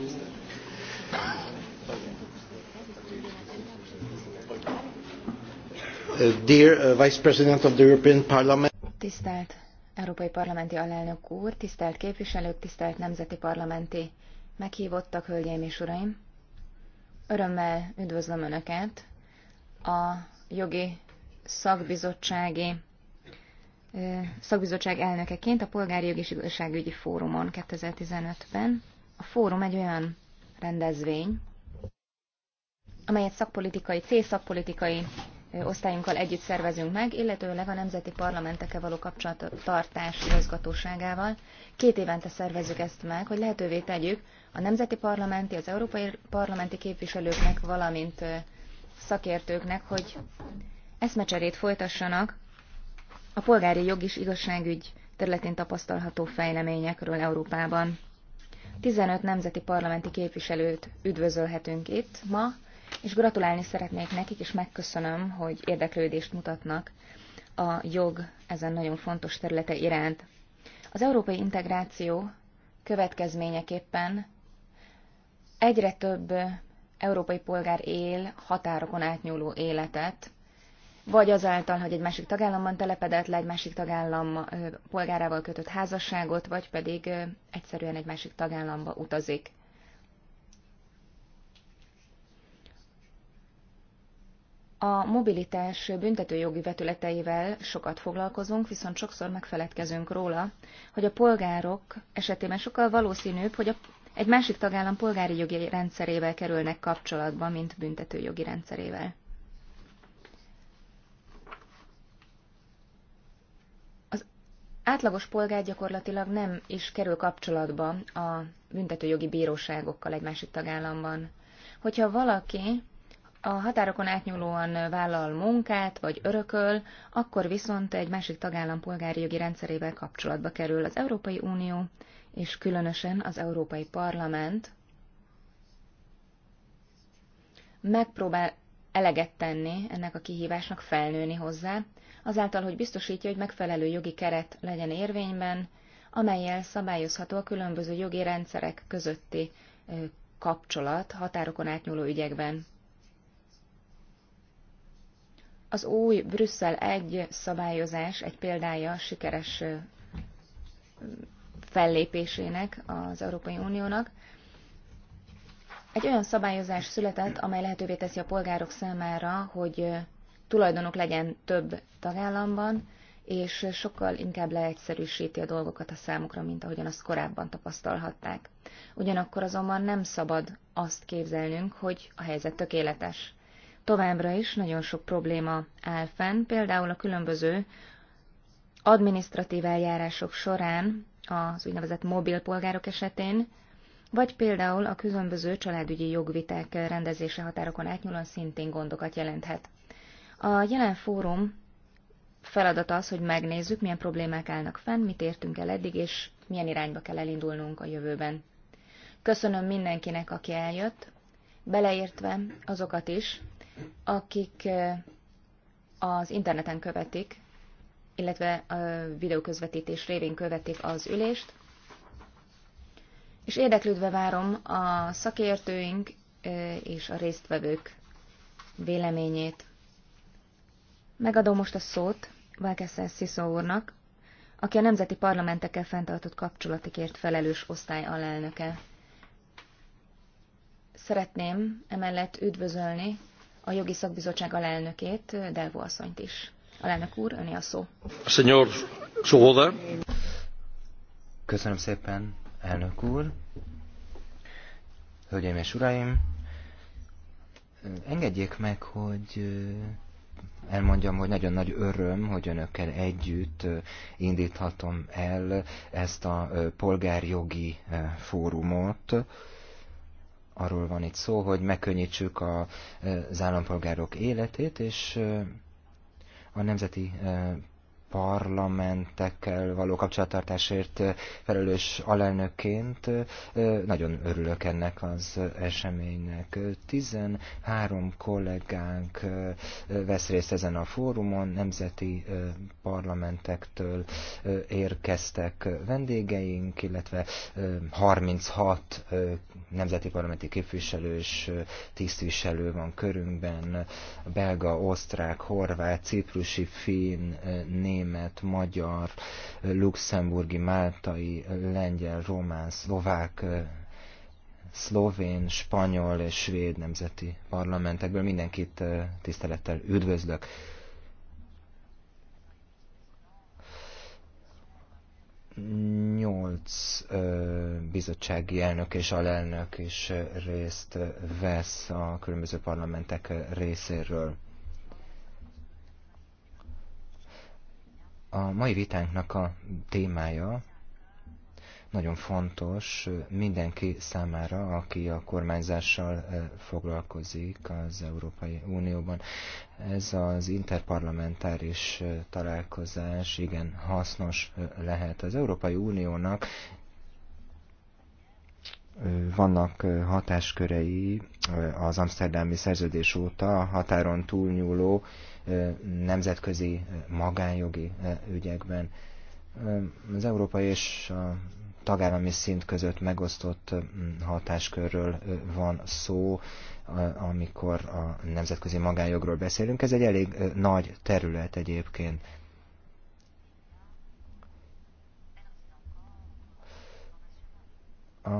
Uh, dear uh, Vice President of the European Parliament. Tisztelt Európai Parlamenti Alelnök úr, tisztelt képviselők, tisztelt Nemzeti Parlamenti meghívottak, hölgyeim és uraim! Örömmel üdvözlöm Önöket a jogi szakbizottsági uh, szakbizottság elnökeként a Polgári Jogi és Igazságügyi Fórumon 2015-ben. A fórum egy olyan rendezvény, amelyet szakpolitikai, célszakpolitikai osztályunkkal együtt szervezünk meg, illetőleg a nemzeti parlamentekkel való kapcsolattartás igazgatóságával. Két évente szervezzük ezt meg, hogy lehetővé tegyük a nemzeti parlamenti, az európai parlamenti képviselőknek, valamint szakértőknek, hogy eszmecserét folytassanak a polgári jog és igazságügy területén tapasztalható fejleményekről Európában. 15 nemzeti parlamenti képviselőt üdvözölhetünk itt ma, és gratulálni szeretnék nekik, és megköszönöm, hogy érdeklődést mutatnak a jog ezen nagyon fontos területe iránt. Az európai integráció következményeképpen egyre több európai polgár él határokon átnyúló életet, vagy azáltal, hogy egy másik tagállamban telepedett le, egy másik tagállam polgárával kötött házasságot, vagy pedig egyszerűen egy másik tagállamba utazik. A mobilitás büntetőjogi vetületeivel sokat foglalkozunk, viszont sokszor megfeledkezünk róla, hogy a polgárok esetében sokkal valószínűbb, hogy a, egy másik tagállam polgári jogi rendszerével kerülnek kapcsolatba, mint büntetőjogi rendszerével. átlagos polgár gyakorlatilag nem is kerül kapcsolatba a büntetőjogi bíróságokkal egy másik tagállamban. Hogyha valaki a határokon átnyúlóan vállal munkát, vagy örököl, akkor viszont egy másik tagállam polgári jogi rendszerével kapcsolatba kerül az Európai Unió, és különösen az Európai Parlament megpróbál eleget tenni ennek a kihívásnak, felnőni hozzá, azáltal, hogy biztosítja, hogy megfelelő jogi keret legyen érvényben, amelyel szabályozható a különböző jogi rendszerek közötti kapcsolat határokon átnyúló ügyekben. Az új Brüsszel egy szabályozás egy példája sikeres fellépésének az Európai Uniónak. Egy olyan szabályozás született, amely lehetővé teszi a polgárok számára, hogy tulajdonok legyen több tagállamban, és sokkal inkább leegyszerűsíti a dolgokat a számukra, mint ahogyan azt korábban tapasztalhatták. Ugyanakkor azonban nem szabad azt képzelnünk, hogy a helyzet tökéletes. Továbbra is nagyon sok probléma áll fenn, például a különböző adminisztratív eljárások során az úgynevezett mobil polgárok esetén, vagy például a különböző családügyi jogviták rendezése határokon átnyúlóan szintén gondokat jelenthet. A jelen fórum feladata az, hogy megnézzük, milyen problémák állnak fenn, mit értünk el eddig, és milyen irányba kell elindulnunk a jövőben. Köszönöm mindenkinek, aki eljött, beleértve azokat is, akik az interneten követik, illetve a videóközvetítés révén követik az ülést, és érdeklődve várom a szakértőink és a résztvevők véleményét. Megadom most a szót Vákeszel Sziszó úrnak, aki a nemzeti parlamentekkel fenntartott kapcsolatikért felelős osztály alelnöke. Szeretném emellett üdvözölni a jogi szakbizottság alelnökét, Delvo asszonyt is. Alelnök úr, öné a szó. Senyor Szohoda. Köszönöm szépen, elnök úr. Hölgyeim és uraim, engedjék meg, hogy elmondjam, hogy nagyon nagy öröm, hogy önökkel együtt indíthatom el ezt a polgárjogi fórumot. Arról van itt szó, hogy megkönnyítsük az állampolgárok életét, és a nemzeti parlamentekkel való kapcsolattartásért felelős alelnökként nagyon örülök ennek az eseménynek. 13 kollégánk vesz részt ezen a fórumon, nemzeti parlamentektől érkeztek vendégeink, illetve 36 nemzeti parlamenti képviselő és tisztviselő van körünkben, belga, osztrák, horvát, ciprusi, finn, német, német, magyar, luxemburgi, máltai, lengyel, román, szlovák, szlovén, spanyol és svéd nemzeti parlamentekből. Mindenkit tisztelettel üdvözlök. nyolc bizottsági elnök és alelnök is részt vesz a különböző parlamentek részéről. A mai vitánknak a témája nagyon fontos mindenki számára, aki a kormányzással foglalkozik az Európai Unióban. Ez az interparlamentáris találkozás igen hasznos lehet. Az Európai Uniónak vannak hatáskörei az Amsterdami szerződés óta a határon túlnyúló nemzetközi magánjogi ügyekben. Az európai és a tagállami szint között megosztott hatáskörről van szó, amikor a nemzetközi magánjogról beszélünk. Ez egy elég nagy terület egyébként. A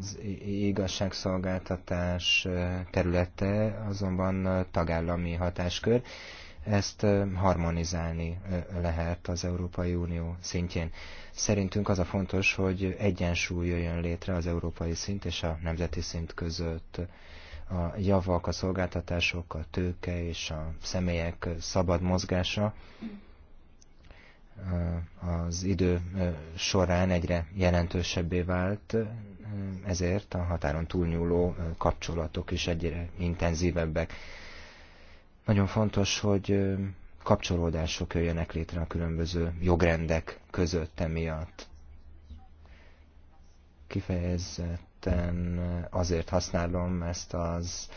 az igazságszolgáltatás területe azonban tagállami hatáskör. Ezt harmonizálni lehet az Európai Unió szintjén. Szerintünk az a fontos, hogy egyensúly jöjjön létre az európai szint és a nemzeti szint között. A javak, a szolgáltatások, a tőke és a személyek szabad mozgása az idő során egyre jelentősebbé vált, ezért a határon túlnyúló kapcsolatok is egyre intenzívebbek. Nagyon fontos, hogy kapcsolódások jöjjenek létre a különböző jogrendek között emiatt. Kifejezetten azért használom ezt az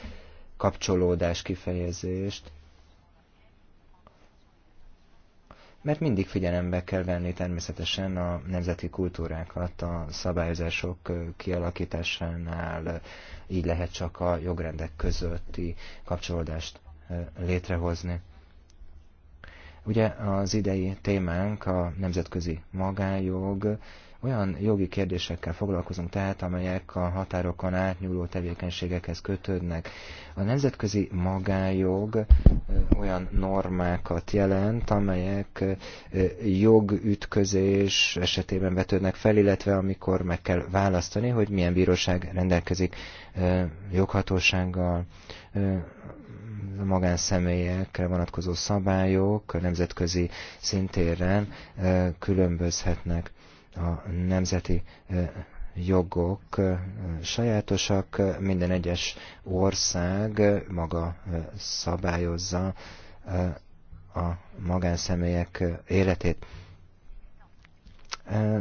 kapcsolódás kifejezést, mert mindig figyelembe kell venni természetesen a nemzeti kultúrákat a szabályozások kialakításánál, így lehet csak a jogrendek közötti kapcsolódást létrehozni. Ugye az idei témánk a nemzetközi magánjog. Olyan jogi kérdésekkel foglalkozunk tehát, amelyek a határokon átnyúló tevékenységekhez kötődnek. A nemzetközi magájog olyan normákat jelent, amelyek jogütközés esetében vetődnek fel, illetve amikor meg kell választani, hogy milyen bíróság rendelkezik joghatósággal, magánszemélyekre vonatkozó szabályok nemzetközi szintéren különbözhetnek a nemzeti jogok sajátosak, minden egyes ország maga szabályozza a magánszemélyek életét.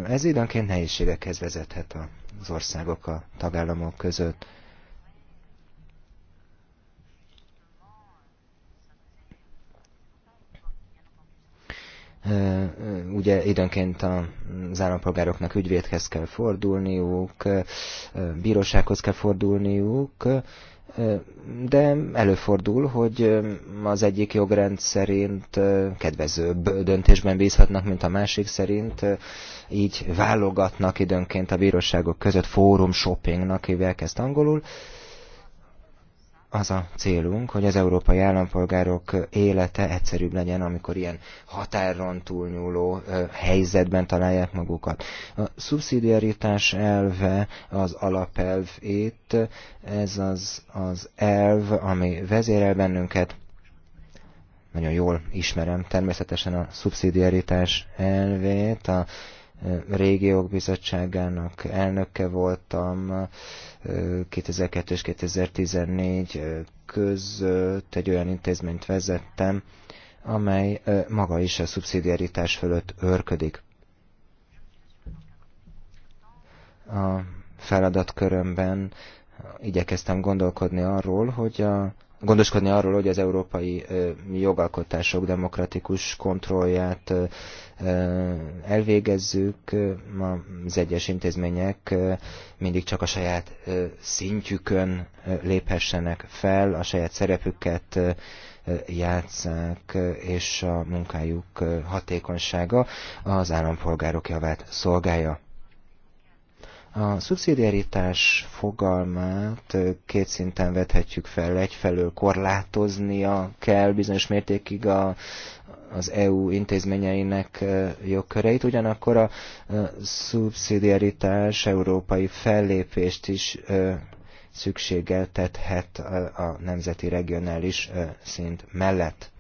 Ez időnként nehézségekhez vezethet az országok, a tagállamok között. ugye időnként az állampolgároknak ügyvédhez kell fordulniuk, bírósághoz kell fordulniuk, de előfordul, hogy az egyik jogrend szerint kedvezőbb döntésben bízhatnak, mint a másik szerint. Így válogatnak időnként a bíróságok között, fórum shoppingnak hívják ezt angolul az a célunk, hogy az európai állampolgárok élete egyszerűbb legyen, amikor ilyen határon túlnyúló helyzetben találják magukat. A szubszidiaritás elve az alapelv itt, ez az, az elv, ami vezérel bennünket, nagyon jól ismerem természetesen a szubszidiaritás elvét, a régiók bizottságának elnöke voltam 2002 és 2014 között egy olyan intézményt vezettem, amely maga is a szubszidiaritás fölött örködik. A feladatkörömben igyekeztem gondolkodni arról, hogy a gondoskodni arról, hogy az európai jogalkotások demokratikus kontrollját elvégezzük. Az egyes intézmények mindig csak a saját szintjükön léphessenek fel, a saját szerepüket játszák, és a munkájuk hatékonysága az állampolgárok javát szolgálja. A szubszidiaritás fogalmát két szinten vethetjük fel. Egyfelől korlátoznia kell bizonyos mértékig a, az EU intézményeinek jogköreit, ugyanakkor a szubszidiaritás európai fellépést is szükségeltethet a nemzeti regionális szint mellett.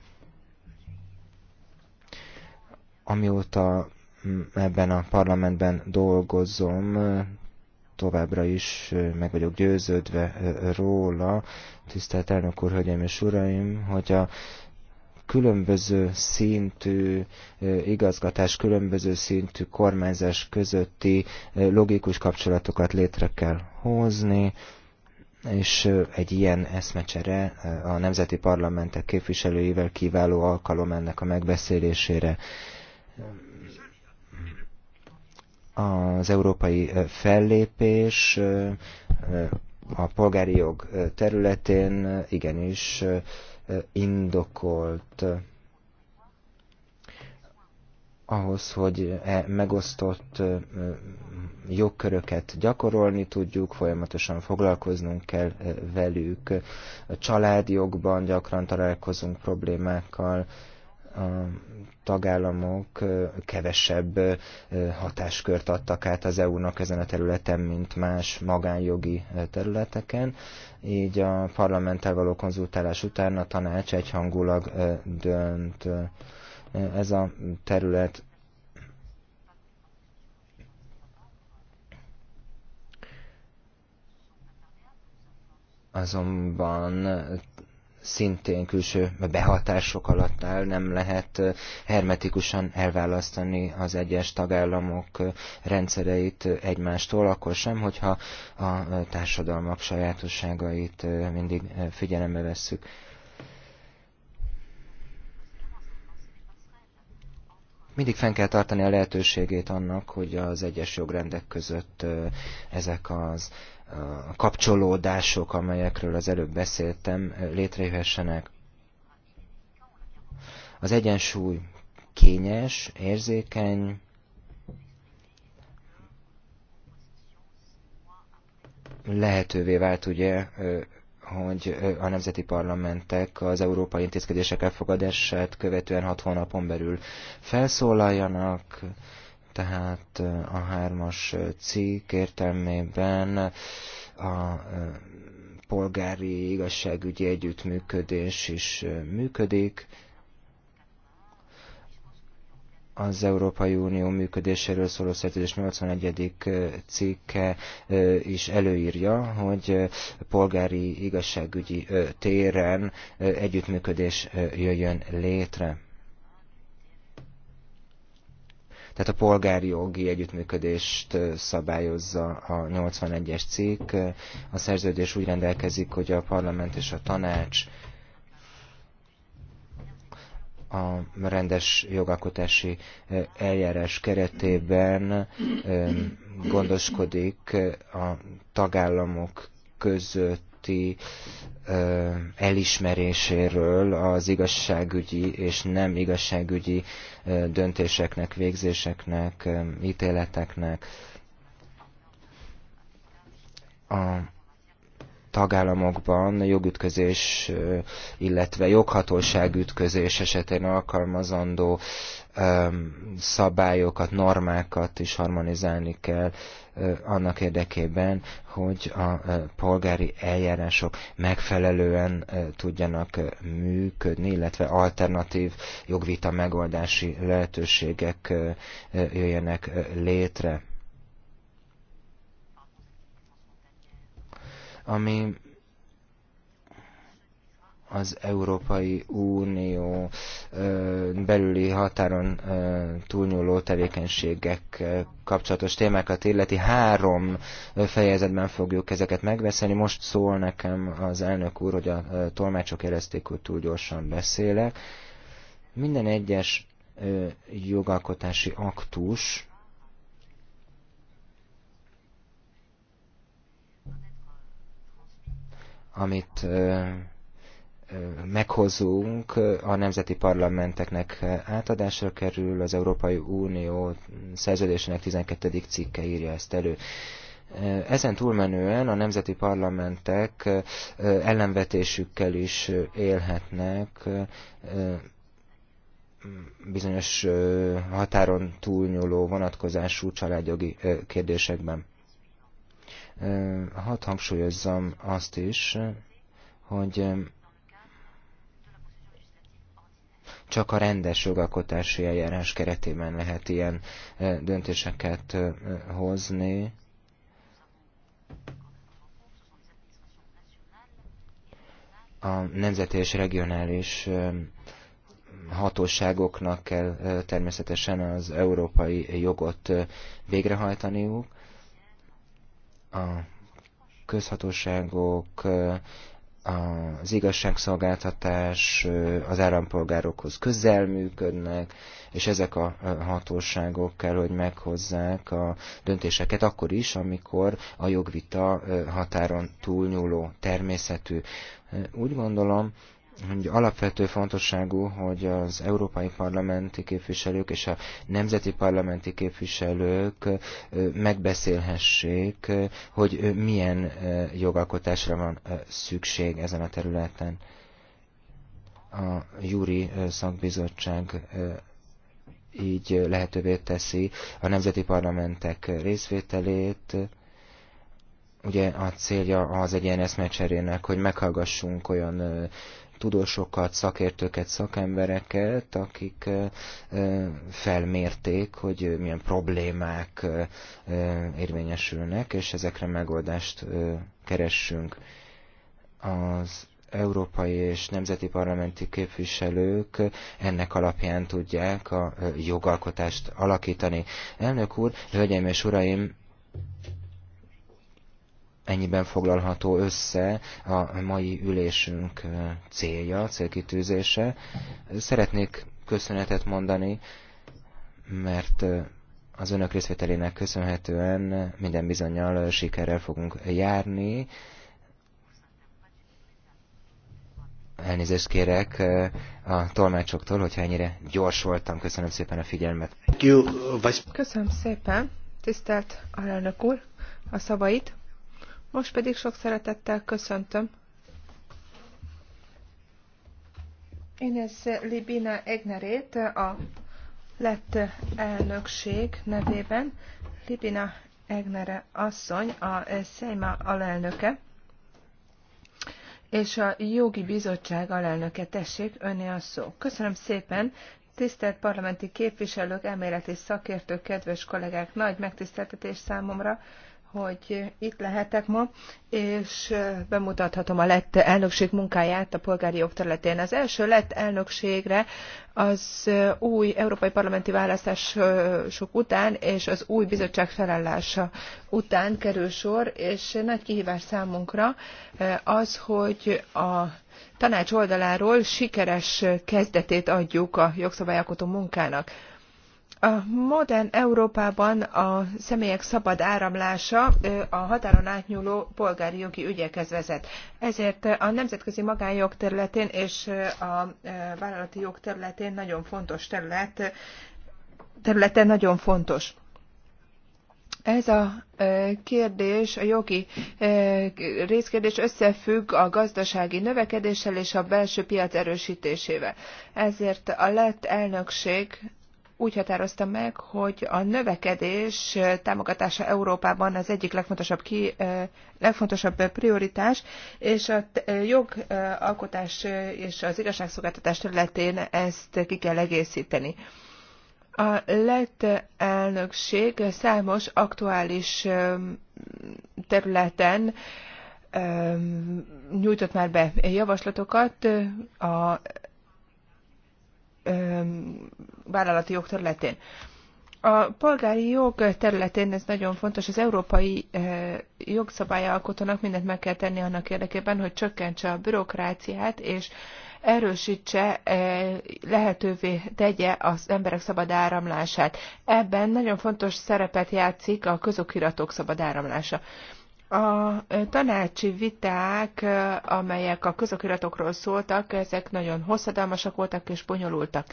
Amióta ebben a parlamentben dolgozom, továbbra is meg vagyok győződve róla, tisztelt elnök úr, hölgyeim és uraim, hogy a különböző szintű igazgatás, különböző szintű kormányzás közötti logikus kapcsolatokat létre kell hozni, és egy ilyen eszmecsere a nemzeti parlamentek képviselőivel kiváló alkalom ennek a megbeszélésére az európai fellépés a polgári jog területén igenis indokolt ahhoz, hogy e megosztott jogköröket gyakorolni tudjuk, folyamatosan foglalkoznunk kell velük. A családjogban gyakran találkozunk problémákkal, a tagállamok kevesebb hatáskört adtak át az EU-nak ezen a területen, mint más magánjogi területeken. Így a parlamenttel való konzultálás után a tanács egyhangulag dönt. Ez a terület azonban szintén külső behatások alatt áll, nem lehet hermetikusan elválasztani az egyes tagállamok rendszereit egymástól, akkor sem, hogyha a társadalmak sajátosságait mindig figyelembe vesszük. mindig fenn kell tartani a lehetőségét annak, hogy az egyes jogrendek között ezek az a kapcsolódások, amelyekről az előbb beszéltem, létrejöhessenek. Az egyensúly kényes, érzékeny, lehetővé vált ugye, hogy a nemzeti parlamentek az európai intézkedések elfogadását követően hat hónapon belül felszólaljanak, tehát eh, a hármas eh, cikk értelmében eh, a polgári igazságügyi együttműködés is működik. Az Európai Unió működéséről szóló szerződés 81. cikke is előírja, hogy polgári igazságügyi téren együttműködés jöjjön létre. tehát a polgári jogi együttműködést szabályozza a 81-es cikk. A szerződés úgy rendelkezik, hogy a parlament és a tanács a rendes jogalkotási eljárás keretében gondoskodik a tagállamok között ö, elismeréséről az igazságügyi és nem igazságügyi döntéseknek, végzéseknek, ítéleteknek. A tagállamokban jogütközés, illetve joghatóságütközés esetén alkalmazandó szabályokat, normákat is harmonizálni kell annak érdekében, hogy a polgári eljárások megfelelően tudjanak működni, illetve alternatív jogvita megoldási lehetőségek jöjjenek létre. ami az Európai Unió belüli határon túlnyúló tevékenységek kapcsolatos témákat illeti. Három fejezetben fogjuk ezeket megbeszélni. Most szól nekem az elnök úr, hogy a tolmácsok érezték, hogy túl gyorsan beszélek. Minden egyes jogalkotási aktus amit meghozunk, a nemzeti parlamenteknek átadásra kerül, az Európai Unió szerződésének 12. cikke írja ezt elő. Ezen túlmenően a nemzeti parlamentek ellenvetésükkel is élhetnek bizonyos határon túlnyúló vonatkozású családjogi kérdésekben hadd hangsúlyozzam azt is, hogy csak a rendes jogalkotási eljárás keretében lehet ilyen döntéseket hozni. A nemzeti és regionális hatóságoknak kell természetesen az európai jogot végrehajtaniuk, a közhatóságok, az igazságszolgáltatás az állampolgárokhoz közel működnek, és ezek a hatóságok kell, hogy meghozzák a döntéseket akkor is, amikor a jogvita határon túlnyúló természetű. Úgy gondolom, hogy alapvető fontosságú, hogy az európai parlamenti képviselők és a nemzeti parlamenti képviselők megbeszélhessék, hogy milyen jogalkotásra van szükség ezen a területen. A Júri Szakbizottság így lehetővé teszi a nemzeti parlamentek részvételét, ugye a célja az egy ilyen eszmecserének, hogy meghallgassunk olyan tudósokat, szakértőket, szakembereket, akik felmérték, hogy milyen problémák érvényesülnek, és ezekre megoldást keressünk. Az európai és nemzeti parlamenti képviselők ennek alapján tudják a jogalkotást alakítani. Elnök úr, hölgyeim és uraim, Ennyiben foglalható össze a mai ülésünk célja, célkitűzése. Szeretnék köszönetet mondani, mert az önök részvételének köszönhetően minden bizonyal sikerrel fogunk járni. Elnézést kérek a tolmácsoktól, hogyha ennyire gyors voltam. Köszönöm szépen a figyelmet. Uh, Köszönöm szépen, tisztelt alelnök úr, a szavait. Most pedig sok szeretettel köszöntöm Ines Libina Egnerét a lett elnökség nevében. Libina Egnere asszony, a Szejma alelnöke és a jogi bizottság alelnöke. Tessék, öné a szó. Köszönöm szépen, tisztelt parlamenti képviselők, elméleti szakértők, kedves kollégák, nagy megtiszteltetés számomra, hogy itt lehetek ma, és bemutathatom a lett elnökség munkáját a polgári jog területén. Az első lett elnökségre az új európai parlamenti választások után és az új bizottság felállása után kerül sor, és nagy kihívás számunkra az, hogy a tanács oldaláról sikeres kezdetét adjuk a jogszabályalkotó munkának a modern Európában a személyek szabad áramlása a határon átnyúló polgári jogi ügyekhez vezet. Ezért a nemzetközi magánjog területén és a vállalati jog területén nagyon fontos terület, területe nagyon fontos. Ez a kérdés, a jogi részkérdés összefügg a gazdasági növekedéssel és a belső piac erősítésével. Ezért a lett elnökség úgy határozta meg, hogy a növekedés támogatása Európában az egyik legfontosabb, ki, legfontosabb prioritás, és a jogalkotás és az igazságszolgáltatás területén ezt ki kell egészíteni. A lett elnökség számos aktuális területen nyújtott már be javaslatokat a vállalati jog területén. A polgári jog területén ez nagyon fontos, az európai jogszabályalkotónak mindent meg kell tenni annak érdekében, hogy csökkentse a bürokráciát, és erősítse, lehetővé tegye az emberek szabad áramlását. Ebben nagyon fontos szerepet játszik a közokiratok szabad áramlása. A tanácsi viták, amelyek a közokiratokról szóltak, ezek nagyon hosszadalmasak voltak és bonyolultak.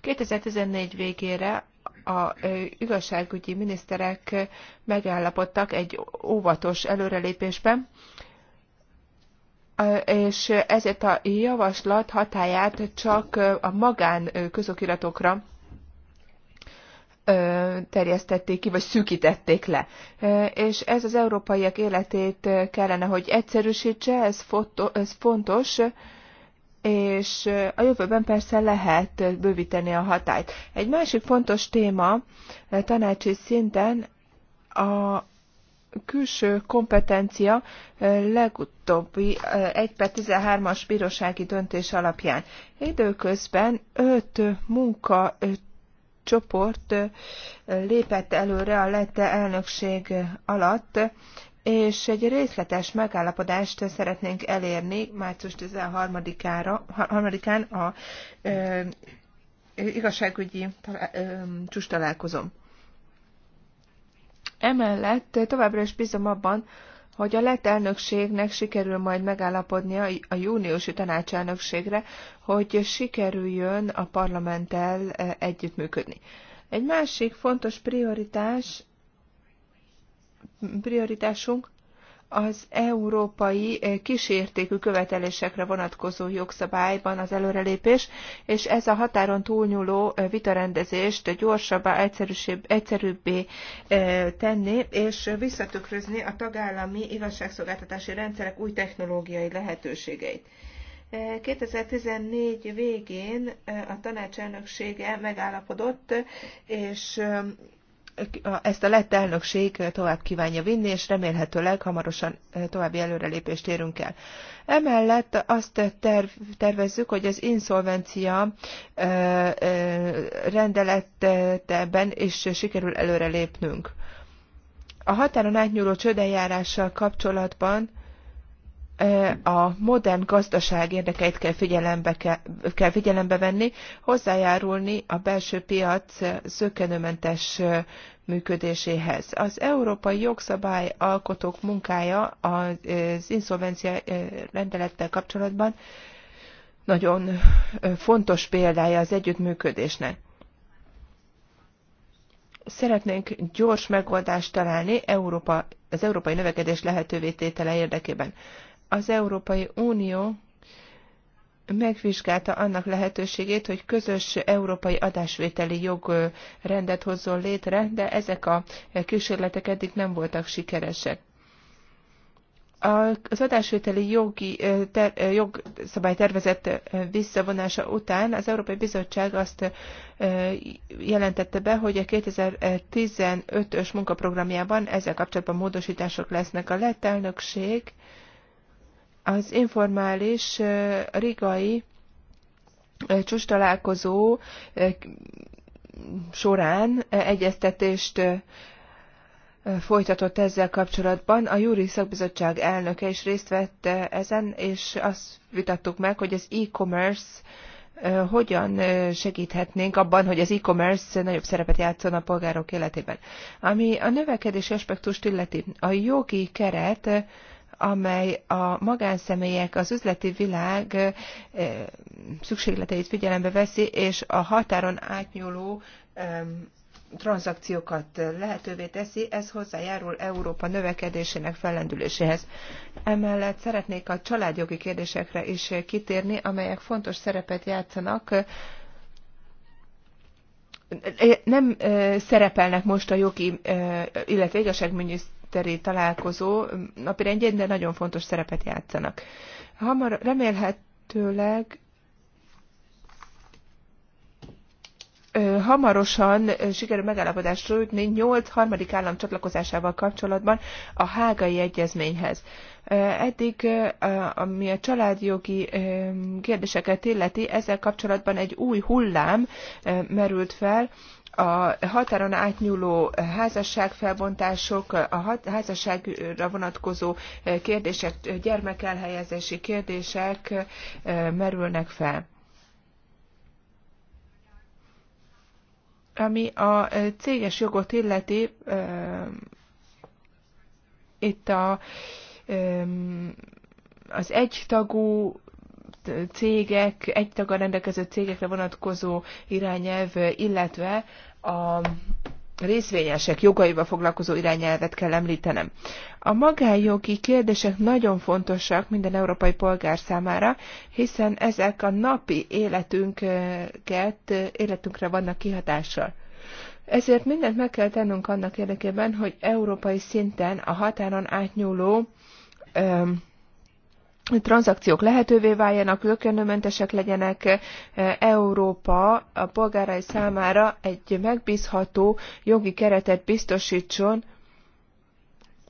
2014 végére a igazságügyi miniszterek megállapodtak egy óvatos előrelépésben, és ezért a javaslat hatáját csak a magán közokiratokra terjesztették ki, vagy szűkítették le. És ez az európaiak életét kellene, hogy egyszerűsítse, ez, foto, ez fontos, és a jövőben persze lehet bővíteni a hatályt. Egy másik fontos téma tanácsi szinten a külső kompetencia legutóbbi 1 per 13-as bírósági döntés alapján. Időközben öt munka csoport lépett előre a lette elnökség alatt, és egy részletes megállapodást szeretnénk elérni március 13-án a ö, igazságügyi csúcs találkozom. Emellett továbbra is bízom abban, hogy a lett elnökségnek sikerül majd megállapodnia a júniusi tanácselnökségre, hogy sikerüljön a parlamenttel eh, együttműködni. Egy másik fontos prioritás, prioritásunk az európai eh, kísértékű követelésekre vonatkozó jogszabályban az előrelépés, és ez a határon túlnyúló eh, vitarendezést gyorsabbá, egyszerűbbé eh, tenni, és visszatükrözni a tagállami igazságszolgáltatási rendszerek új technológiai lehetőségeit. 2014 végén a tanácselnöksége megállapodott, és ezt a lett elnökség tovább kívánja vinni, és remélhetőleg hamarosan további előrelépést érünk el. Emellett azt terv, tervezzük, hogy az inszolvencia rendeletben is sikerül előrelépnünk. A határon átnyúló csődeljárással kapcsolatban a modern gazdaság érdekeit kell figyelembe, kell, kell figyelembe venni, hozzájárulni a belső piac zökkenőmentes működéséhez. Az európai jogszabály alkotók munkája az inszolvencia rendelettel kapcsolatban nagyon fontos példája az együttműködésnek. Szeretnénk gyors megoldást találni Európa, az európai növekedés lehetővé tétele érdekében az Európai Unió megvizsgálta annak lehetőségét, hogy közös európai adásvételi jogrendet hozzon létre, de ezek a kísérletek eddig nem voltak sikeresek. Az adásvételi jogi, ter, jogszabálytervezet visszavonása után az Európai Bizottság azt jelentette be, hogy a 2015-ös munkaprogramjában ezzel kapcsolatban módosítások lesznek. A lett elnökség az informális rigai csúcs találkozó során egyeztetést folytatott ezzel kapcsolatban. A Júri Szakbizottság elnöke is részt vett ezen, és azt vitattuk meg, hogy az e-commerce hogyan segíthetnénk abban, hogy az e-commerce nagyobb szerepet játszon a polgárok életében. Ami a növekedési aspektust illeti, a jogi keret amely a magánszemélyek, az üzleti világ szükségleteit figyelembe veszi, és a határon átnyúló tranzakciókat lehetővé teszi, ez hozzájárul Európa növekedésének fellendüléséhez. Emellett szeretnék a családjogi kérdésekre is kitérni, amelyek fontos szerepet játszanak nem szerepelnek most a jogi, illetve igazságminisztérium miniszteri találkozó napirendjén, de nagyon fontos szerepet játszanak. Hamar remélhetőleg hamarosan sikerül megállapodást jutni 8 harmadik állam csatlakozásával kapcsolatban a hágai egyezményhez. Eddig, ami a családjogi kérdéseket illeti, ezzel kapcsolatban egy új hullám merült fel, a határon átnyúló házasságfelbontások, a házasságra vonatkozó kérdések, gyermekelhelyezési kérdések merülnek fel. Ami a céges jogot illeti, itt a, az egytagú cégek, egy taggal rendelkező cégekre vonatkozó irányelv, illetve a részvényesek jogaival foglalkozó irányelvet kell említenem. A magánjogi kérdések nagyon fontosak minden európai polgár számára, hiszen ezek a napi életünket, életünkre vannak kihatással. Ezért mindent meg kell tennünk annak érdekében, hogy európai szinten a határon átnyúló öm, tranzakciók lehetővé váljanak, lökönőmentesek legyenek, Európa a polgárai számára egy megbízható jogi keretet biztosítson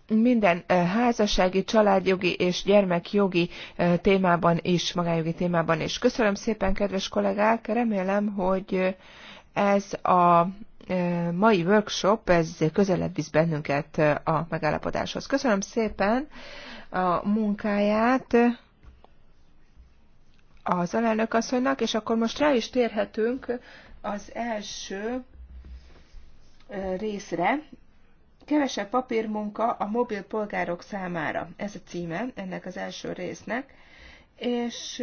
minden eh, házassági, családjogi és gyermekjogi eh, témában is, magájogi témában is. Köszönöm szépen, kedves kollégák, remélem, hogy ez a eh, mai workshop, ez közelebb visz bennünket a megállapodáshoz. Köszönöm szépen! a munkáját az alelnök asszonynak, és akkor most rá is térhetünk az első részre. Kevesebb papírmunka a mobil polgárok számára. Ez a címe ennek az első résznek. És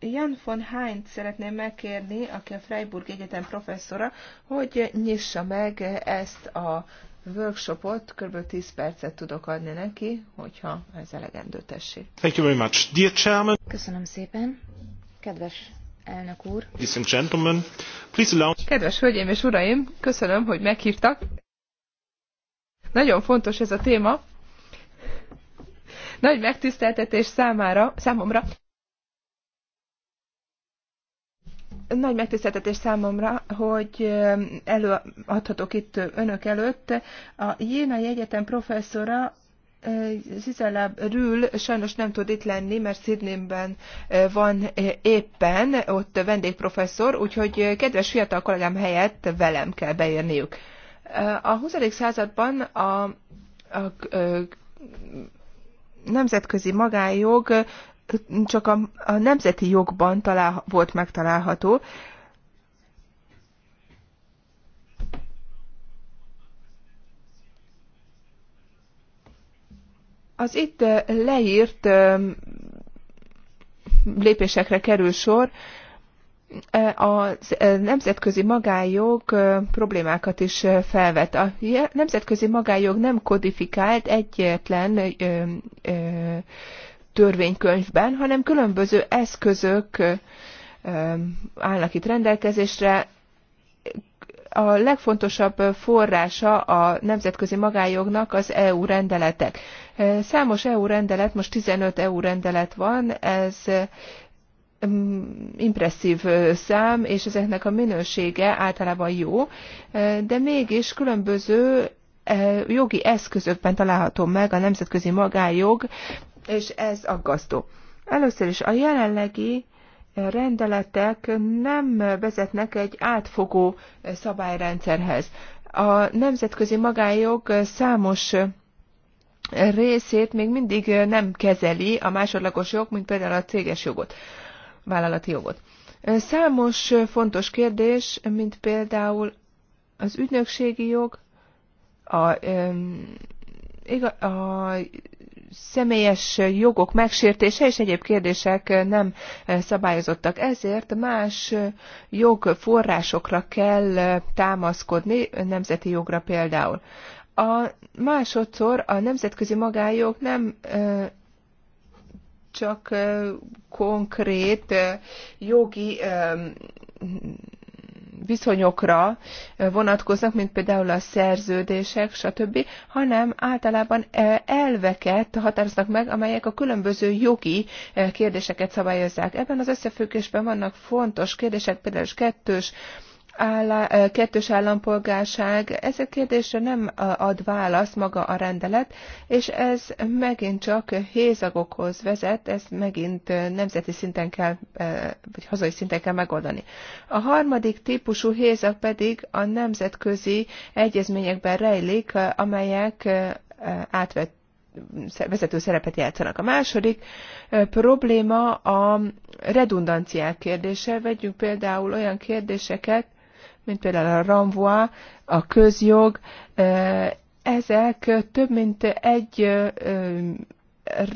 Jan von Heinz szeretném megkérni, aki a Freiburg Egyetem professzora, hogy nyissa meg ezt a workshopot, kb. 10 percet tudok adni neki, hogyha ez elegendő tessék. Thank you very much. Dear Chairman. Köszönöm szépen. Kedves elnök úr. Ladies and gentlemen, please allow... Kedves hölgyeim és uraim, köszönöm, hogy meghívtak. Nagyon fontos ez a téma. Nagy megtiszteltetés számára, számomra, nagy megtiszteltetés számomra, hogy előadhatok itt önök előtt. A Jénai Egyetem professzora Zizela Rül sajnos nem tud itt lenni, mert Sydneyben van éppen, ott vendégprofesszor, úgyhogy kedves fiatal kollégám helyett velem kell beérniük. A 20. században a, a, a nemzetközi magájog csak a, a nemzeti jogban talál, volt megtalálható. Az itt leírt lépésekre kerül sor, a nemzetközi magájog problémákat is felvet. A nemzetközi magájog nem kodifikált egyetlen törvénykönyvben, hanem különböző eszközök állnak itt rendelkezésre. A legfontosabb forrása a nemzetközi magájognak az EU rendeletek. Számos EU rendelet, most 15 EU rendelet van, ez impresszív szám, és ezeknek a minősége általában jó, de mégis különböző jogi eszközökben található meg a nemzetközi magájog és ez aggasztó. Először is a jelenlegi eh, rendeletek nem vezetnek egy átfogó eh, szabályrendszerhez. A nemzetközi magájog eh, számos részét még mindig nem kezeli a másodlagos jog, mint például a céges jogot, vállalati jogot. Számos fontos kérdés, mint például az ügynökségi jog, a, a, a személyes jogok megsértése és egyéb kérdések nem szabályozottak. Ezért más jogforrásokra kell támaszkodni, nemzeti jogra például. A másodszor a nemzetközi magájog nem csak konkrét jogi viszonyokra vonatkoznak, mint például a szerződések, stb., hanem általában elveket határoznak meg, amelyek a különböző jogi kérdéseket szabályozzák. Ebben az összefüggésben vannak fontos kérdések, például kettős állá, kettős állampolgárság, ez a kérdésre nem ad választ maga a rendelet, és ez megint csak hézagokhoz vezet, ezt megint nemzeti szinten kell, vagy hazai szinten kell megoldani. A harmadik típusú hézag pedig a nemzetközi egyezményekben rejlik, amelyek átvett vezető szerepet játszanak. A második probléma a redundanciák kérdése. Vegyünk például olyan kérdéseket, mint például a Ramvoa, a közjog, ezek több mint egy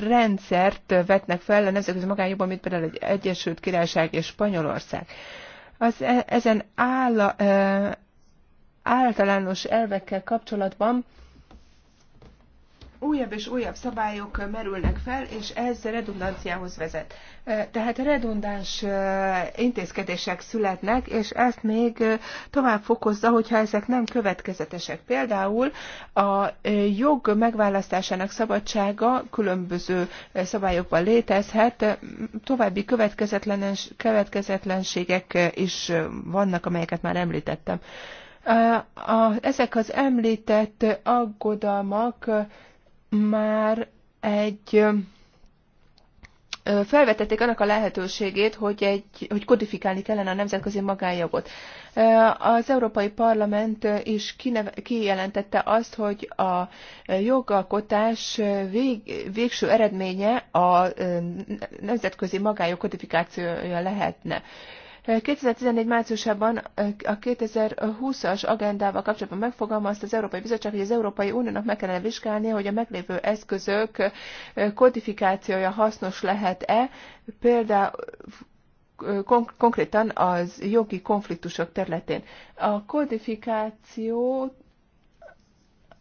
rendszert vetnek fel a nemzetközi magányokban, mint például egy Egyesült Királyság és Spanyolország. Az, e-, ezen áll, általános elvekkel kapcsolatban újabb és újabb szabályok merülnek fel, és ez redundanciához vezet. Tehát redundáns intézkedések születnek, és ezt még tovább fokozza, hogyha ezek nem következetesek. Például a jog megválasztásának szabadsága különböző szabályokban létezhet, további következetlenségek is vannak, amelyeket már említettem. A, a, ezek az említett aggodalmak már egy felvetették annak a lehetőségét, hogy, egy, hogy kodifikálni kellene a nemzetközi magánjogot. Az Európai Parlament is kineve, kijelentette azt, hogy a jogalkotás vég, végső eredménye a nemzetközi magánjog kodifikációja lehetne. 2014 márciusában a 2020-as agendával kapcsolatban megfogalmazta az Európai Bizottság, hogy az Európai Uniónak meg kellene vizsgálnia, hogy a meglévő eszközök kodifikációja hasznos lehet-e, például konkrétan az jogi konfliktusok területén. A kodifikáció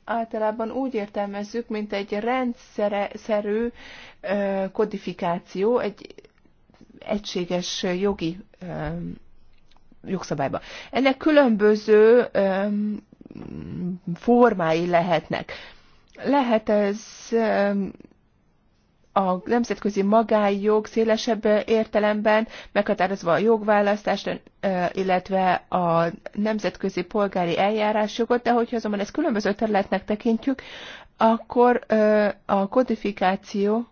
általában úgy értelmezzük, mint egy rendszerű kodifikáció, egy egységes jogi jogszabályba. Ennek különböző formái lehetnek. Lehet ez a nemzetközi magájog szélesebb értelemben meghatározva a jogválasztást, illetve a nemzetközi polgári eljárásjogot, de hogyha azonban ezt különböző területnek tekintjük, akkor a kodifikáció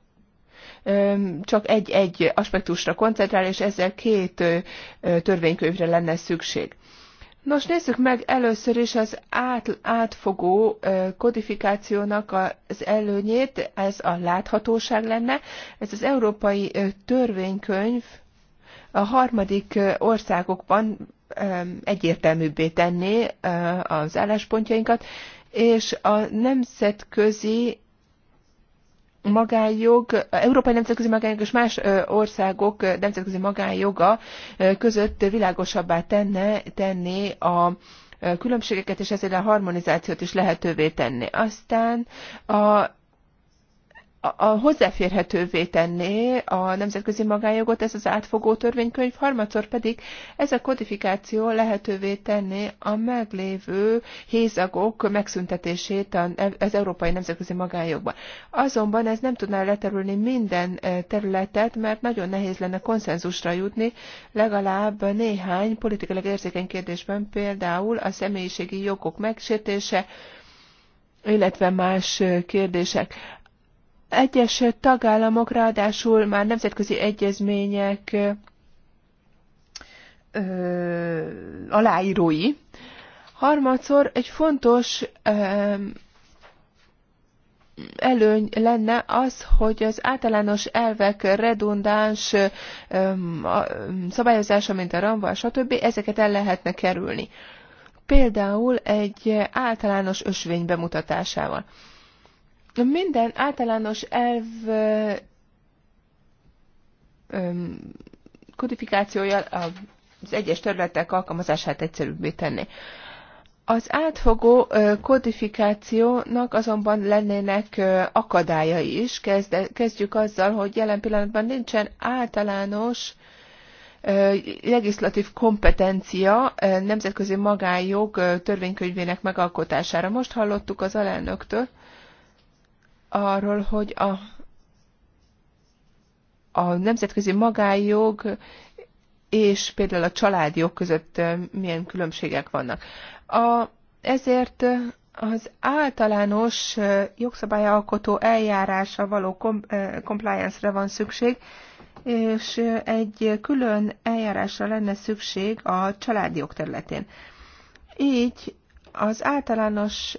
csak egy-egy aspektusra koncentrál, és ezzel két törvénykönyvre lenne szükség. Nos, nézzük meg először is az át, átfogó kodifikációnak az előnyét, ez a láthatóság lenne. Ez az európai törvénykönyv a harmadik országokban egyértelműbbé tenné az álláspontjainkat, és a nemzetközi magánjog, európai nemzetközi magánjog és más országok nemzetközi magánjoga között világosabbá tenne, tenni a különbségeket, és ezért a harmonizációt is lehetővé tenni. Aztán a a hozzáférhetővé tenné a nemzetközi magánjogot ez az átfogó törvénykönyv, harmadszor pedig ez a kodifikáció lehetővé tenné a meglévő hézagok megszüntetését az európai nemzetközi magánjogban. Azonban ez nem tudná leterülni minden e, területet, mert nagyon nehéz lenne konszenzusra jutni, legalább néhány politikailag érzékeny kérdésben, például a személyiségi jogok megsértése, illetve más e, kérdések. Egyes tagállamok ráadásul már nemzetközi egyezmények ö, aláírói. Harmadszor egy fontos ö, előny lenne az, hogy az általános elvek redundáns szabályozása, mint a ramba, stb. ezeket el lehetne kerülni. Például egy általános ösvény bemutatásával. Minden általános elv kodifikációja az egyes területek alkalmazását egyszerűbbé tenni. Az átfogó kodifikációnak azonban lennének akadályai is. Kezdjük azzal, hogy jelen pillanatban nincsen általános legislatív kompetencia nemzetközi magánjog törvénykönyvének megalkotására. Most hallottuk az alelnöktől, arról, hogy a, a nemzetközi magájog és például a családjog között milyen különbségek vannak. A, ezért az általános jogszabályalkotó eljárása való compliance-re van szükség, és egy külön eljárásra lenne szükség a családjog területén. Így az általános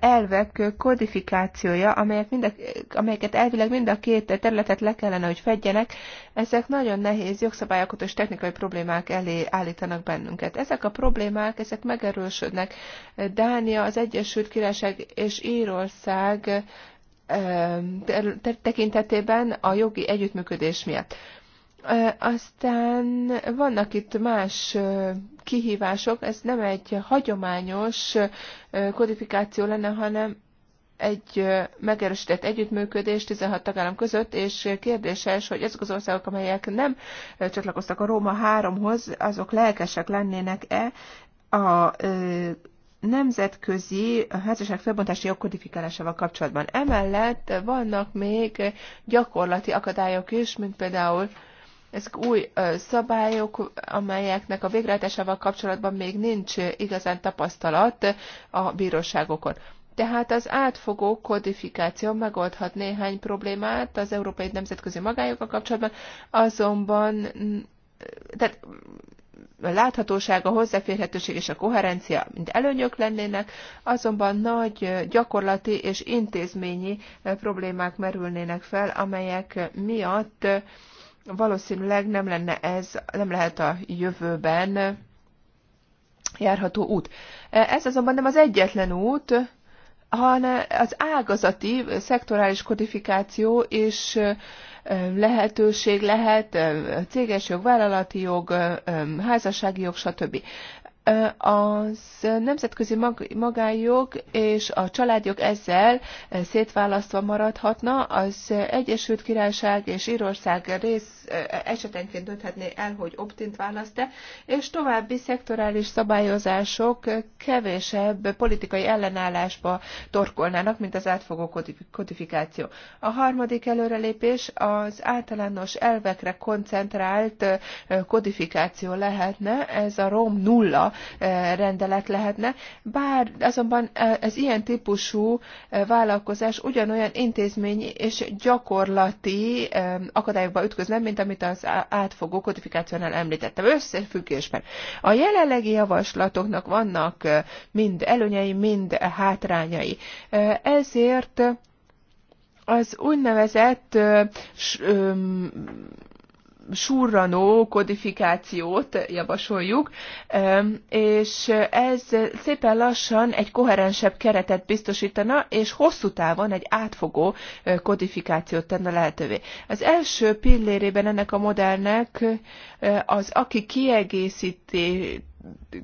elvek kodifikációja, amelyek mind a, amelyeket elvileg mind a két területet le kellene, hogy fedjenek, ezek nagyon nehéz jogszabályokat és technikai problémák elé állítanak bennünket. Ezek a problémák, ezek megerősödnek. Dánia, az Egyesült Királyság és Írország tekintetében a jogi együttműködés miatt. Aztán vannak itt más kihívások, ez nem egy hagyományos kodifikáció lenne, hanem egy megerősített együttműködés 16 tagállam között, és kérdéses, hogy ezek az országok, amelyek nem csatlakoztak a Róma 3-hoz, azok lelkesek lennének-e a nemzetközi házasság felbontási jogkodifikálásával kapcsolatban. Emellett vannak még gyakorlati akadályok is, mint például ezek új szabályok, amelyeknek a végrehajtásával kapcsolatban még nincs igazán tapasztalat a bíróságokon. Tehát az átfogó kodifikáció megoldhat néhány problémát az európai nemzetközi magányokkal kapcsolatban, azonban mm, tehát a láthatóság, a hozzáférhetőség és a koherencia mind előnyök lennének, azonban nagy gyakorlati és intézményi problémák merülnének fel, amelyek miatt valószínűleg nem lenne ez, nem lehet a jövőben járható út. Ez azonban nem az egyetlen út, hanem az ágazati, szektorális kodifikáció és lehetőség lehet, céges jog, vállalati jog, házassági jog, stb az nemzetközi mag, magájog és a családjog ezzel szétválasztva maradhatna, az Egyesült Királyság és Írország rész esetenként dönthetné el, hogy optint választ-e, és további szektorális szabályozások kevésebb politikai ellenállásba torkolnának, mint az átfogó kodifikáció. A harmadik előrelépés az általános elvekre koncentrált kodifikáció lehetne, ez a ROM nulla rendelet lehetne, bár azonban ez ilyen típusú vállalkozás ugyanolyan intézményi és gyakorlati akadályokba ütközne, mint amit az átfogó kodifikációnál említettem összefüggésben. A jelenlegi javaslatoknak vannak mind előnyei, mind hátrányai. Ezért az úgynevezett surranó kodifikációt javasoljuk, és ez szépen lassan egy koherensebb keretet biztosítana, és hosszú távon egy átfogó kodifikációt tenne lehetővé. Az első pillérében ennek a modellnek az aki kiegészíti,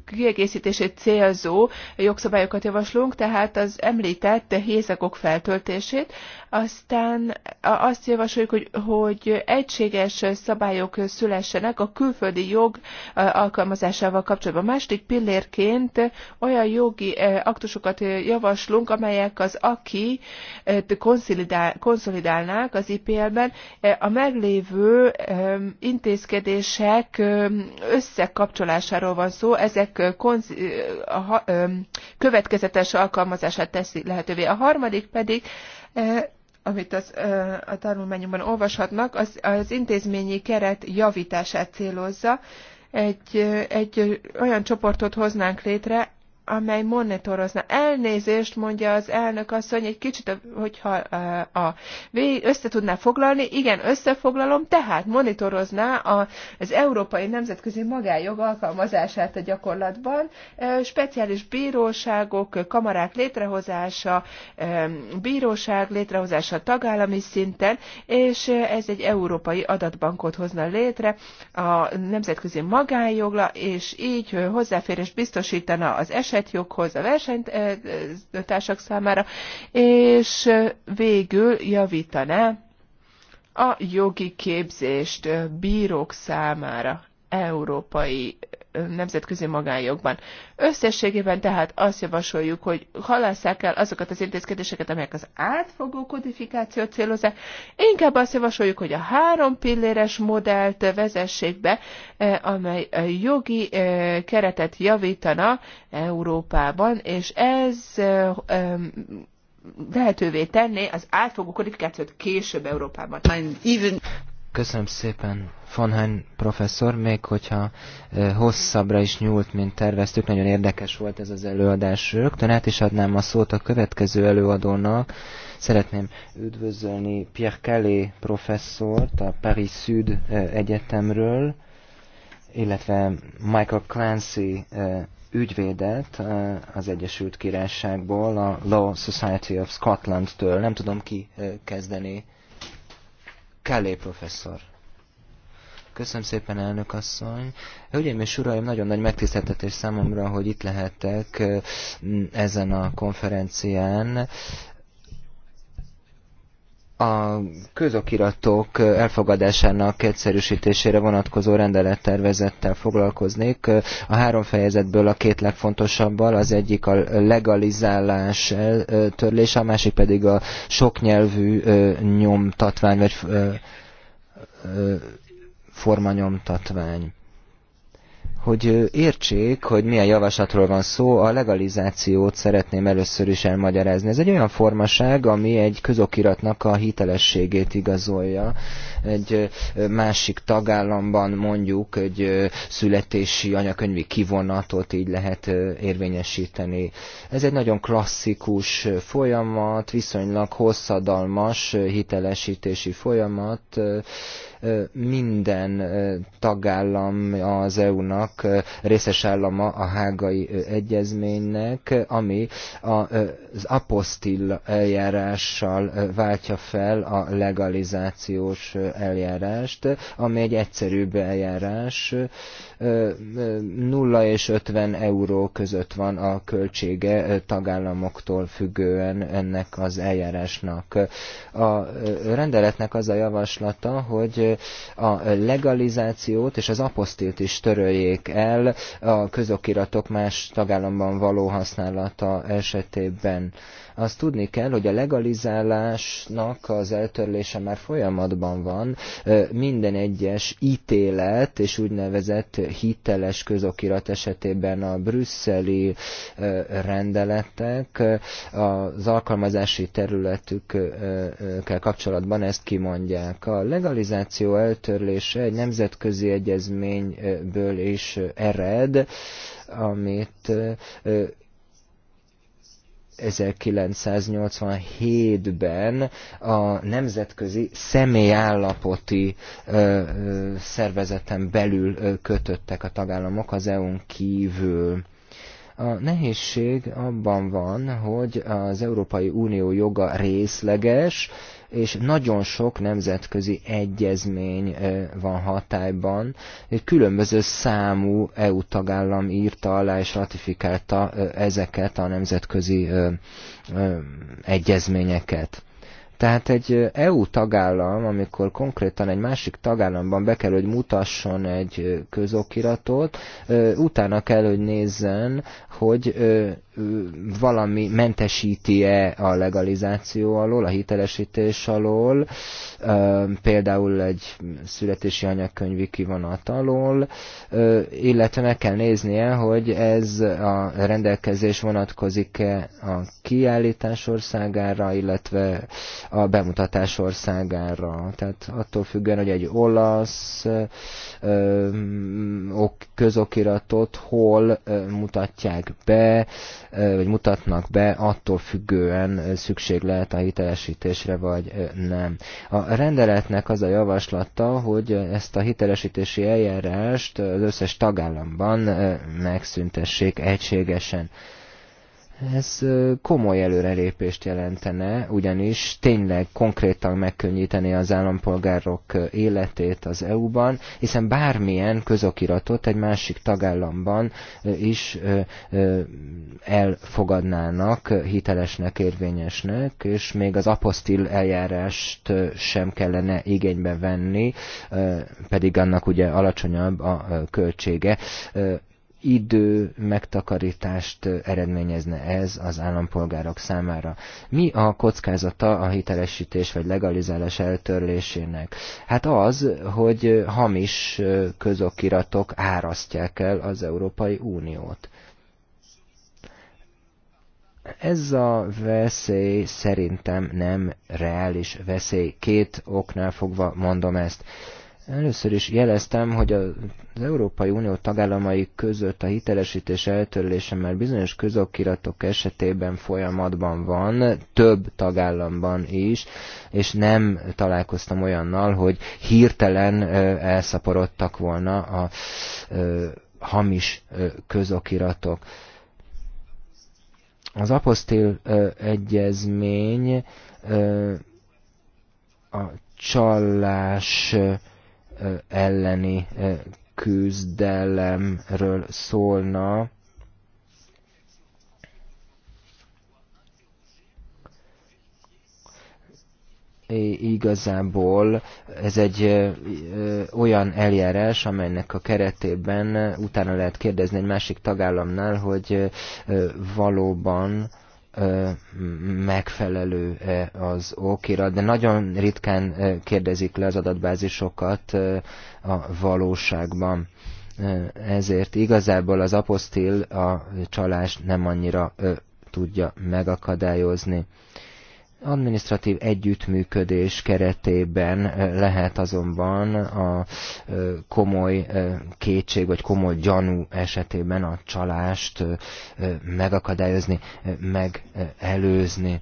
kiegészítését célzó jogszabályokat javaslunk, tehát az említett hézakok feltöltését. Aztán azt javasoljuk, hogy, hogy egységes szabályok szülessenek a külföldi jog alkalmazásával kapcsolatban. Második pillérként olyan jogi aktusokat javaslunk, amelyek az aki konszolidálnák az IPL-ben a meglévő intézkedések összekapcsolásáról van szó, szó, ezek konz, a, következetes alkalmazását teszi lehetővé. A harmadik pedig amit az, a tanulmányomban olvashatnak, az, az intézményi keret javítását célozza. Egy, egy olyan csoportot hoznánk létre, amely monitorozna. Elnézést mondja az elnök asszony, egy kicsit, hogyha a, a, össze tudná foglalni, igen, összefoglalom, tehát monitorozná a, az európai nemzetközi magájog alkalmazását a gyakorlatban, speciális bíróságok, kamarák létrehozása, bíróság létrehozása tagállami szinten, és ez egy európai adatbankot hozna létre a nemzetközi magájogla és így hozzáférés biztosítana az eset esetjoghoz a versenytársak számára, és végül javítaná a jogi képzést bírók számára európai nemzetközi magánjogban. Összességében tehát azt javasoljuk, hogy halásszák el azokat az intézkedéseket, amelyek az átfogó kodifikációt célozzák. Inkább azt javasoljuk, hogy a három pilléres modellt vezessék be, eh, amely eh, jogi eh, keretet javítana Európában, és ez lehetővé tenné az átfogó kodifikációt később Európában. Even... Köszönöm szépen, Fonhain professzor, még hogyha hosszabbra is nyúlt, mint terveztük, nagyon érdekes volt ez az előadás. Rögtön át is adnám a szót a következő előadónak. Szeretném üdvözölni Pierre Kelly professzort a Paris Sud Egyetemről, illetve Michael Clancy ügyvédet az Egyesült Királyságból, a Law Society of Scotland-től. Nem tudom ki kezdeni Kellé professzor. Köszönöm szépen, elnök asszony. Hölgyeim és uraim, nagyon nagy megtiszteltetés számomra, hogy itt lehetek ezen a konferencián a közokiratok elfogadásának egyszerűsítésére vonatkozó rendelettervezettel foglalkoznék. A három fejezetből a két legfontosabbal, az egyik a legalizálás törlése, a másik pedig a soknyelvű nyomtatvány, vagy formanyomtatvány hogy értsék, hogy milyen javaslatról van szó, a legalizációt szeretném először is elmagyarázni. Ez egy olyan formaság, ami egy közokiratnak a hitelességét igazolja. Egy másik tagállamban mondjuk egy születési anyakönyvi kivonatot így lehet érvényesíteni. Ez egy nagyon klasszikus folyamat, viszonylag hosszadalmas hitelesítési folyamat, minden tagállam az EU-nak részes állama a hágai egyezménynek, ami az apostil eljárással váltja fel a legalizációs eljárást, ami egy egyszerűbb eljárás, 0 és 50 euró között van a költsége tagállamoktól függően ennek az eljárásnak. A rendeletnek az a javaslata, hogy a legalizációt és az apostilt is töröljék el a közokiratok más tagállamban való használata esetében. Azt tudni kell, hogy a legalizálásnak az eltörlése már folyamatban van, minden egyes ítélet és úgynevezett hiteles közokirat esetében a brüsszeli rendeletek az alkalmazási területükkel kapcsolatban ezt kimondják. A legalizáció eltörlése egy nemzetközi egyezményből is ered, amit 1987-ben a Nemzetközi Személyállapoti ö, ö, Szervezeten belül ö, kötöttek a tagállamok az EU-n kívül. A nehézség abban van, hogy az Európai Unió joga részleges, és nagyon sok nemzetközi egyezmény van hatályban. Különböző számú EU tagállam írta alá és ratifikálta ezeket a nemzetközi egyezményeket. Tehát egy EU tagállam, amikor konkrétan egy másik tagállamban be kell, hogy mutasson egy közokiratot, utána kell, hogy nézzen, hogy valami mentesíti-e a legalizáció alól, a hitelesítés alól, például egy születési anyakönyvi kivonat alól, illetve meg kell néznie, hogy ez a rendelkezés vonatkozik-e a kiállítás országára, illetve a bemutatás országára. Tehát attól függően, hogy egy olasz közokiratot hol mutatják be, vagy mutatnak be, attól függően szükség lehet a hitelesítésre, vagy nem. A rendeletnek az a javaslata, hogy ezt a hitelesítési eljárást az összes tagállamban megszüntessék egységesen. Ez komoly előrelépést jelentene, ugyanis tényleg konkrétan megkönnyíteni az állampolgárok életét az EU-ban, hiszen bármilyen közokiratot egy másik tagállamban is elfogadnának hitelesnek, érvényesnek, és még az apostil eljárást sem kellene igénybe venni, pedig annak ugye alacsonyabb a költsége idő megtakarítást eredményezne ez az állampolgárok számára. Mi a kockázata a hitelesítés vagy legalizálás eltörlésének? Hát az, hogy hamis közokiratok árasztják el az Európai Uniót. Ez a veszély szerintem nem reális veszély. Két oknál fogva mondom ezt. Először is jeleztem, hogy az Európai Unió tagállamai között a hitelesítés eltörlése már bizonyos közokiratok esetében folyamatban van, több tagállamban is, és nem találkoztam olyannal, hogy hirtelen elszaporodtak volna a hamis közokiratok. Az apostil egyezmény a csalás elleni küzdelemről szólna. igazából ez egy olyan eljárás, amelynek a keretében utána lehet kérdezni egy másik tagállamnál, hogy valóban megfelelő az okirat, de nagyon ritkán kérdezik le az adatbázisokat a valóságban. Ezért igazából az apostil a csalást nem annyira tudja megakadályozni. Administratív együttműködés keretében lehet azonban a komoly kétség vagy komoly gyanú esetében a csalást megakadályozni, megelőzni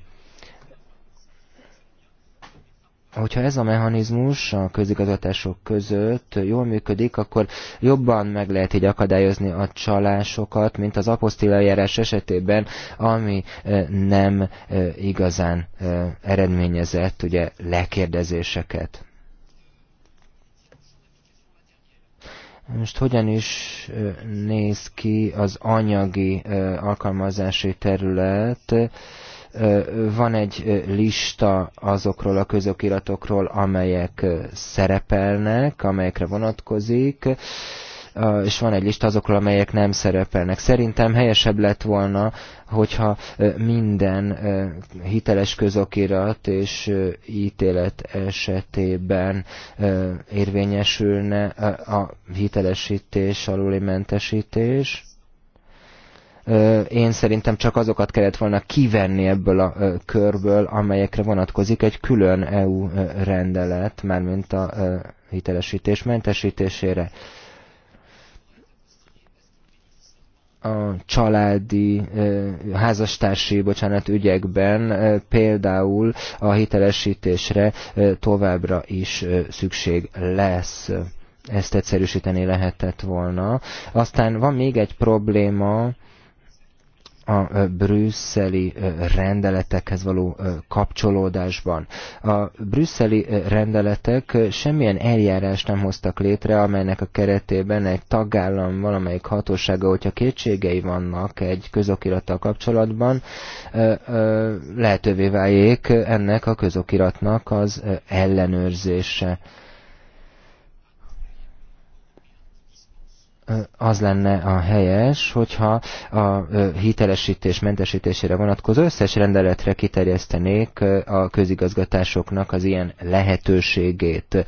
hogyha ez a mechanizmus a közigazgatások között jól működik, akkor jobban meg lehet így akadályozni a csalásokat, mint az járás esetében, ami eh, nem eh, igazán eh, eredményezett ugye lekérdezéseket. Most hogyan is néz ki az anyagi alkalmazási terület? Van egy lista azokról a közokiratokról, amelyek szerepelnek, amelyekre vonatkozik, és van egy lista azokról, amelyek nem szerepelnek. Szerintem helyesebb lett volna, hogyha minden hiteles közokirat és ítélet esetében érvényesülne a hitelesítés, aluli mentesítés, én szerintem csak azokat kellett volna kivenni ebből a körből, amelyekre vonatkozik egy külön EU rendelet, mármint a hitelesítés mentesítésére. a családi házastársi, bocsánat, ügyekben például a hitelesítésre továbbra is szükség lesz. Ezt egyszerűsíteni lehetett volna. Aztán van még egy probléma, a brüsszeli rendeletekhez való kapcsolódásban. A brüsszeli rendeletek semmilyen eljárást nem hoztak létre, amelynek a keretében egy tagállam valamelyik hatósága, hogyha kétségei vannak egy közokirattal kapcsolatban, lehetővé váljék ennek a közokiratnak az ellenőrzése. az lenne a helyes, hogyha a hitelesítés mentesítésére vonatkozó összes rendeletre kiterjesztenék a közigazgatásoknak az ilyen lehetőségét.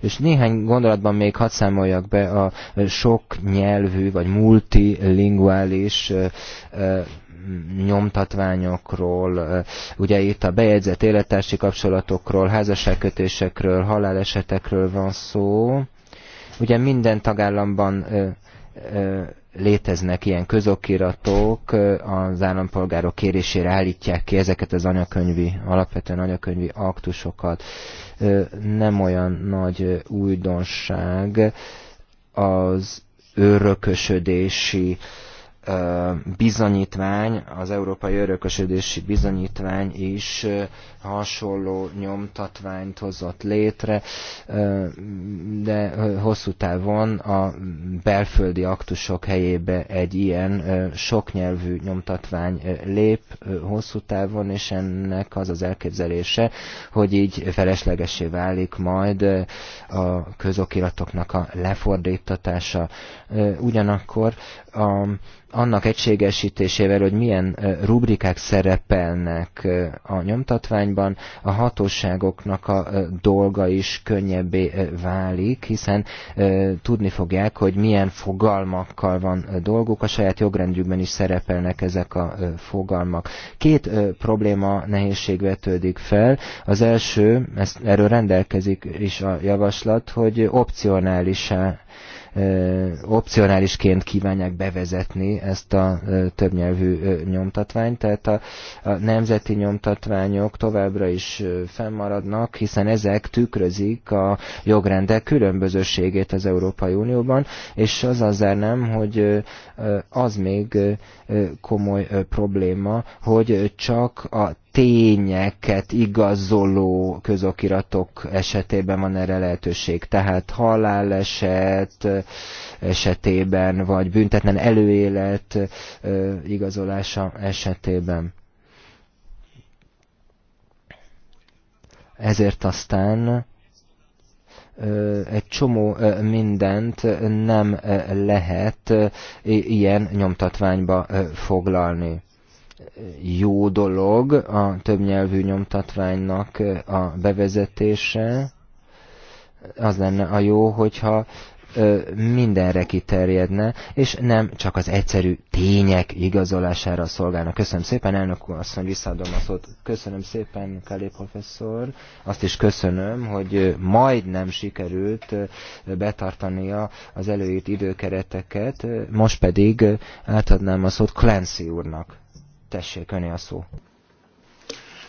És néhány gondolatban még hadd számoljak be a sok nyelvű vagy multilinguális nyomtatványokról, ugye itt a bejegyzett élettársi kapcsolatokról, házasságkötésekről, halálesetekről van szó, Ugye minden tagállamban léteznek ilyen közokiratok, az állampolgárok kérésére állítják ki ezeket az anyakönyvi, alapvetően anyakönyvi aktusokat. Nem olyan nagy újdonság az örökösödési bizonyítvány, az Európai Örökösödési Bizonyítvány is hasonló nyomtatványt hozott létre, de hosszú távon a belföldi aktusok helyébe egy ilyen soknyelvű nyomtatvány lép hosszú távon, és ennek az az elképzelése, hogy így feleslegesé válik majd a közokiratoknak a lefordítatása. Ugyanakkor a annak egységesítésével, hogy milyen rubrikák szerepelnek a nyomtatványban, a hatóságoknak a dolga is könnyebbé válik, hiszen tudni fogják, hogy milyen fogalmakkal van dolguk, a saját jogrendjükben is szerepelnek ezek a fogalmak. Két probléma nehézség vetődik fel. Az első, ezt, erről rendelkezik is a javaslat, hogy opcionálisá opcionálisként kívánják bevezetni ezt a többnyelvű nyomtatványt, tehát a, a nemzeti nyomtatványok továbbra is fennmaradnak, hiszen ezek tükrözik a jogrendek különbözőségét az Európai Unióban, és az nem, hogy az még komoly probléma, hogy csak a tényeket igazoló közokiratok esetében van erre lehetőség. Tehát haláleset esetében, vagy büntetlen előélet igazolása esetében. Ezért aztán egy csomó mindent nem lehet ilyen nyomtatványba foglalni jó dolog a többnyelvű nyomtatványnak a bevezetése. Az lenne a jó, hogyha mindenre kiterjedne, és nem csak az egyszerű tények igazolására szolgálna. Köszönöm szépen, elnök úr, asszony, visszaadom a szót. Köszönöm szépen, Kelly professzor. Azt is köszönöm, hogy majdnem sikerült betartania az előírt időkereteket. Most pedig átadnám a szót Clancy úrnak. Tessék, öné a szó.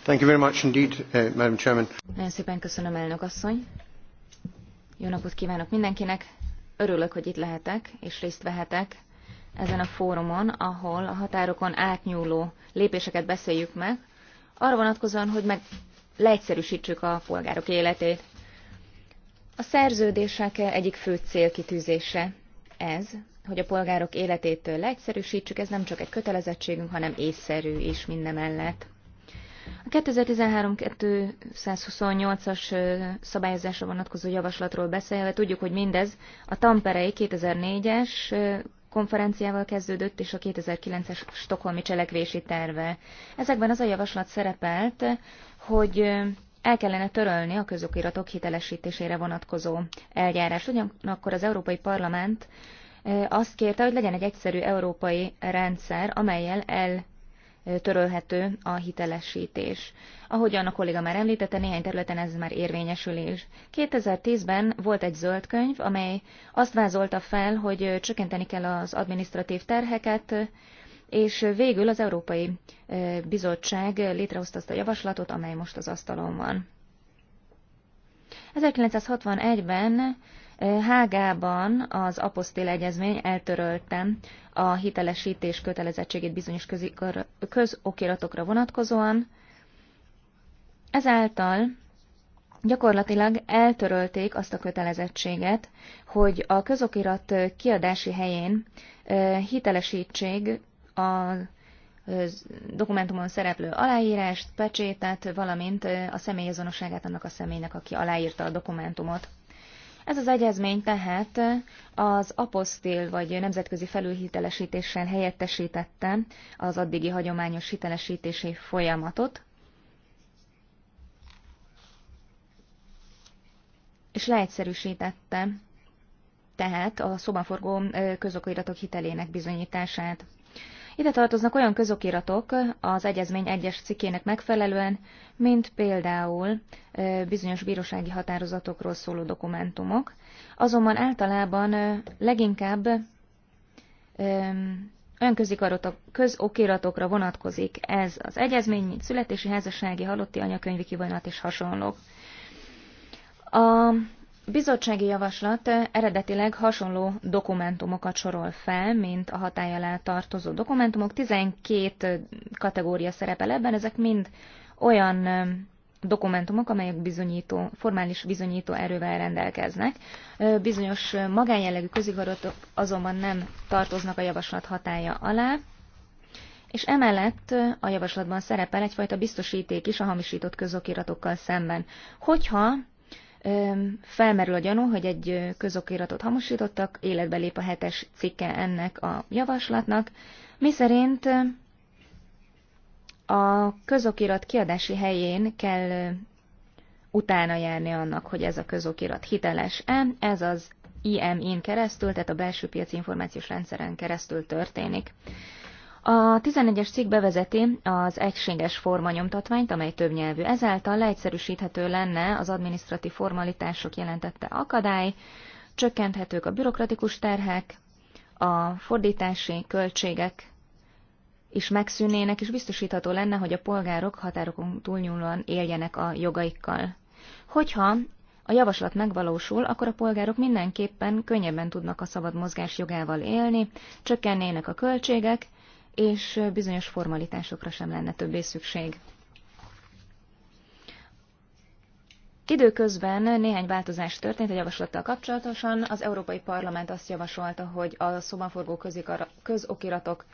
Thank you very much indeed, uh, Madam Chairman. Nagyon szépen köszönöm, elnök asszony. Jó napot kívánok mindenkinek. Örülök, hogy itt lehetek és részt vehetek ezen a fórumon, ahol a határokon átnyúló lépéseket beszéljük meg, arra vonatkozóan, hogy meg leegyszerűsítsük a polgárok életét. A szerződések egyik fő célkitűzése ez, hogy a polgárok életét leegyszerűsítsük, ez nem csak egy kötelezettségünk, hanem észszerű is mindemellett. A 2013-228-as szabályozásra vonatkozó javaslatról beszélve tudjuk, hogy mindez a Tamperei 2004-es konferenciával kezdődött, és a 2009-es stokholmi cselekvési terve. Ezekben az a javaslat szerepelt, hogy el kellene törölni a közokiratok hitelesítésére vonatkozó eljárást. Ugyanakkor az Európai Parlament azt kérte, hogy legyen egy egyszerű európai rendszer, amelyel el törölhető a hitelesítés. Ahogyan a kolléga már említette, néhány területen ez már érvényesül is. 2010-ben volt egy zöld könyv, amely azt vázolta fel, hogy csökkenteni kell az administratív terheket, és végül az Európai Bizottság létrehozta azt a javaslatot, amely most az asztalon van. 1961-ben Hágában az apostil egyezmény eltörölte a hitelesítés kötelezettségét bizonyos közokiratokra vonatkozóan, ezáltal gyakorlatilag eltörölték azt a kötelezettséget, hogy a közokirat kiadási helyén hitelesítség a dokumentumon szereplő aláírást, pecsétet, valamint a személyazonosságát annak a személynek, aki aláírta a dokumentumot. Ez az egyezmény tehát az apostil vagy nemzetközi felülhitelesítéssel helyettesítette az addigi hagyományos hitelesítési folyamatot, és leegyszerűsítette tehát a szobaforgó közokiratok hitelének bizonyítását. Ide tartoznak olyan közokiratok az egyezmény egyes cikkének megfelelően, mint például bizonyos bírósági határozatokról szóló dokumentumok, azonban általában leginkább olyan közokiratokra vonatkozik ez az egyezmény, mint születési, házassági, halotti anyakönyvi kivonat és hasonlók. A bizottsági javaslat eredetileg hasonló dokumentumokat sorol fel, mint a hatály alá tartozó dokumentumok. 12 kategória szerepel ebben, ezek mind olyan dokumentumok, amelyek bizonyító, formális bizonyító erővel rendelkeznek. Bizonyos magánjellegű közigazgatók azonban nem tartoznak a javaslat hatája alá, és emellett a javaslatban szerepel egyfajta biztosíték is a hamisított közokiratokkal szemben. Hogyha felmerül a gyanú, hogy egy közokiratot hamosítottak, életbe lép a hetes cikke ennek a javaslatnak, miszerint a közokirat kiadási helyén kell utána járni annak, hogy ez a közokirat hiteles-e, ez az IMI-n keresztül, tehát a belső piaci információs rendszeren keresztül történik. A 11-es cikk bevezeti az egységes formanyomtatványt, amely többnyelvű. Ezáltal leegyszerűsíthető lenne az adminisztratív formalitások jelentette akadály, csökkenthetők a bürokratikus terhek, a fordítási költségek is megszűnnének, és biztosítható lenne, hogy a polgárok határokon túlnyúlóan éljenek a jogaikkal. Hogyha a javaslat megvalósul, akkor a polgárok mindenképpen könnyebben tudnak a szabad mozgás jogával élni, csökkennének a költségek, és bizonyos formalitásokra sem lenne többé szükség. Időközben néhány változás történt a javaslattal kapcsolatosan. Az Európai Parlament azt javasolta, hogy a szóban közokiratok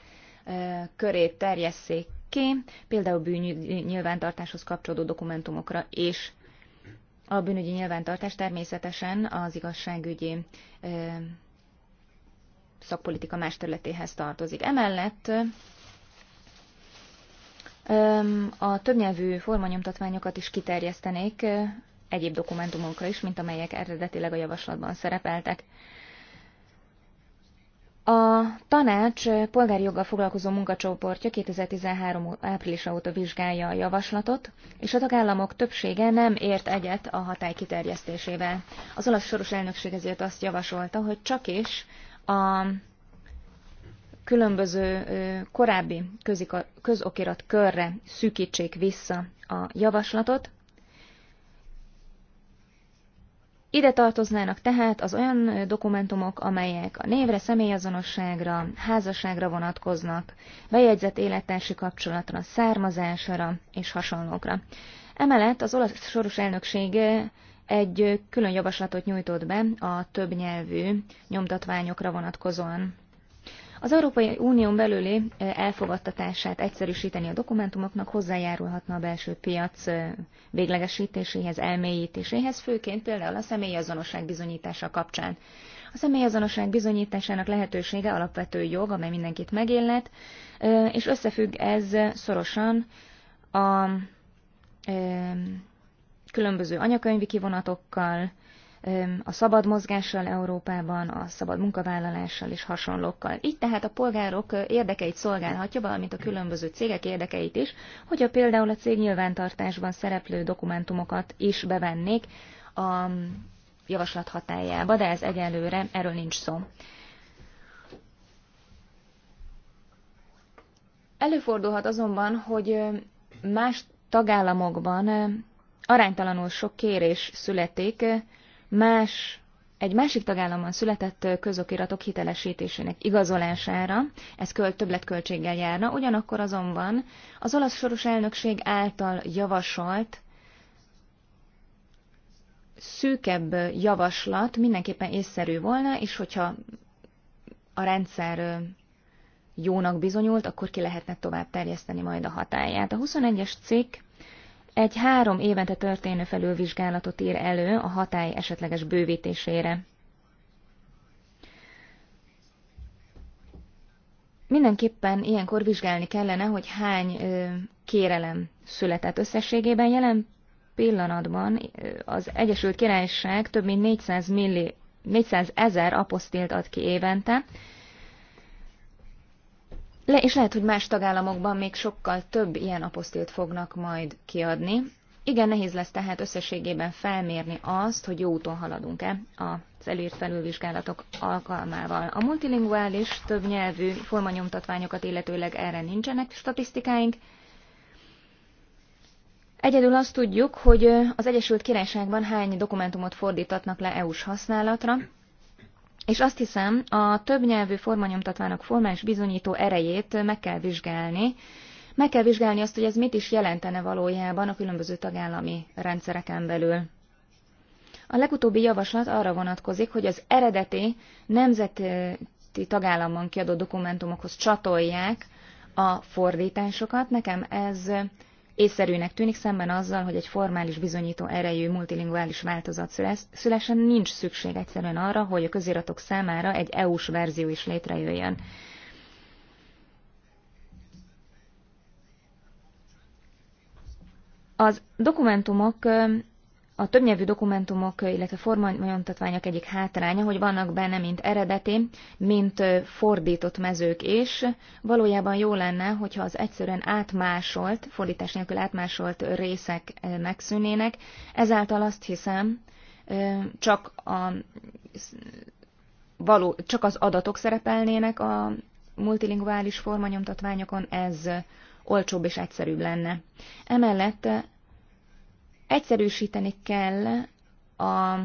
e, körét terjesszék ki, például bűnügyi nyilvántartáshoz kapcsolódó dokumentumokra és A bűnügyi nyilvántartás természetesen az igazságügyi e, szakpolitika más területéhez tartozik. Emellett a többnyelvű formanyomtatványokat is kiterjesztenék egyéb dokumentumokra is, mint amelyek eredetileg a javaslatban szerepeltek. A tanács polgári joggal foglalkozó munkacsoportja 2013. április óta vizsgálja a javaslatot, és a tagállamok többsége nem ért egyet a hatály kiterjesztésével. Az olasz soros elnökség ezért azt javasolta, hogy csak is a különböző korábbi közokirat körre szűkítsék vissza a javaslatot. Ide tartoznának tehát az olyan dokumentumok, amelyek a névre, személyazonosságra, házasságra vonatkoznak, bejegyzett élettársi kapcsolatra, származásra és hasonlókra. Emellett az olasz soros elnökség egy külön javaslatot nyújtott be a több nyelvű nyomtatványokra vonatkozóan. Az Európai Unión belüli elfogadtatását egyszerűsíteni a dokumentumoknak hozzájárulhatna a belső piac véglegesítéséhez, elmélyítéséhez, főként például a személyazonosság bizonyítása kapcsán. A személyazonosság bizonyításának lehetősége alapvető jog, amely mindenkit megillet, és összefügg ez szorosan a különböző anyakönyvi kivonatokkal, a szabad mozgással Európában, a szabad munkavállalással és hasonlókkal. Így tehát a polgárok érdekeit szolgálhatja, valamint a különböző cégek érdekeit is, hogyha például a cég nyilvántartásban szereplő dokumentumokat is bevennék a javaslat hatájába, de ez egyelőre erről nincs szó. Előfordulhat azonban, hogy más tagállamokban aránytalanul sok kérés születik más, egy másik tagállamban született közokiratok hitelesítésének igazolására, ez költ, többletköltséggel járna, ugyanakkor azonban az olasz soros elnökség által javasolt szűkebb javaslat mindenképpen észszerű volna, és hogyha a rendszer jónak bizonyult, akkor ki lehetne tovább terjeszteni majd a hatáját. A 21-es cikk egy három évente történő felülvizsgálatot ír elő a hatály esetleges bővítésére. Mindenképpen ilyenkor vizsgálni kellene, hogy hány kérelem született összességében. Jelen pillanatban az Egyesült Királyság több mint 400, 400 ezer apostilt ad ki évente, le, és lehet, hogy más tagállamokban még sokkal több ilyen apostilt fognak majd kiadni. Igen, nehéz lesz tehát összességében felmérni azt, hogy jó úton haladunk-e az előírt felülvizsgálatok alkalmával. A multilinguális, nyelvű formanyomtatványokat illetőleg erre nincsenek statisztikáink. Egyedül azt tudjuk, hogy az Egyesült Királyságban hány dokumentumot fordítatnak le EU-s használatra, és azt hiszem, a többnyelvű formanyomtatvának formális bizonyító erejét meg kell vizsgálni, meg kell vizsgálni azt, hogy ez mit is jelentene valójában a különböző tagállami rendszereken belül. A legutóbbi javaslat arra vonatkozik, hogy az eredeti nemzeti tagállamban kiadott dokumentumokhoz csatolják a fordításokat. Nekem ez észszerűnek tűnik szemben azzal, hogy egy formális bizonyító erejű multilinguális változat szülesen nincs szükség egyszerűen arra, hogy a köziratok számára egy EU-s verzió is létrejöjjön. Az dokumentumok a többnyelvű dokumentumok, illetve formanyomtatványok egyik hátránya, hogy vannak benne mint eredeti, mint fordított mezők is. Valójában jó lenne, hogyha az egyszerűen átmásolt, fordítás nélkül átmásolt részek megszűnének. Ezáltal azt hiszem, csak, a, való, csak az adatok szerepelnének a multilinguális formanyomtatványokon, ez olcsóbb és egyszerűbb lenne. Emellett Egyszerűsíteni kell a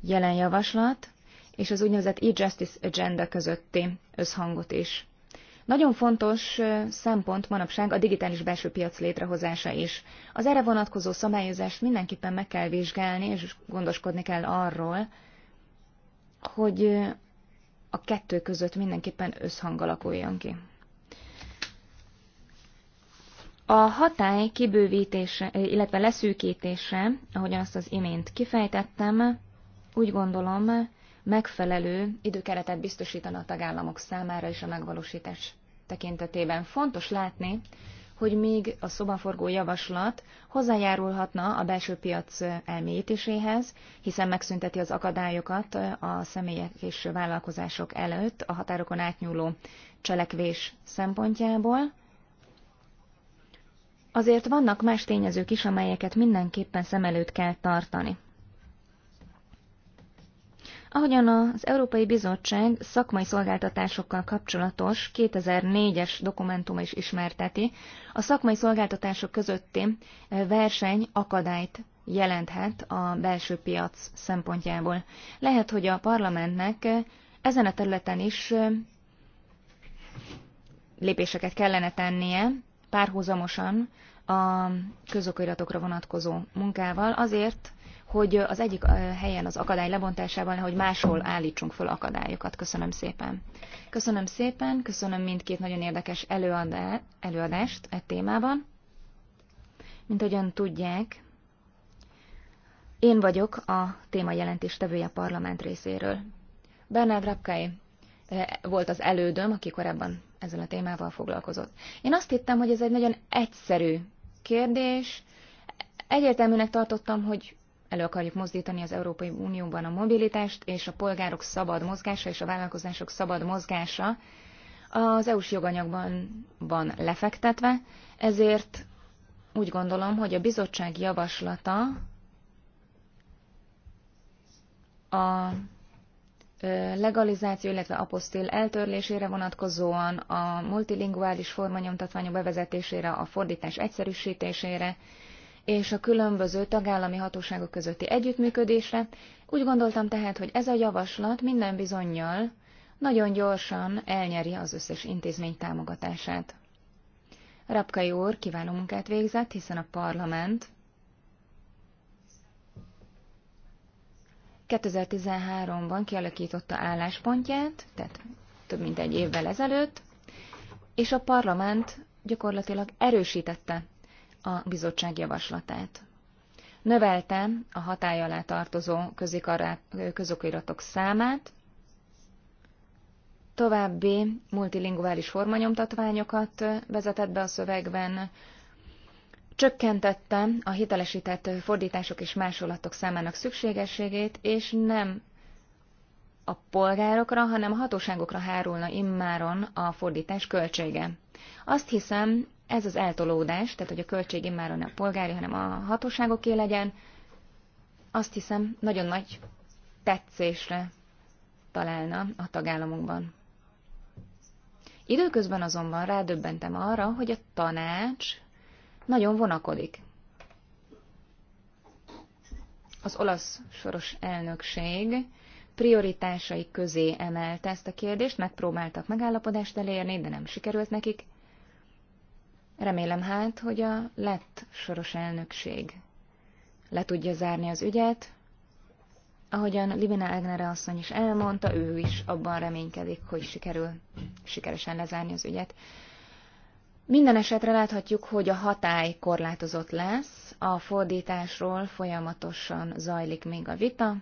jelen javaslat és az úgynevezett e-justice agenda közötti összhangot is. Nagyon fontos szempont manapság a digitális belső piac létrehozása is. Az erre vonatkozó szabályozást mindenképpen meg kell vizsgálni, és gondoskodni kell arról, hogy a kettő között mindenképpen összhang alakuljon ki. A hatály kibővítése, illetve leszűkítése, ahogyan azt az imént kifejtettem, úgy gondolom megfelelő időkeretet biztosítana a tagállamok számára és a megvalósítás tekintetében. Fontos látni, hogy még a szobaforgó javaslat hozzájárulhatna a belső piac elmélyítéséhez, hiszen megszünteti az akadályokat a személyek és vállalkozások előtt a határokon átnyúló cselekvés szempontjából. Azért vannak más tényezők is, amelyeket mindenképpen szem előtt kell tartani. Ahogyan az Európai Bizottság szakmai szolgáltatásokkal kapcsolatos 2004-es dokumentum is ismerteti, a szakmai szolgáltatások közötti verseny akadályt jelenthet a belső piac szempontjából. Lehet, hogy a parlamentnek ezen a területen is lépéseket kellene tennie, párhuzamosan a közokiratokra vonatkozó munkával, azért, hogy az egyik helyen az akadály lebontásával, hogy máshol állítsunk föl akadályokat. Köszönöm szépen. Köszönöm szépen, köszönöm mindkét nagyon érdekes előadást e témában. Mint ahogyan tudják, én vagyok a téma jelentéstevője a parlament részéről. Bernard Rapkai E, volt az elődöm, aki korábban ezzel a témával foglalkozott. Én azt hittem, hogy ez egy nagyon egyszerű kérdés. Egyértelműnek tartottam, hogy elő akarjuk mozdítani az Európai Unióban a mobilitást, és a polgárok szabad mozgása és a vállalkozások szabad mozgása az EU-s joganyagban van lefektetve, ezért úgy gondolom, hogy a bizottság javaslata a legalizáció, illetve apostil eltörlésére vonatkozóan, a multilinguális formanyomtatványok bevezetésére, a fordítás egyszerűsítésére, és a különböző tagállami hatóságok közötti együttműködésre. Úgy gondoltam tehát, hogy ez a javaslat minden bizonyjal nagyon gyorsan elnyeri az összes intézmény támogatását. Rapkai úr kiváló munkát végzett, hiszen a parlament 2013-ban kialakította álláspontját, tehát több mint egy évvel ezelőtt, és a parlament gyakorlatilag erősítette a bizottság javaslatát. Növelte a hatály alá tartozó közokiratok számát, további multilinguális formanyomtatványokat vezetett be a szövegben, csökkentette a hitelesített fordítások és másolatok számának szükségességét, és nem a polgárokra, hanem a hatóságokra hárulna immáron a fordítás költsége. Azt hiszem, ez az eltolódás, tehát hogy a költség immáron nem a polgári, hanem a hatóságoké legyen, azt hiszem, nagyon nagy tetszésre találna a tagállamokban. Időközben azonban rádöbbentem arra, hogy a tanács nagyon vonakodik. Az olasz soros elnökség prioritásai közé emelte ezt a kérdést, megpróbáltak megállapodást elérni, de nem sikerült nekik. Remélem hát, hogy a lett soros elnökség le tudja zárni az ügyet. Ahogyan Livina Egnere asszony is elmondta, ő is abban reménykedik, hogy sikerül sikeresen lezárni az ügyet. Minden esetre láthatjuk, hogy a hatály korlátozott lesz, a fordításról folyamatosan zajlik még a vita,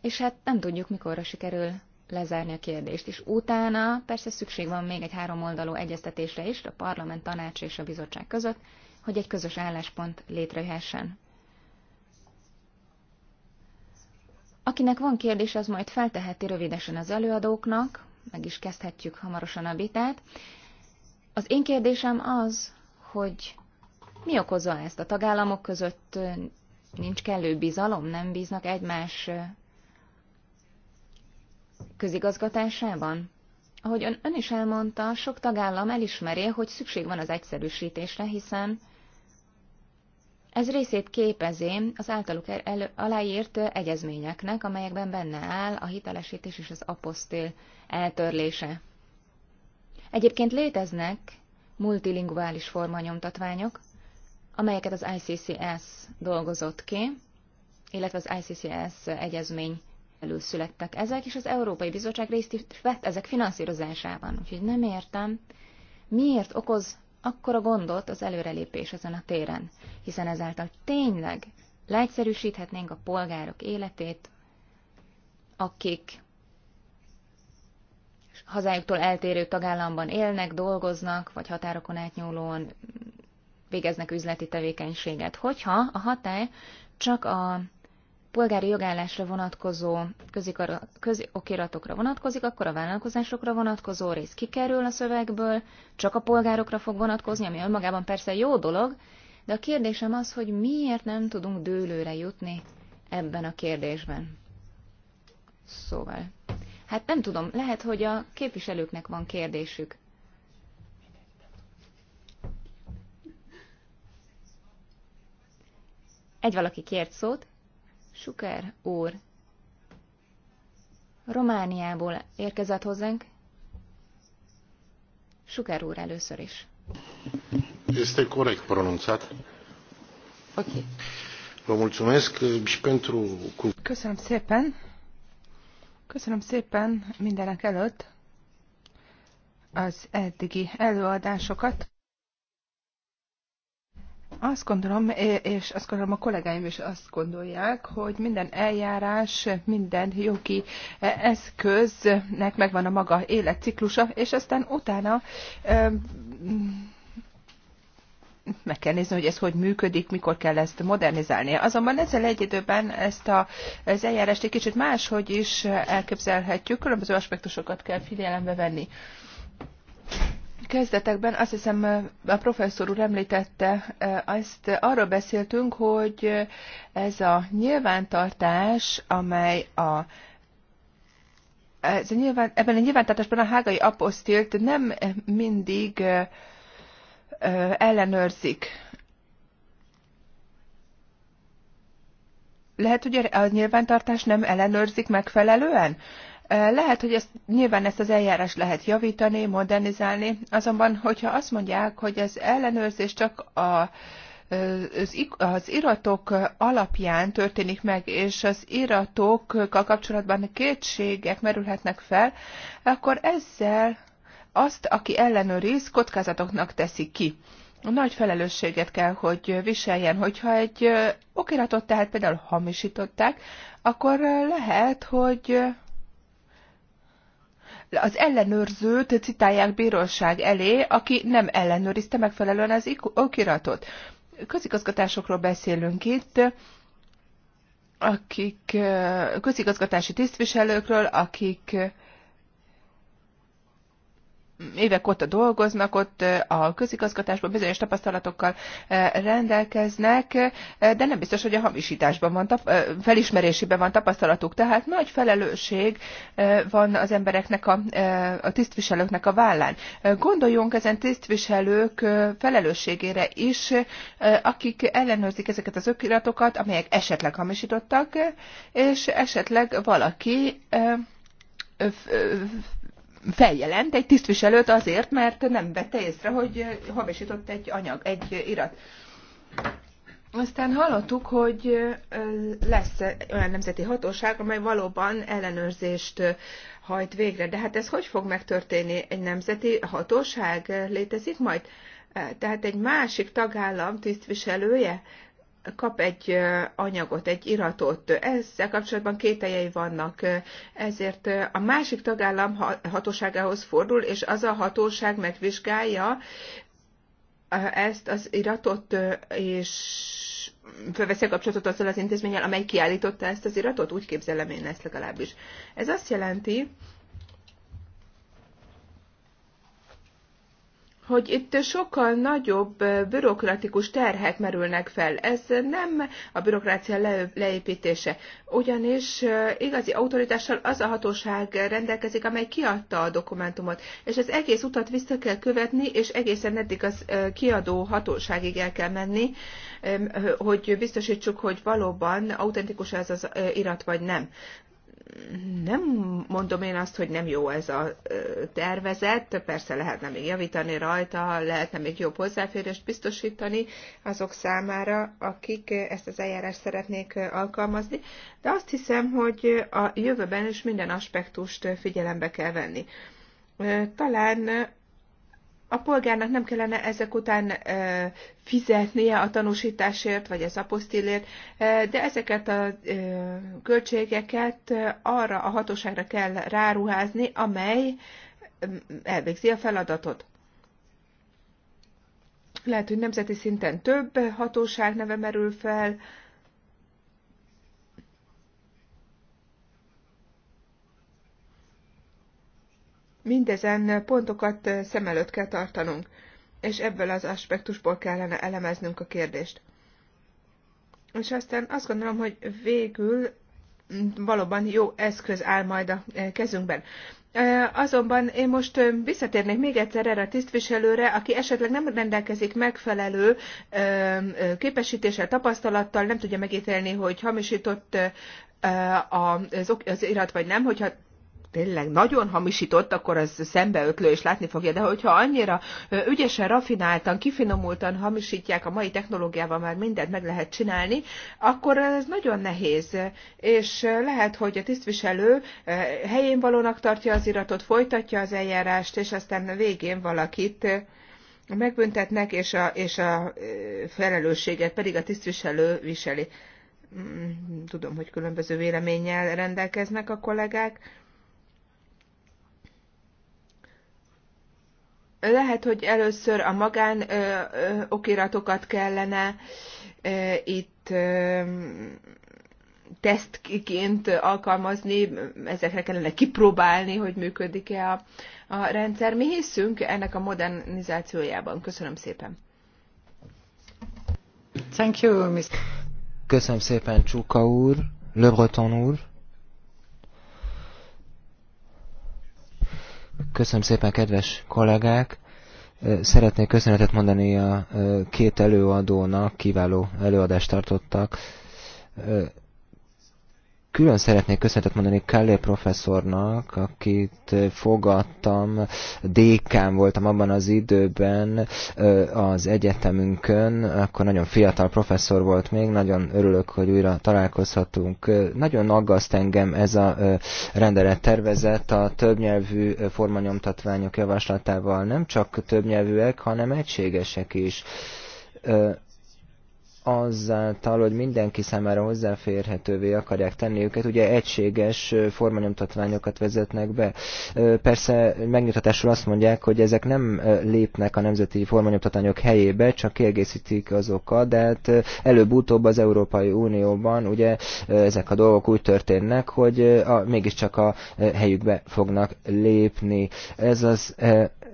és hát nem tudjuk, mikorra sikerül lezárni a kérdést, és utána persze szükség van még egy három oldalú egyeztetésre is a parlament, tanács és a bizottság között, hogy egy közös álláspont létrejöhessen. Akinek van kérdés, az majd felteheti rövidesen az előadóknak, meg is kezdhetjük hamarosan a vitát. Az én kérdésem az, hogy mi okozza ezt? A tagállamok között nincs kellő bizalom, nem bíznak egymás közigazgatásában? Ahogy ön, ön is elmondta, sok tagállam elismeri, hogy szükség van az egyszerűsítésre, hiszen ez részét képezi az általuk el- aláírt egyezményeknek, amelyekben benne áll a hitelesítés és az apostil eltörlése. Egyébként léteznek multilinguális formanyomtatványok, amelyeket az ICCS dolgozott ki, illetve az ICCS egyezmény elől születtek ezek, és az Európai Bizottság részt vett ezek finanszírozásában. Úgyhogy nem értem, miért okoz akkor a gondot az előrelépés ezen a téren, hiszen ezáltal tényleg leegyszerűsíthetnénk a polgárok életét, akik hazájuktól eltérő tagállamban élnek, dolgoznak, vagy határokon átnyúlóan végeznek üzleti tevékenységet. Hogyha a hatály csak a polgári jogállásra vonatkozó közokiratokra vonatkozik, akkor a vállalkozásokra vonatkozó rész kikerül a szövegből, csak a polgárokra fog vonatkozni, ami önmagában persze jó dolog, de a kérdésem az, hogy miért nem tudunk dőlőre jutni ebben a kérdésben. Szóval, hát nem tudom, lehet, hogy a képviselőknek van kérdésük. Egy valaki kért szót. Suker úr, Romániából érkezett hozzánk. Suker úr először is. Ez egy korrekt pronunciát. Oké. Köszönöm szépen. Köszönöm szépen mindenek előtt az eddigi előadásokat. Azt gondolom, és azt gondolom a kollégáim is azt gondolják, hogy minden eljárás, minden jogi e, eszköznek megvan a maga életciklusa, és aztán utána e, meg kell nézni, hogy ez hogy működik, mikor kell ezt modernizálni. Azonban ezzel egy időben ezt a, az eljárást egy kicsit máshogy is elképzelhetjük, különböző aspektusokat kell figyelembe venni kezdetekben azt hiszem a professzor úr említette, azt arról beszéltünk, hogy ez a nyilvántartás, amely a ez a nyilván, ebben a nyilvántartásban a hágai apostilt nem mindig ellenőrzik. Lehet, hogy a nyilvántartás nem ellenőrzik megfelelően? Lehet, hogy ezt, nyilván ezt az eljárást lehet javítani, modernizálni, azonban, hogyha azt mondják, hogy az ellenőrzés csak a, az, az iratok alapján történik meg, és az iratokkal kapcsolatban kétségek merülhetnek fel, akkor ezzel azt, aki ellenőriz, kockázatoknak teszi ki. Nagy felelősséget kell, hogy viseljen, hogyha egy okiratot tehát például hamisították, akkor lehet, hogy az ellenőrzőt citálják bíróság elé, aki nem ellenőrizte megfelelően az okiratot. Közigazgatásokról beszélünk itt, akik közigazgatási tisztviselőkről, akik évek óta dolgoznak, ott a közigazgatásban bizonyos tapasztalatokkal rendelkeznek, de nem biztos, hogy a hamisításban van, felismerésében van tapasztalatuk. Tehát nagy felelősség van az embereknek, a, a tisztviselőknek a vállán. Gondoljunk ezen tisztviselők felelősségére is, akik ellenőrzik ezeket az ökiratokat, amelyek esetleg hamisítottak, és esetleg valaki feljelent egy tisztviselőt azért, mert nem vette észre, hogy hamisított egy anyag, egy irat. Aztán hallottuk, hogy lesz olyan nemzeti hatóság, amely valóban ellenőrzést hajt végre. De hát ez hogy fog megtörténni? Egy nemzeti hatóság létezik majd? Tehát egy másik tagállam tisztviselője kap egy anyagot, egy iratot. Ezzel kapcsolatban kételjei vannak, ezért a másik tagállam hatóságához fordul, és az a hatóság megvizsgálja ezt az iratot, és felveszi a kapcsolatot azzal az intézménnyel, amely kiállította ezt az iratot, úgy képzelem én ezt legalábbis. Ez azt jelenti, hogy itt sokkal nagyobb bürokratikus terhek merülnek fel. Ez nem a bürokrácia le, leépítése, ugyanis igazi autoritással az a hatóság rendelkezik, amely kiadta a dokumentumot, és az egész utat vissza kell követni, és egészen eddig az kiadó hatóságig el kell menni, hogy biztosítsuk, hogy valóban autentikus ez az irat vagy nem nem mondom én azt, hogy nem jó ez a tervezet, persze lehetne még javítani rajta, lehetne még jobb hozzáférést biztosítani azok számára, akik ezt az eljárást szeretnék alkalmazni, de azt hiszem, hogy a jövőben is minden aspektust figyelembe kell venni. Talán a polgárnak nem kellene ezek után fizetnie a tanúsításért, vagy az apostillért, de ezeket a költségeket arra a hatóságra kell ráruházni, amely elvégzi a feladatot. Lehet, hogy nemzeti szinten több hatóság neve merül fel, mindezen pontokat szem előtt kell tartanunk, és ebből az aspektusból kellene elemeznünk a kérdést. És aztán azt gondolom, hogy végül valóban jó eszköz áll majd a kezünkben. Azonban én most visszatérnék még egyszer erre a tisztviselőre, aki esetleg nem rendelkezik megfelelő képesítéssel, tapasztalattal, nem tudja megítélni, hogy hamisított az irat vagy nem, hogyha tényleg nagyon hamisított, akkor az szembeötlő, és látni fogja, de hogyha annyira ügyesen, rafináltan, kifinomultan hamisítják, a mai technológiával már mindent meg lehet csinálni, akkor ez nagyon nehéz, és lehet, hogy a tisztviselő helyén valónak tartja az iratot, folytatja az eljárást, és aztán végén valakit megbüntetnek, és a, és a felelősséget pedig a tisztviselő viseli. Mm, tudom, hogy különböző véleménnyel rendelkeznek a kollégák, Lehet, hogy először a magán okiratokat kellene itt tesztként alkalmazni, ezekre kellene kipróbálni, hogy működik-e a, a rendszer. Mi hiszünk ennek a modernizációjában. Köszönöm szépen. Thank you, Mr. Köszönöm szépen, Csuka úr, Le Breton úr. Köszönöm szépen, kedves kollégák! Szeretnék köszönetet mondani a két előadónak, kiváló előadást tartottak. Külön szeretnék köszönetet mondani Kellé professzornak, akit fogadtam, dékán voltam abban az időben az egyetemünkön, akkor nagyon fiatal professzor volt még, nagyon örülök, hogy újra találkozhatunk. Nagyon aggaszt engem ez a rendelet tervezet a többnyelvű formanyomtatványok javaslatával, nem csak többnyelvűek, hanem egységesek is azáltal, hogy mindenki számára hozzáférhetővé akarják tenni őket, ugye egységes formanyomtatványokat vezetnek be. Persze megnyugtatásul azt mondják, hogy ezek nem lépnek a nemzeti formanyomtatványok helyébe, csak kiegészítik azokat, de hát előbb-utóbb az Európai Unióban ugye ezek a dolgok úgy történnek, hogy a, mégiscsak a helyükbe fognak lépni. Ez az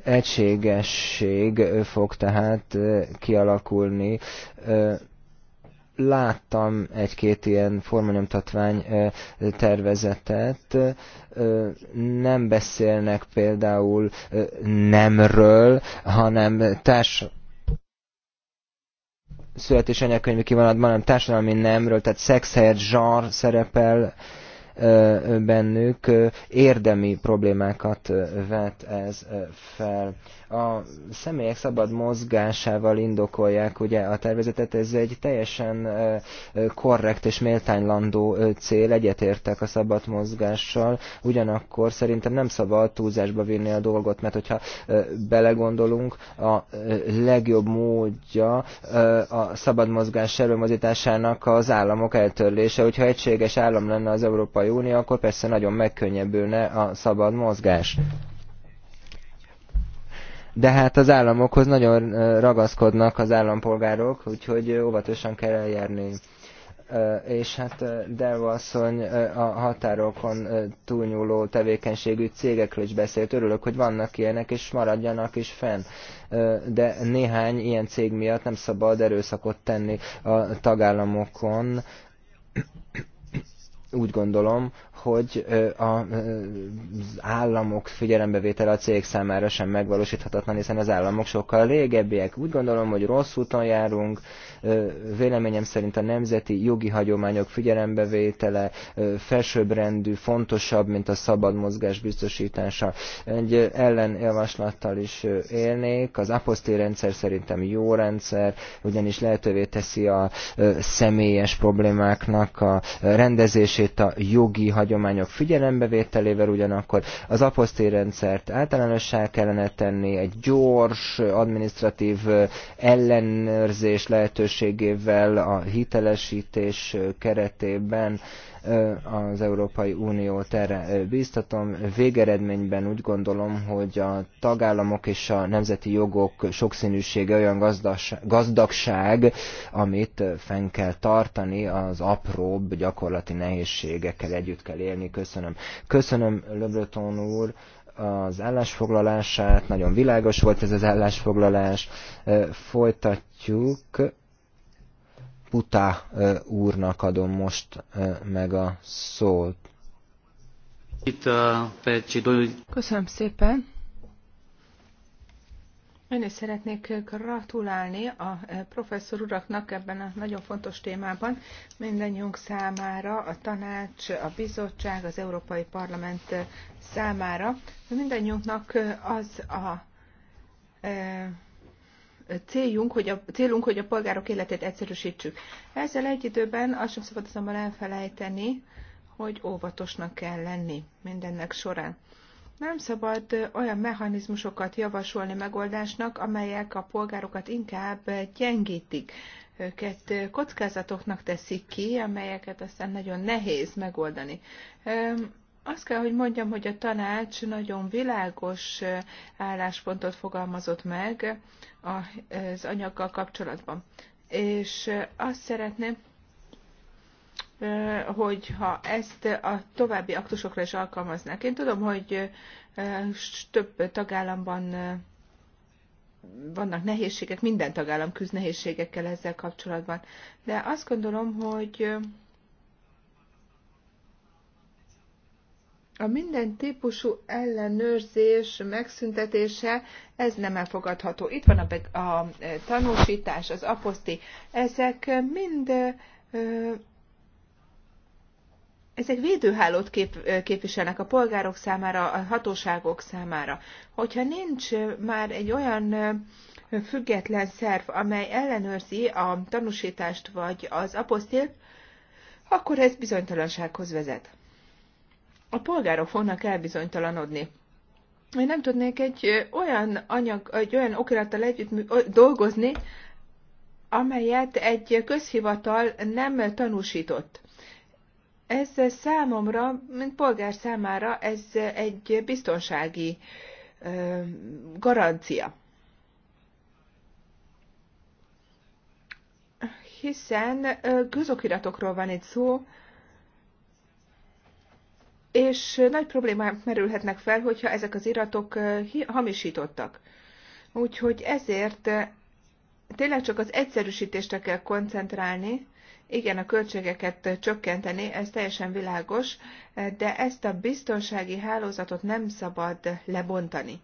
egységesség fog tehát kialakulni láttam egy-két ilyen formanyomtatvány tervezetet. Nem beszélnek például nemről, hanem társ születés anyakönyvi kivonatban, hanem társadalmi nemről, tehát szex helyett zsar szerepel bennük. Érdemi problémákat vet ez fel a személyek szabad mozgásával indokolják ugye a tervezetet, ez egy teljesen korrekt és méltánylandó cél, egyetértek a szabad mozgással, ugyanakkor szerintem nem szabad túlzásba vinni a dolgot, mert hogyha belegondolunk, a legjobb módja a szabad mozgás előmozításának az államok eltörlése, hogyha egységes állam lenne az Európai Unió, akkor persze nagyon megkönnyebbülne a szabad mozgás de hát az államokhoz nagyon ragaszkodnak az állampolgárok, úgyhogy óvatosan kell eljárni. És hát Delvasszony asszony a határokon túlnyúló tevékenységű cégekről is beszélt. Örülök, hogy vannak ilyenek, és maradjanak is fenn. De néhány ilyen cég miatt nem szabad erőszakot tenni a tagállamokon úgy gondolom, hogy az államok figyelembevétele a cég számára sem megvalósíthatatlan, hiszen az államok sokkal régebbiek. Úgy gondolom, hogy rossz úton járunk, Véleményem szerint a nemzeti jogi hagyományok figyelembevétele felsőbbrendű, fontosabb, mint a szabad mozgás biztosítása. Egy ellenjavaslattal is élnék. Az apostil rendszer szerintem jó rendszer, ugyanis lehetővé teszi a személyes problémáknak a rendezését a jogi hagyományok figyelembevételével, ugyanakkor az apostil rendszert általánossá kellene tenni, egy gyors, administratív ellenőrzés lehetőség lehetőségével a hitelesítés keretében az Európai Uniót erre bíztatom. Végeredményben úgy gondolom, hogy a tagállamok és a nemzeti jogok sokszínűsége olyan gazdagság, amit fenn kell tartani, az apróbb gyakorlati nehézségekkel együtt kell élni. Köszönöm. Köszönöm, Löbröton úr az állásfoglalását, nagyon világos volt ez az állásfoglalás. Folytatjuk. Utá úrnak adom most meg a szót. Köszönöm szépen. Én is szeretnék gratulálni a professzor uraknak ebben a nagyon fontos témában. Mindennyiunk számára, a tanács, a bizottság, az Európai Parlament számára. Mindennyiunknak az a céljunk, hogy a, célunk, hogy a polgárok életét egyszerűsítsük. Ezzel egy időben azt sem szabad azonban elfelejteni, hogy óvatosnak kell lenni mindennek során. Nem szabad olyan mechanizmusokat javasolni megoldásnak, amelyek a polgárokat inkább gyengítik, őket kockázatoknak teszik ki, amelyeket aztán nagyon nehéz megoldani. Azt kell, hogy mondjam, hogy a tanács nagyon világos álláspontot fogalmazott meg az anyaggal kapcsolatban. És azt szeretném, hogy ha ezt a további aktusokra is alkalmaznák. Én tudom, hogy több tagállamban vannak nehézségek, minden tagállam küzd nehézségekkel ezzel kapcsolatban, de azt gondolom, hogy A minden típusú ellenőrzés megszüntetése, ez nem elfogadható. Itt van a, a e, tanúsítás, az aposzti, ezek mind e, ezek védőhálót kép, e, képviselnek a polgárok számára, a hatóságok számára. Hogyha nincs már egy olyan független szerv, amely ellenőrzi a tanúsítást vagy az aposztilt, akkor ez bizonytalansághoz vezet a polgárok fognak elbizonytalanodni. Én nem tudnék egy olyan anyag, egy olyan okirattal együtt dolgozni, amelyet egy közhivatal nem tanúsított. Ez számomra, mint polgár számára, ez egy biztonsági garancia. Hiszen közokiratokról van itt szó, és nagy problémák merülhetnek fel, hogyha ezek az iratok hamisítottak. Úgyhogy ezért tényleg csak az egyszerűsítésre kell koncentrálni, igen, a költségeket csökkenteni, ez teljesen világos, de ezt a biztonsági hálózatot nem szabad lebontani.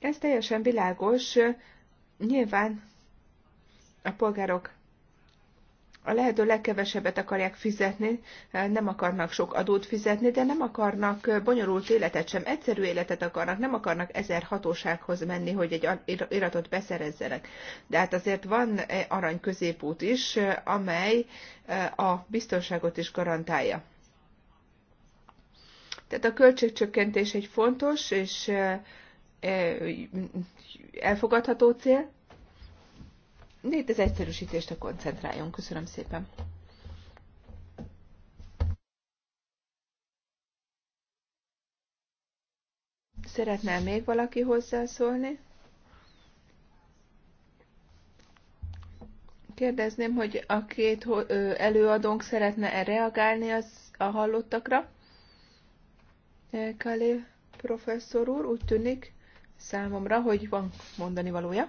Ez teljesen világos, nyilván a polgárok a lehető legkevesebbet akarják fizetni, nem akarnak sok adót fizetni, de nem akarnak bonyolult életet sem, egyszerű életet akarnak, nem akarnak ezer hatósághoz menni, hogy egy iratot beszerezzenek. De hát azért van arany középút is, amely a biztonságot is garantálja. Tehát a költségcsökkentés egy fontos és elfogadható cél, de itt az egyszerűsítésre koncentráljon. Köszönöm szépen. Szeretne még valaki hozzászólni? Kérdezném, hogy a két előadónk szeretne-e reagálni az, a hallottakra? Kalé professzor úr, úgy tűnik, számomra, hogy van mondani valója.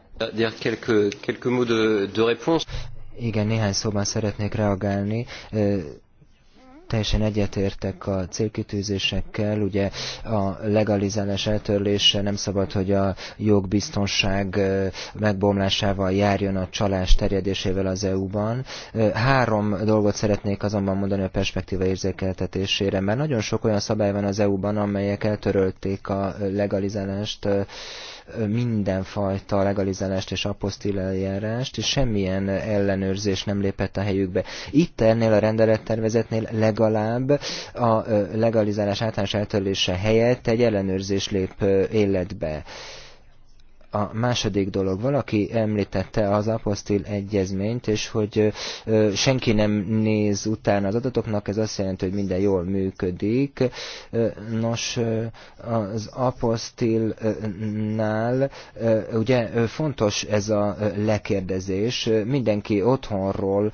Igen, néhány szóban szeretnék reagálni teljesen egyetértek a célkitűzésekkel, ugye a legalizálás eltörlése nem szabad, hogy a jogbiztonság megbomlásával járjon a csalás terjedésével az EU-ban. Három dolgot szeretnék azonban mondani a perspektíva érzékeltetésére, mert nagyon sok olyan szabály van az EU-ban, amelyek eltörölték a legalizálást mindenfajta legalizálást és apostil és semmilyen ellenőrzés nem lépett a helyükbe. Itt ennél a rendelettervezetnél legalább a legalizálás általános eltörlése helyett egy ellenőrzés lép életbe. A második dolog, valaki említette az apostil egyezményt, és hogy senki nem néz utána az adatoknak, ez azt jelenti, hogy minden jól működik. Nos, az apostilnál ugye fontos ez a lekérdezés, mindenki otthonról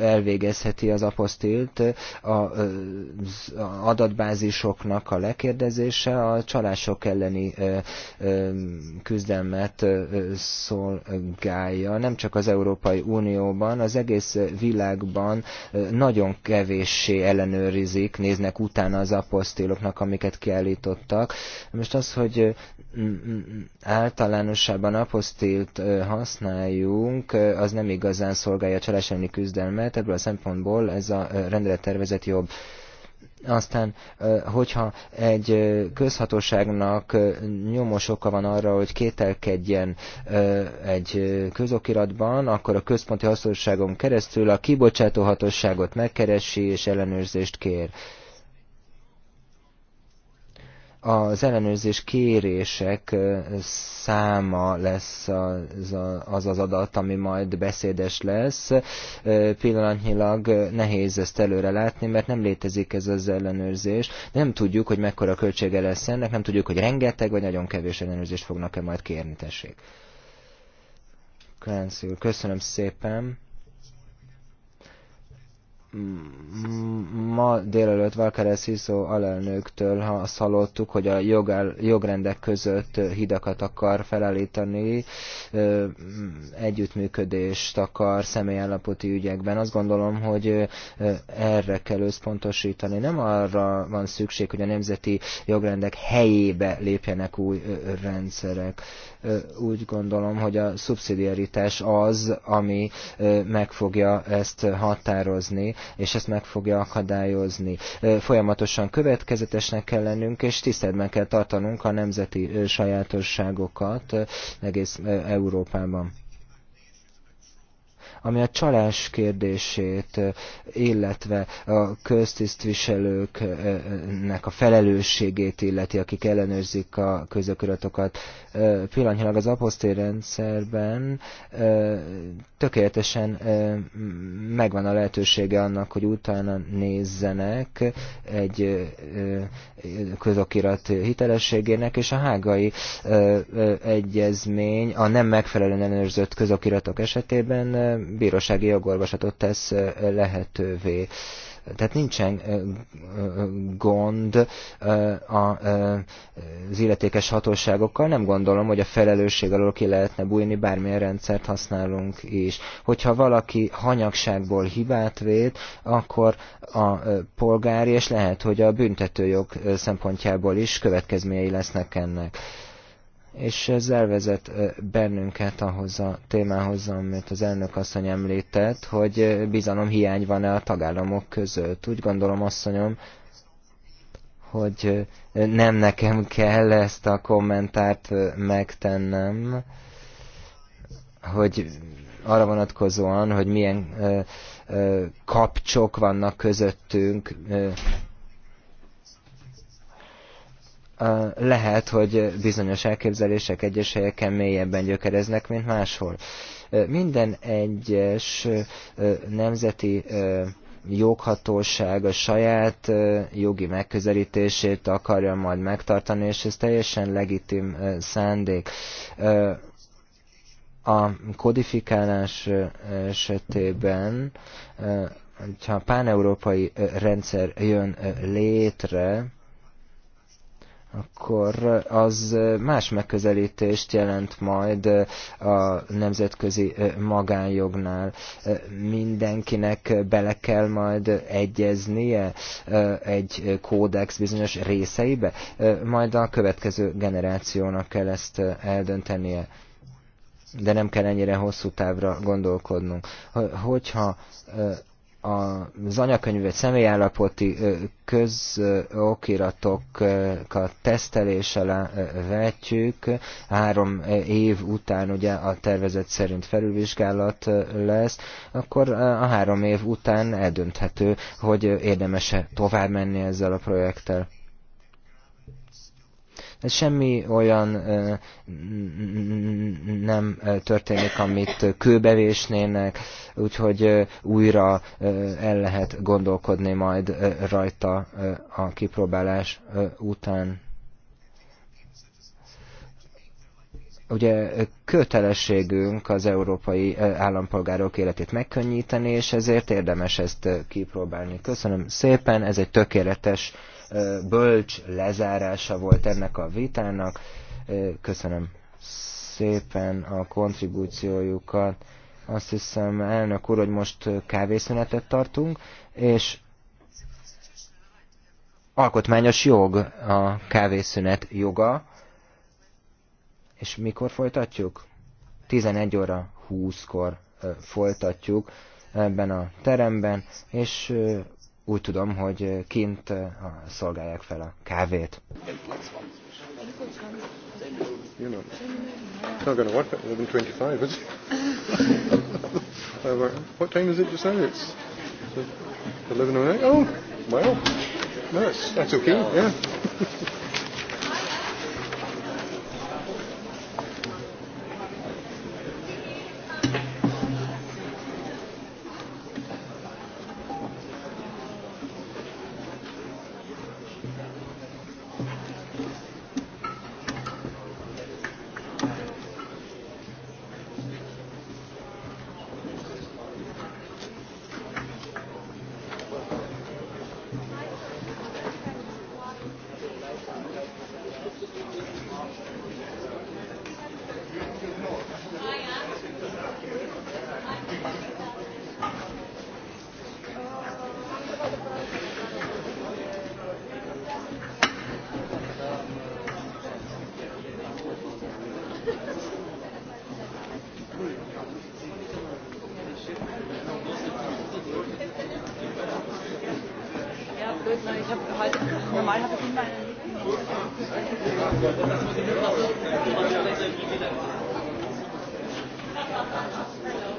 elvégezheti az apostilt, az adatbázisoknak a lekérdezése a csalások elleni küzdelme figyelmet szolgálja, nem csak az Európai Unióban, az egész világban nagyon kevéssé ellenőrizik, néznek utána az apostiloknak, amiket kiállítottak. Most az, hogy általánosában apostilt használjunk, az nem igazán szolgálja a csalás küzdelmet, ebből a szempontból ez a rendelettervezet jobb. Aztán, hogyha egy közhatóságnak nyomos oka van arra, hogy kételkedjen egy közokiratban, akkor a központi hatóságon keresztül a kibocsátó hatóságot megkeresi és ellenőrzést kér az ellenőrzés kérések száma lesz az, az az adat, ami majd beszédes lesz. Pillanatnyilag nehéz ezt előre látni, mert nem létezik ez az ellenőrzés. nem tudjuk, hogy mekkora költsége lesz ennek, nem tudjuk, hogy rengeteg vagy nagyon kevés ellenőrzést fognak-e majd kérni, tessék. Köszönöm szépen ma délelőtt Valkeres Sziszó alelnöktől azt hallottuk, hogy a jogál, jogrendek között hidakat akar felállítani, együttműködést akar személyállapoti ügyekben. Azt gondolom, hogy erre kell összpontosítani. Nem arra van szükség, hogy a nemzeti jogrendek helyébe lépjenek új rendszerek úgy gondolom, hogy a szubszidiaritás az, ami meg fogja ezt határozni, és ezt meg fogja akadályozni. Folyamatosan következetesnek kell lennünk, és tiszteletben kell tartanunk a nemzeti sajátosságokat egész Európában ami a csalás kérdését, illetve a köztisztviselőknek a felelősségét illeti, akik ellenőrzik a közakuratokat pillanatnyilag az aposté rendszerben tökéletesen megvan a lehetősége annak, hogy utána nézzenek egy közokirat hitelességének, és a hágai egyezmény a nem megfelelően ellenőrzött közokiratok esetében bírósági jogorvoslatot tesz lehetővé. Tehát nincsen gond az illetékes hatóságokkal, nem gondolom, hogy a felelősség alól ki lehetne bújni, bármilyen rendszert használunk is. Hogyha valaki hanyagságból hibát vét, akkor a polgári, és lehet, hogy a büntetőjog szempontjából is következményei lesznek ennek és ez elvezet bennünket ahhoz a témához, amit az elnök asszony említett, hogy bizalom hiány van-e a tagállamok között. Úgy gondolom, asszonyom, hogy nem nekem kell ezt a kommentárt megtennem, hogy arra vonatkozóan, hogy milyen kapcsok vannak közöttünk, lehet, hogy bizonyos elképzelések egyes helyeken mélyebben gyökereznek, mint máshol. Minden egyes nemzeti joghatóság a saját jogi megközelítését akarja majd megtartani, és ez teljesen legitim szándék. A kodifikálás esetében, pán-európai rendszer jön létre, akkor az más megközelítést jelent majd a nemzetközi magánjognál. Mindenkinek bele kell majd egyeznie egy kódex bizonyos részeibe, majd a következő generációnak kell ezt eldöntenie de nem kell ennyire hosszú távra gondolkodnunk. Hogyha az anyakönyvet, személyállapoti közokiratokat tesztelése alá vetjük. Három év után ugye a tervezet szerint felülvizsgálat lesz, akkor a három év után eldönthető, hogy érdemese tovább menni ezzel a projekttel. Ez semmi olyan nem történik, amit kőbevésnének, úgyhogy újra el lehet gondolkodni majd rajta a kipróbálás után. ugye kötelességünk az európai állampolgárok életét megkönnyíteni, és ezért érdemes ezt kipróbálni. Köszönöm szépen, ez egy tökéletes bölcs lezárása volt ennek a vitának. Köszönöm szépen a kontribúciójukat. Azt hiszem, elnök úr, hogy most kávészünetet tartunk, és alkotmányos jog a kávészünet joga. És mikor folytatjuk? 11 óra 20-kor folytatjuk ebben a teremben, és úgy tudom, hogy kint eh, szolgálják fel a kávét. Uh, oh, oh, well, that's, that's okay, yeah. blöd, ne? ich habe heute, normal habe ich immer einen Lippen.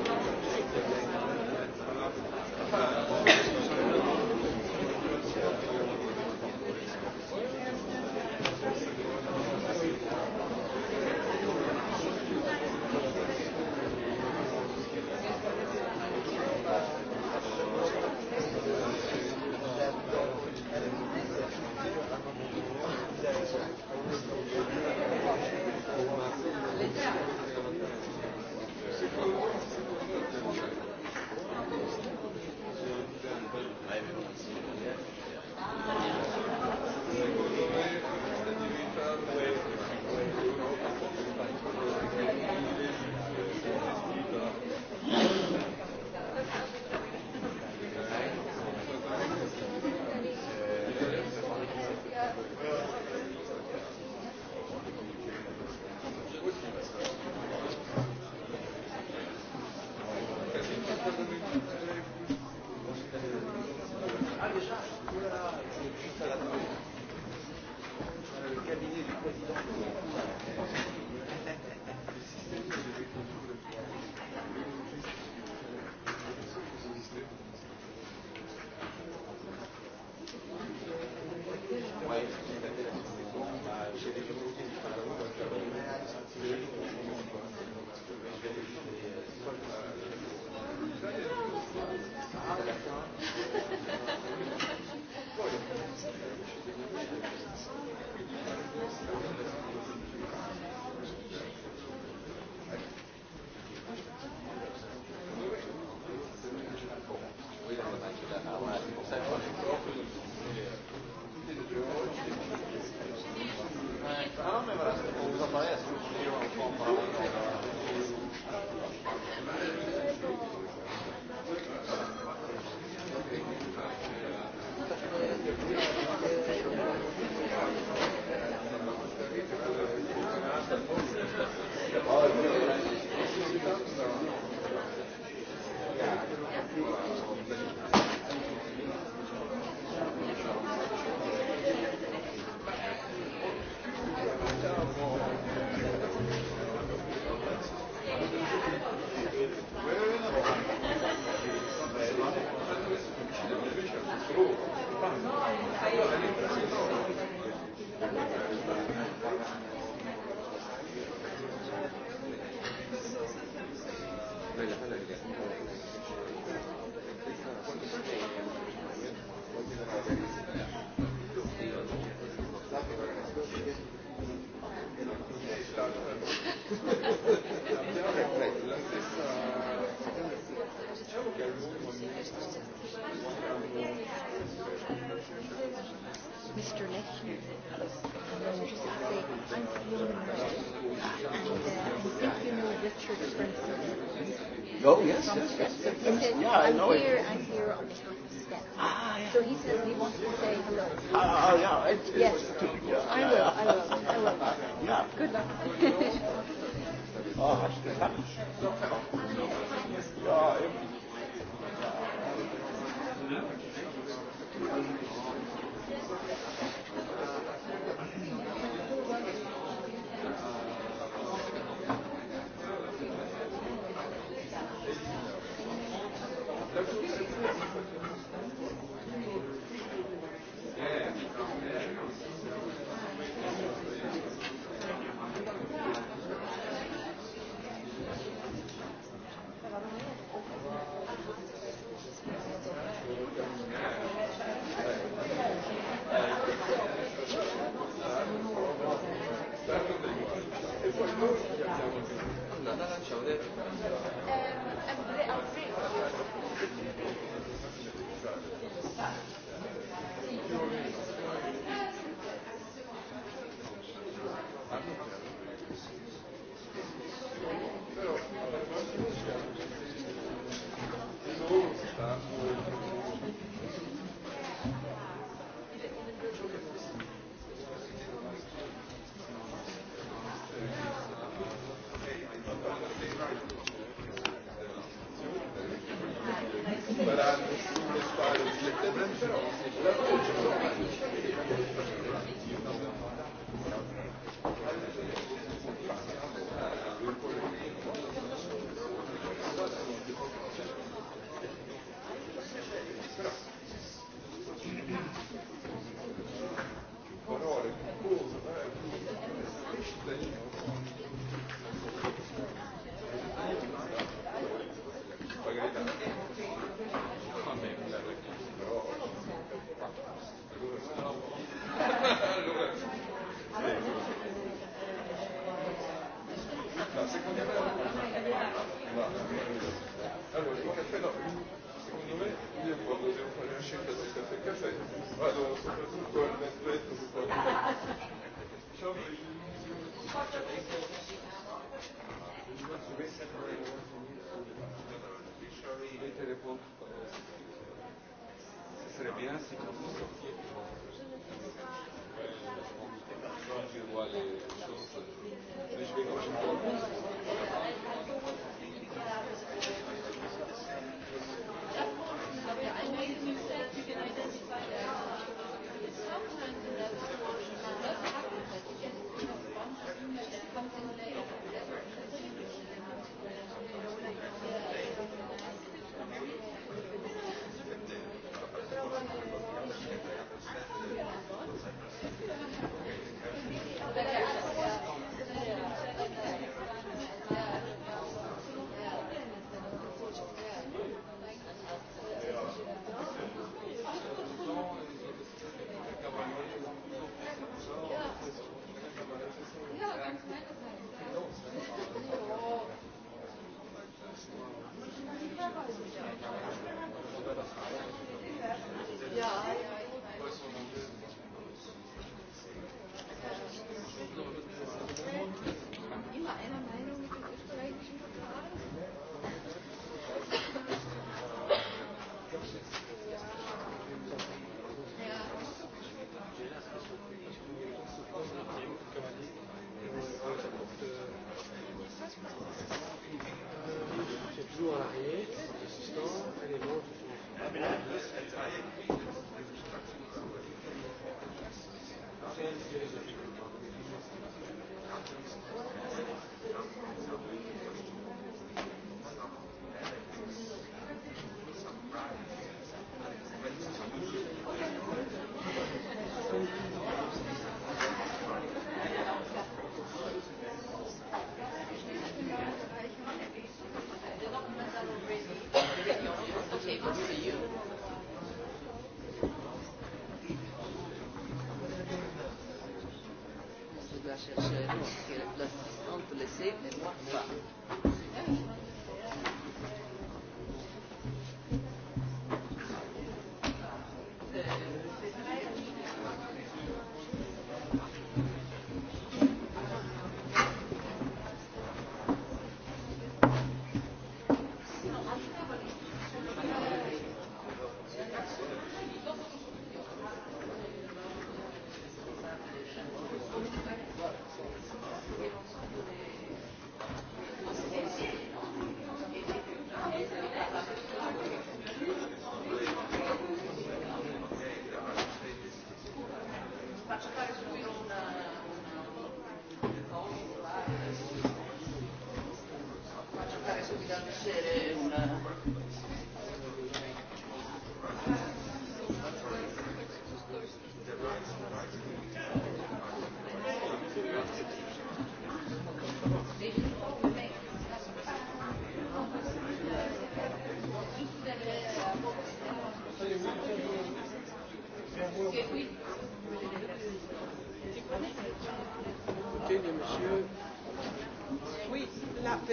Yeah, I know it.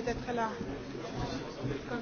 peut-être là. Comme...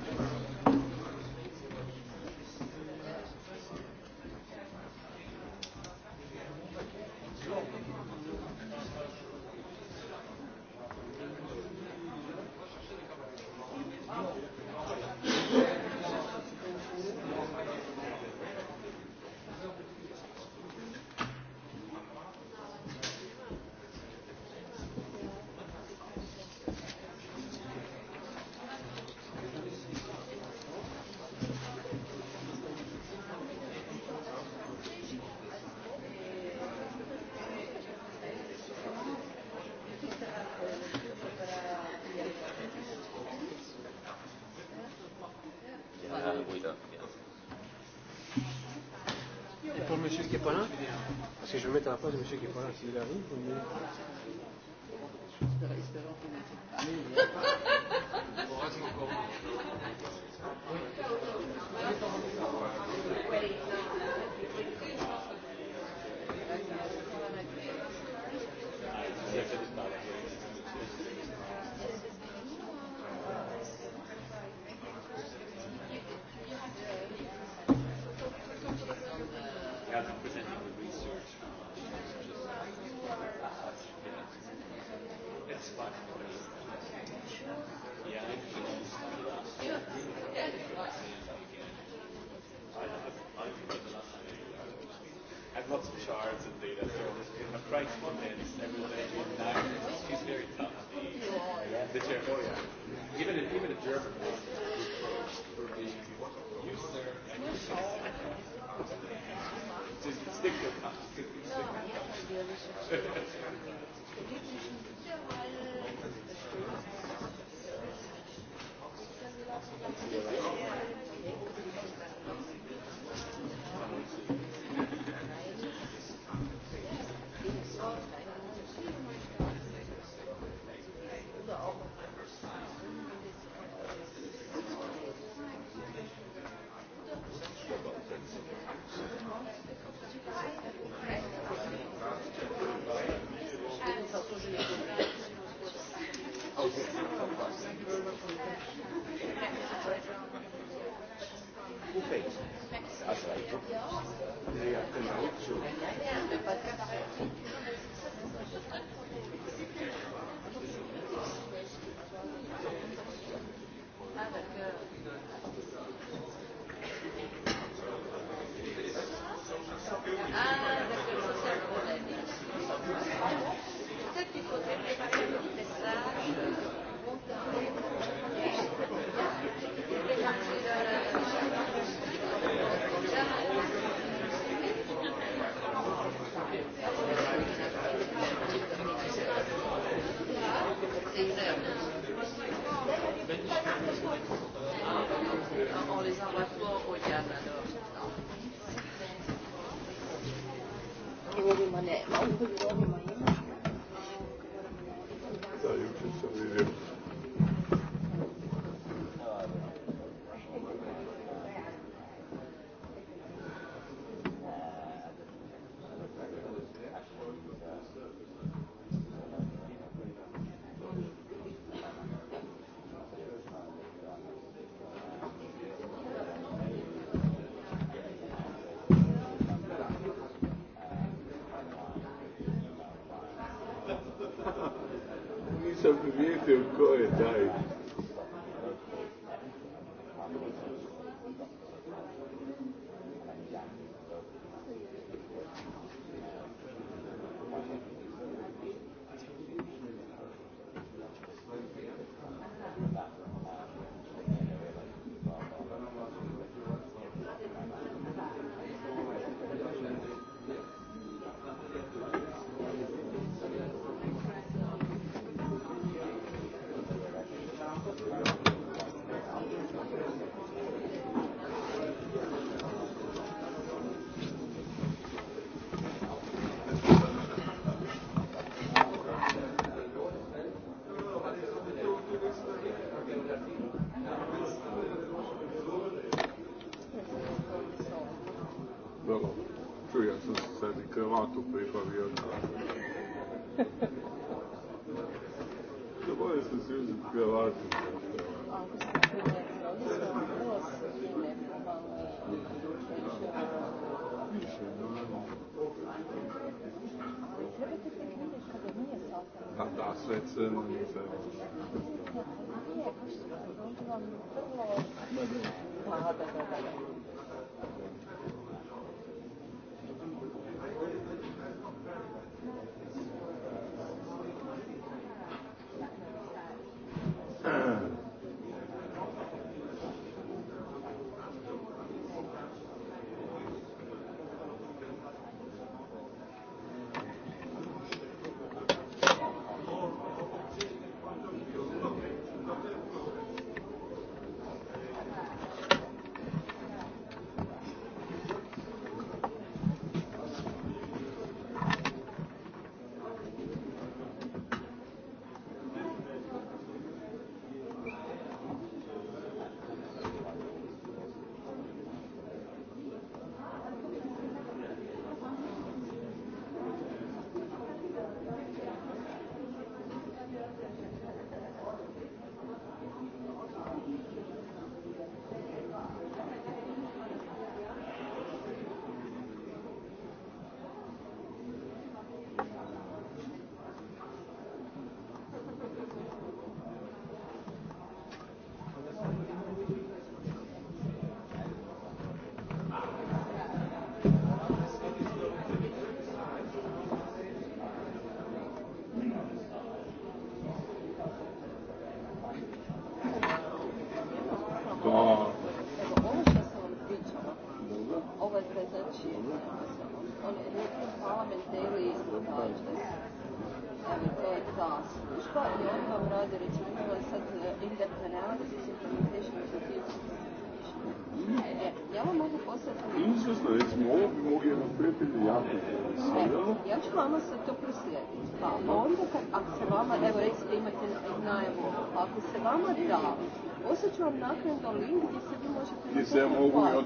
vais mettre à la place de M. Guépard s'il arrive. Mais... teu coitai.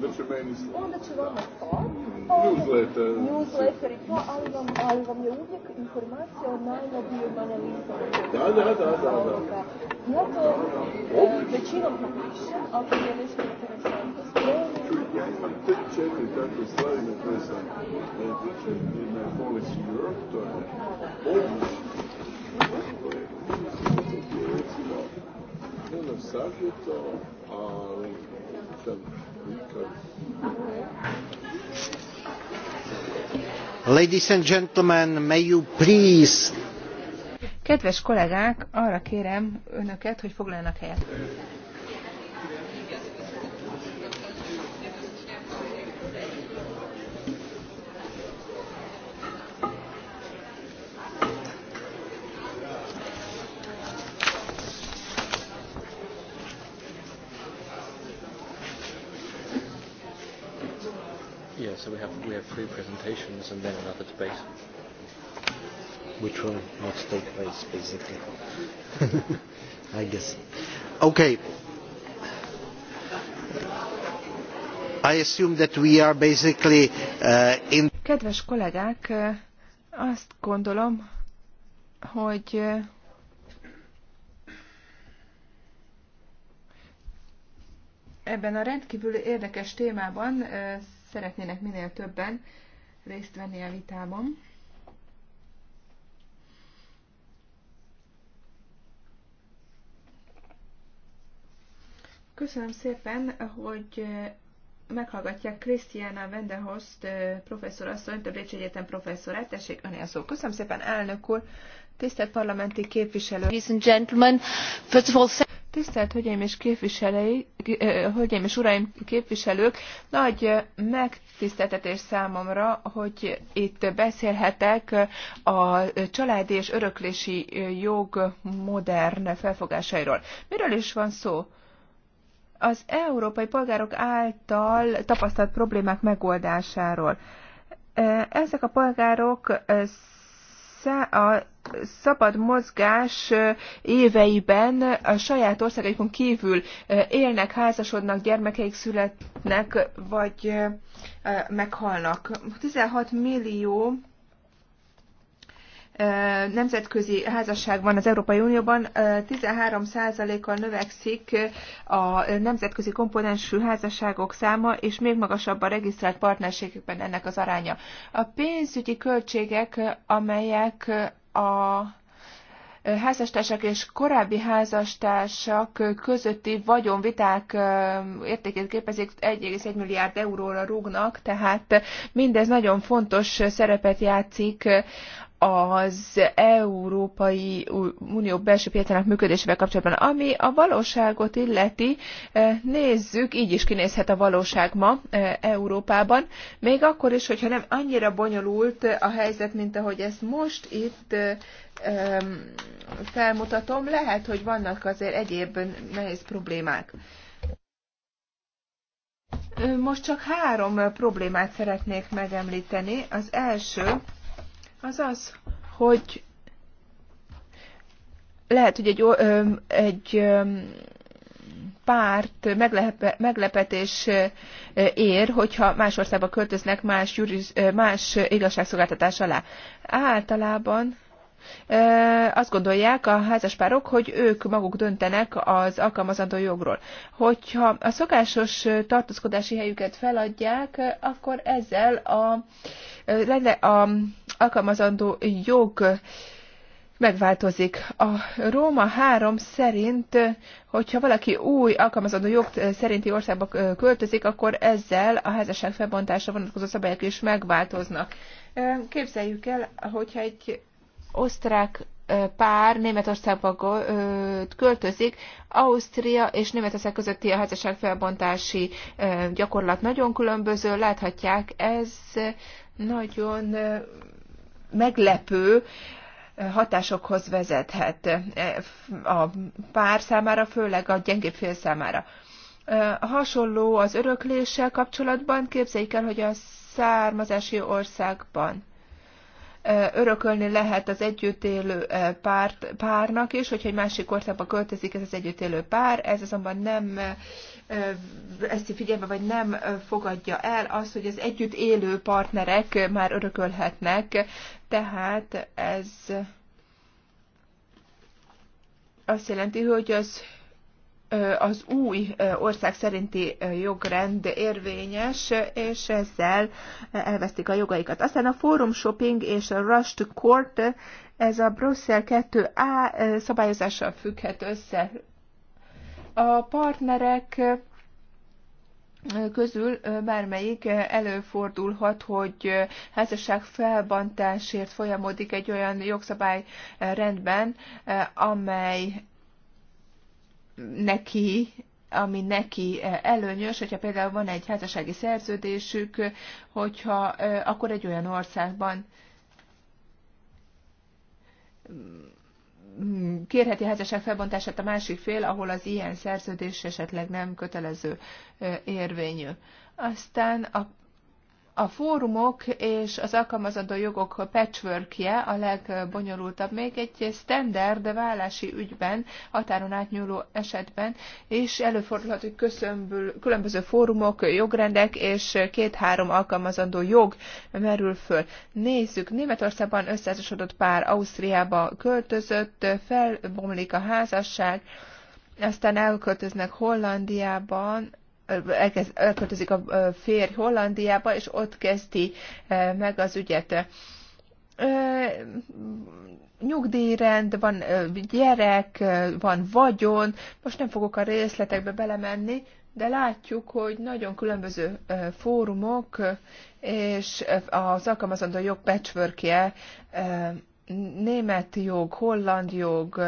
da će meni slati. Onda će vama slati. Pa newsletter. Newsletter i to, ali vam, ali vam je uvijek informacija o najnovijim analizama. Da, da, da, da, da. Ja to e, većinom napišem, ako je nešto interesantno spremno. Čuj, ja imam tek četiri takve stvari na koje sam natječen. Jedna je Policy Europe, to je odnos. To je, recimo, ne znam savjeto, ali sam Ladies and gentlemen, may you please... Kedves kollégák, arra kérem önöket, hogy foglaljanak helyet. so we have we have three presentations and then another debate, which will not take place basically. I guess. Okay. I assume that we are basically uh, in. Kedves kollégák, azt gondolom, hogy ebben a rendkívül érdekes témában szeretnének minél többen részt venni a vitában. Köszönöm szépen, hogy meghallgatják Krisztiána Vendehost professzor asszony, a Bécsi Egyetem professzorát. Tessék, öné a szó. Köszönöm szépen, elnök úr, tisztelt parlamenti képviselő. Ladies and gentlemen, first of all, Tisztelt Hölgyeim és, képviselői, Hölgyeim és Uraim képviselők, nagy megtiszteltetés számomra, hogy itt beszélhetek a családi és öröklési jog modern felfogásairól. Miről is van szó? Az európai polgárok által tapasztalt problémák megoldásáról. Ezek a polgárok a szabad mozgás éveiben a saját országaikon kívül élnek, házasodnak, gyermekeik születnek, vagy meghalnak. 16 millió nemzetközi házasság van az Európai Unióban, 13%-kal növekszik a nemzetközi komponensű házasságok száma, és még magasabb a regisztrált partnerségekben ennek az aránya. A pénzügyi költségek, amelyek a házastársak és korábbi házastársak közötti vagyonviták értékét képezik 1,1 milliárd euróra rúgnak, tehát mindez nagyon fontos szerepet játszik az Európai Unió belső piacának működésével kapcsolatban. Ami a valóságot illeti, eh, nézzük, így is kinézhet a valóság ma eh, Európában, még akkor is, hogyha nem annyira bonyolult eh, a helyzet, mint ahogy ezt most itt felmutatom, lehet, hogy vannak azért egyéb nehéz problémák. Most csak három problémát szeretnék megemlíteni. Az első, az az, hogy lehet, hogy egy, egy párt meglepe, meglepetés ér, hogyha más országba költöznek más, juriz, más igazságszolgáltatás alá. Általában azt gondolják a házaspárok, hogy ők maguk döntenek az alkalmazandó jogról. Hogyha a szokásos tartózkodási helyüket feladják, akkor ezzel a, a alkalmazandó jog megváltozik. A Róma 3 szerint, hogyha valaki új alkalmazandó jog szerinti országba költözik, akkor ezzel a házasság felbontásra vonatkozó szabályok is megváltoznak. Képzeljük el, hogyha egy osztrák pár Németországba költözik, Ausztria és Németország közötti a felbontási gyakorlat nagyon különböző, láthatják, ez nagyon meglepő hatásokhoz vezethet eh, a pár számára, főleg a gyengébb fél számára. Eh, hasonló az örökléssel kapcsolatban, képzeljük el, hogy a származási országban eh, örökölni lehet az együtt élő párt, párnak is, hogyha egy másik országba költözik ez az együtt élő pár, ez azonban nem veszi figyelme, vagy nem fogadja el az, hogy az együtt élő partnerek már örökölhetnek, tehát ez azt jelenti, hogy az, az új ország szerinti jogrend érvényes, és ezzel elvesztik a jogaikat. Aztán a forum shopping és a rush to court, ez a Brussel 2A szabályozással függhet össze a partnerek közül bármelyik előfordulhat, hogy házasság felbantásért folyamodik egy olyan jogszabály rendben, amely neki ami neki előnyös, hogyha például van egy házassági szerződésük, hogyha akkor egy olyan országban kérheti házasság felbontását a másik fél, ahol az ilyen szerződés esetleg nem kötelező érvényű. Aztán a a fórumok és az alkalmazandó jogok patchworkje a legbonyolultabb. Még egy standard vállási ügyben, határon átnyúló esetben, és előfordulhat, hogy köszönbül, különböző fórumok, jogrendek és két-három alkalmazandó jog merül föl. Nézzük, Németországban összeházasodott pár Ausztriába költözött, felbomlik a házasság, aztán elköltöznek Hollandiában, elköltözik a férj Hollandiába, és ott kezdi meg az ügyet. Nyugdíjrend, van gyerek, van vagyon, most nem fogok a részletekbe belemenni, de látjuk, hogy nagyon különböző fórumok és az alkalmazandó jog patchworkje német jog, holland jog,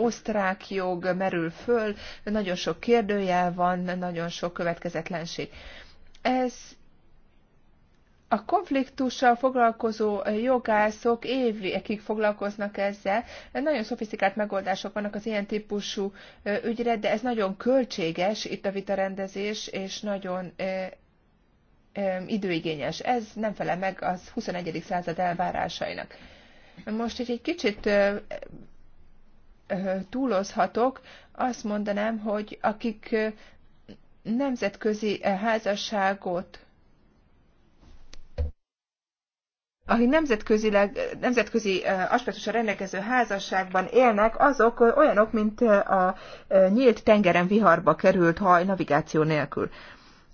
osztrák jog merül föl, nagyon sok kérdőjel van, nagyon sok következetlenség. Ez a konfliktussal foglalkozó jogászok évekig foglalkoznak ezzel. Nagyon szofisztikált megoldások vannak az ilyen típusú ügyre, de ez nagyon költséges itt a vitarendezés, és nagyon időigényes. Ez nem felel meg az 21. század elvárásainak. Most, hogy egy kicsit túlozhatok, azt mondanám, hogy akik nemzetközi házasságot aki nemzetközileg, nemzetközi aspektusra rendelkező házasságban élnek, azok olyanok, mint a nyílt tengeren viharba került haj navigáció nélkül.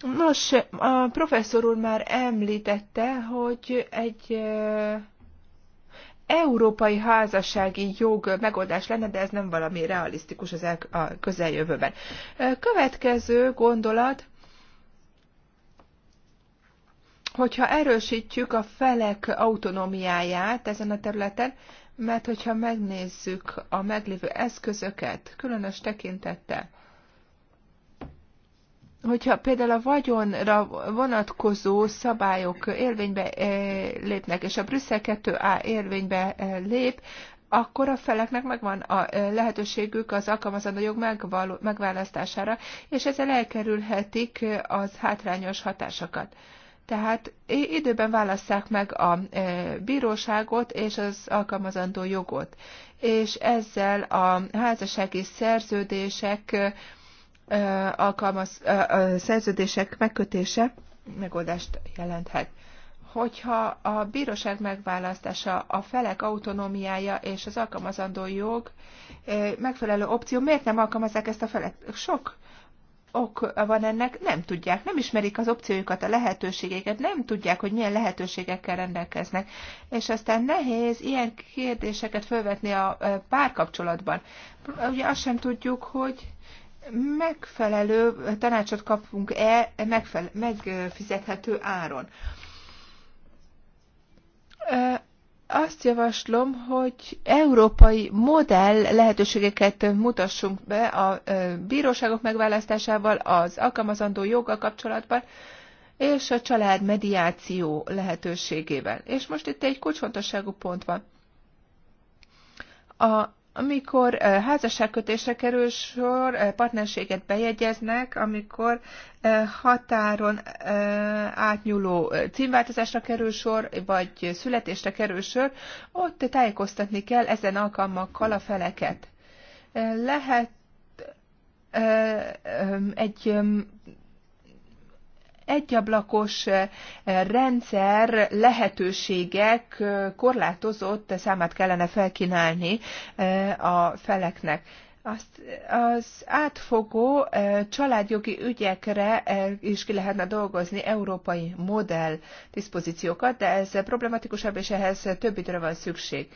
Nos, a professzor úr már említette, hogy egy európai házassági jog megoldás lenne, de ez nem valami realisztikus az el, a közeljövőben. Következő gondolat, hogyha erősítjük a felek autonómiáját ezen a területen, mert hogyha megnézzük a meglévő eszközöket, különös tekintettel hogyha például a vagyonra vonatkozó szabályok érvénybe eh, lépnek, és a Brüsszel 2A érvénybe eh, lép, akkor a feleknek megvan a eh, lehetőségük az alkalmazandó jog megválasztására, és ezzel elkerülhetik az hátrányos hatásokat. Tehát időben válasszák meg a bíróságot és az alkalmazandó jogot, és ezzel a házassági szerződések alkalmaz, a szerződések megkötése megoldást jelenthet. Hogyha a bíróság megválasztása, a felek autonómiája és az alkalmazandó jog megfelelő opció, miért nem alkalmazzák ezt a felek? Sok ok van ennek, nem tudják, nem ismerik az opciójukat, a lehetőségeket, nem tudják, hogy milyen lehetőségekkel rendelkeznek. És aztán nehéz ilyen kérdéseket felvetni a párkapcsolatban. Ugye azt sem tudjuk, hogy megfelelő tanácsot kapunk-e megfele- megfizethető áron. Azt javaslom, hogy európai modell lehetőségeket mutassunk be a bíróságok megválasztásával, az alkalmazandó joggal kapcsolatban, és a család mediáció lehetőségével. És most itt egy kulcsfontosságú pont van. A amikor házasságkötésre kerül sor, partnerséget bejegyeznek, amikor határon átnyúló címváltozásra kerül sor, vagy születésre kerül sor, ott tájékoztatni kell ezen alkalmakkal a feleket. Lehet egy egyablakos eh, rendszer lehetőségek eh, korlátozott számát kellene felkínálni eh, a feleknek. Azt, az átfogó családjogi ügyekre is ki lehetne dolgozni európai modell diszpozíciókat, de ez problematikusabb, és ehhez több időre van szükség.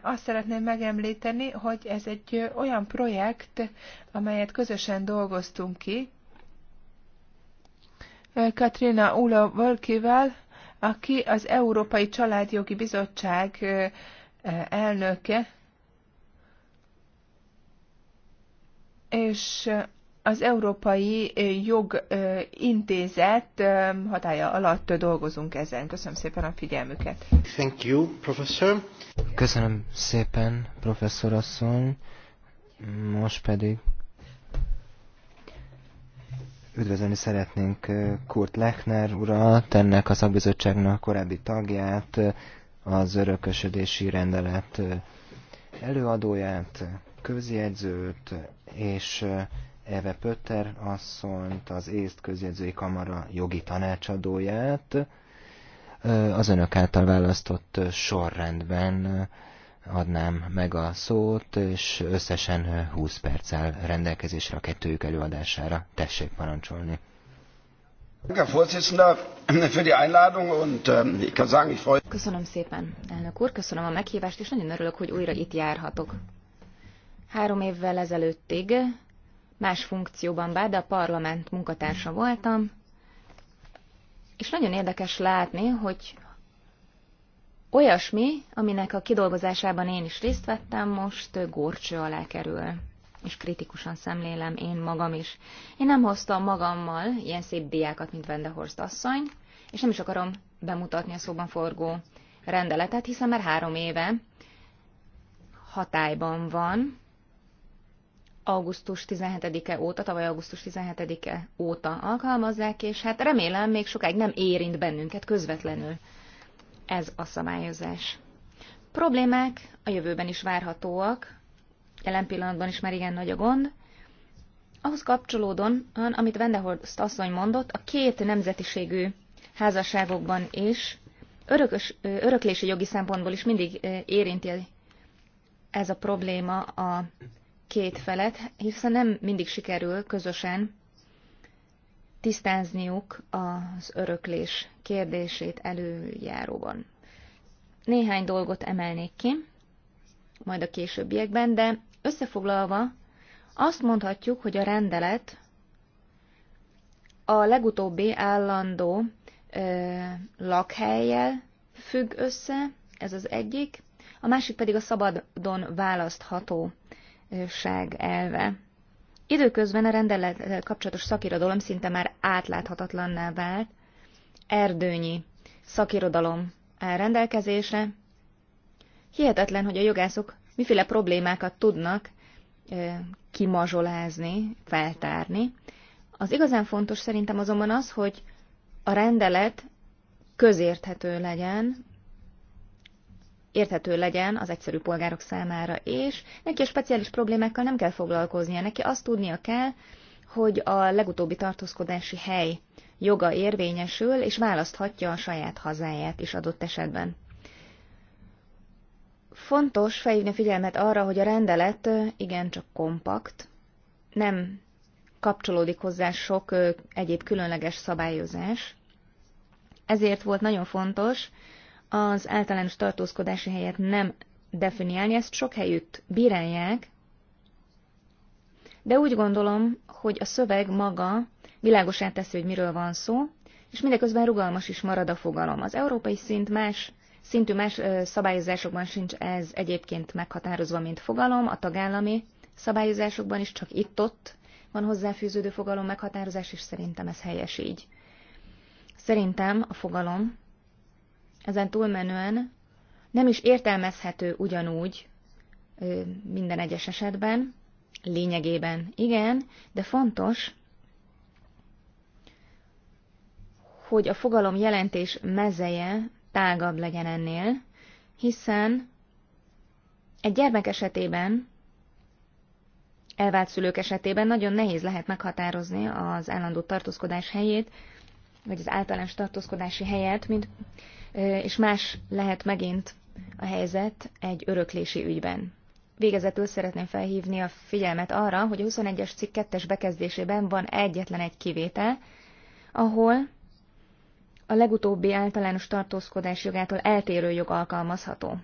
Azt szeretném megemlíteni, hogy ez egy olyan projekt, amelyet közösen dolgoztunk ki, Katrina Ula Völkivel, aki az Európai Családjogi Bizottság elnöke, és az Európai Jogintézet hatája alatt dolgozunk ezen. Köszönöm szépen a figyelmüket. Thank you, professor. Köszönöm szépen, professzor asszony. Most pedig Üdvözölni szeretnénk Kurt Lechner urat, ennek a szakbizottságnak korábbi tagját, az örökösödési rendelet előadóját, közjegyzőt és Eve Pötter asszonyt, az észt közjegyzői kamara jogi tanácsadóját az önök által választott sorrendben adnám meg a szót, és összesen 20 perccel rendelkezésre a kettőjük előadására. Tessék parancsolni. Ähm, köszönöm szépen, elnök úr, köszönöm a meghívást, és nagyon örülök, hogy újra itt járhatok. Három évvel ezelőttig más funkcióban bár, de a parlament munkatársa voltam, és nagyon érdekes látni, hogy olyasmi, aminek a kidolgozásában én is részt vettem, most górcső alá kerül és kritikusan szemlélem én magam is. Én nem hoztam magammal ilyen szép diákat, mint Vendehorst asszony, és nem is akarom bemutatni a szóban forgó rendeletet, hiszen már három éve hatályban van, augusztus 17-e óta, tavaly augusztus 17-e óta alkalmazzák, és hát remélem még sokáig nem érint bennünket közvetlenül ez a szabályozás. Problémák a jövőben is várhatóak, jelen pillanatban is már igen nagy a gond. Ahhoz kapcsolódon, amit Vendehorst asszony mondott, a két nemzetiségű házasságokban is, örökös, öröklési jogi szempontból is mindig érinti ez a probléma a két felet, hiszen nem mindig sikerül közösen tisztázniuk az öröklés kérdését előjáróban. Néhány dolgot emelnék ki, majd a későbbiekben, de összefoglalva azt mondhatjuk, hogy a rendelet a legutóbbi állandó ö, lakhelyjel függ össze, ez az egyik, a másik pedig a szabadon választhatóság elve. Időközben a rendelettel kapcsolatos szakirodalom szinte már átláthatatlanná vált. Erdőnyi szakirodalom rendelkezése. rendelkezésre. Hihetetlen, hogy a jogászok miféle problémákat tudnak kimazsolázni, feltárni. Az igazán fontos szerintem azonban az, hogy a rendelet közérthető legyen, érthető legyen az egyszerű polgárok számára, és neki a speciális problémákkal nem kell foglalkoznia, neki azt tudnia kell, hogy a legutóbbi tartózkodási hely joga érvényesül, és választhatja a saját hazáját is adott esetben. Fontos felhívni a figyelmet arra, hogy a rendelet igencsak kompakt, nem kapcsolódik hozzá sok egyéb különleges szabályozás. Ezért volt nagyon fontos, az általános tartózkodási helyet nem definiálni, ezt sok helyütt bírálják, de úgy gondolom, hogy a szöveg maga világosá teszi, hogy miről van szó, és mindeközben rugalmas is marad a fogalom. Az európai szint más szintű más szabályozásokban sincs ez egyébként meghatározva, mint fogalom, a tagállami szabályozásokban is csak itt-ott van hozzáfűződő fogalom meghatározás, és szerintem ez helyes így. Szerintem a fogalom ezen túlmenően nem is értelmezhető ugyanúgy minden egyes esetben, lényegében igen, de fontos, hogy a fogalom jelentés mezeje tágabb legyen ennél, hiszen egy gyermek esetében, elvált szülők esetében nagyon nehéz lehet meghatározni az állandó tartózkodás helyét, vagy az általános tartózkodási helyet, mint és más lehet megint a helyzet egy öröklési ügyben. Végezetül szeretném felhívni a figyelmet arra, hogy a 21-es cikk 2 bekezdésében van egyetlen egy kivétel, ahol a legutóbbi általános tartózkodás jogától eltérő jog alkalmazható.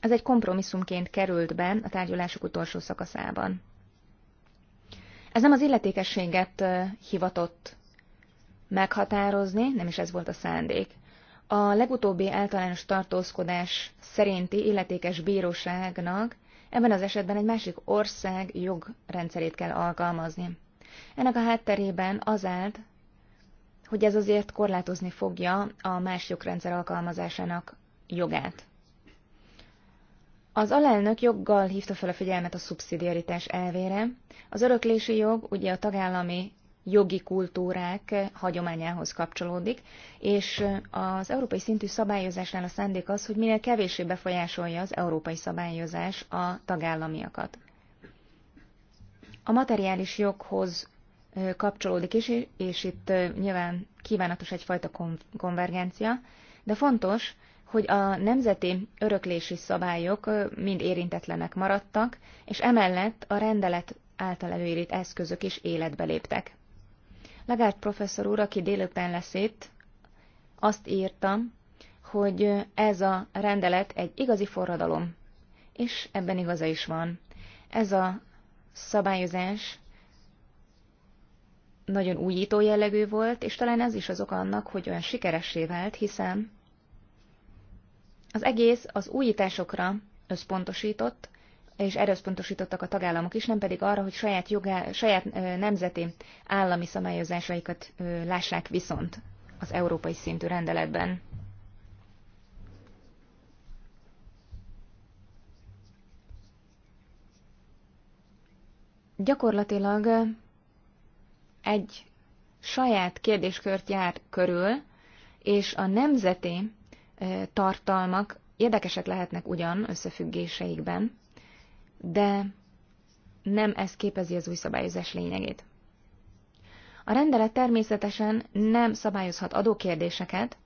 Ez egy kompromisszumként került be a tárgyalások utolsó szakaszában. Ez nem az illetékességet hivatott meghatározni, nem is ez volt a szándék. A legutóbbi általános tartózkodás szerinti illetékes bíróságnak ebben az esetben egy másik ország jogrendszerét kell alkalmazni. Ennek a hátterében az állt, hogy ez azért korlátozni fogja a más jogrendszer alkalmazásának jogát. Az alelnök joggal hívta fel a figyelmet a szubszidiaritás elvére. Az öröklési jog ugye a tagállami jogi kultúrák hagyományához kapcsolódik, és az európai szintű szabályozásnál a szándék az, hogy minél kevésbé befolyásolja az európai szabályozás a tagállamiakat. A materiális joghoz kapcsolódik is, és itt nyilván kívánatos egyfajta konvergencia, de fontos, hogy a nemzeti öröklési szabályok mind érintetlenek maradtak, és emellett a rendelet által előírt eszközök is életbe léptek. Lagárt professzor úr, aki délután lesz itt, azt írtam, hogy ez a rendelet egy igazi forradalom, és ebben igaza is van. Ez a szabályozás nagyon újító jellegű volt, és talán ez is az oka annak, hogy olyan sikeressé vált, hiszen az egész az újításokra összpontosított, és erre összpontosítottak a tagállamok is, nem pedig arra, hogy saját, jogá, saját nemzeti állami szabályozásaikat lássák viszont az európai szintű rendeletben. Gyakorlatilag egy saját kérdéskört jár körül, és a nemzeti tartalmak érdekesek lehetnek ugyan összefüggéseikben, de nem ez képezi az új szabályozás lényegét. A rendelet természetesen nem szabályozhat adókérdéseket,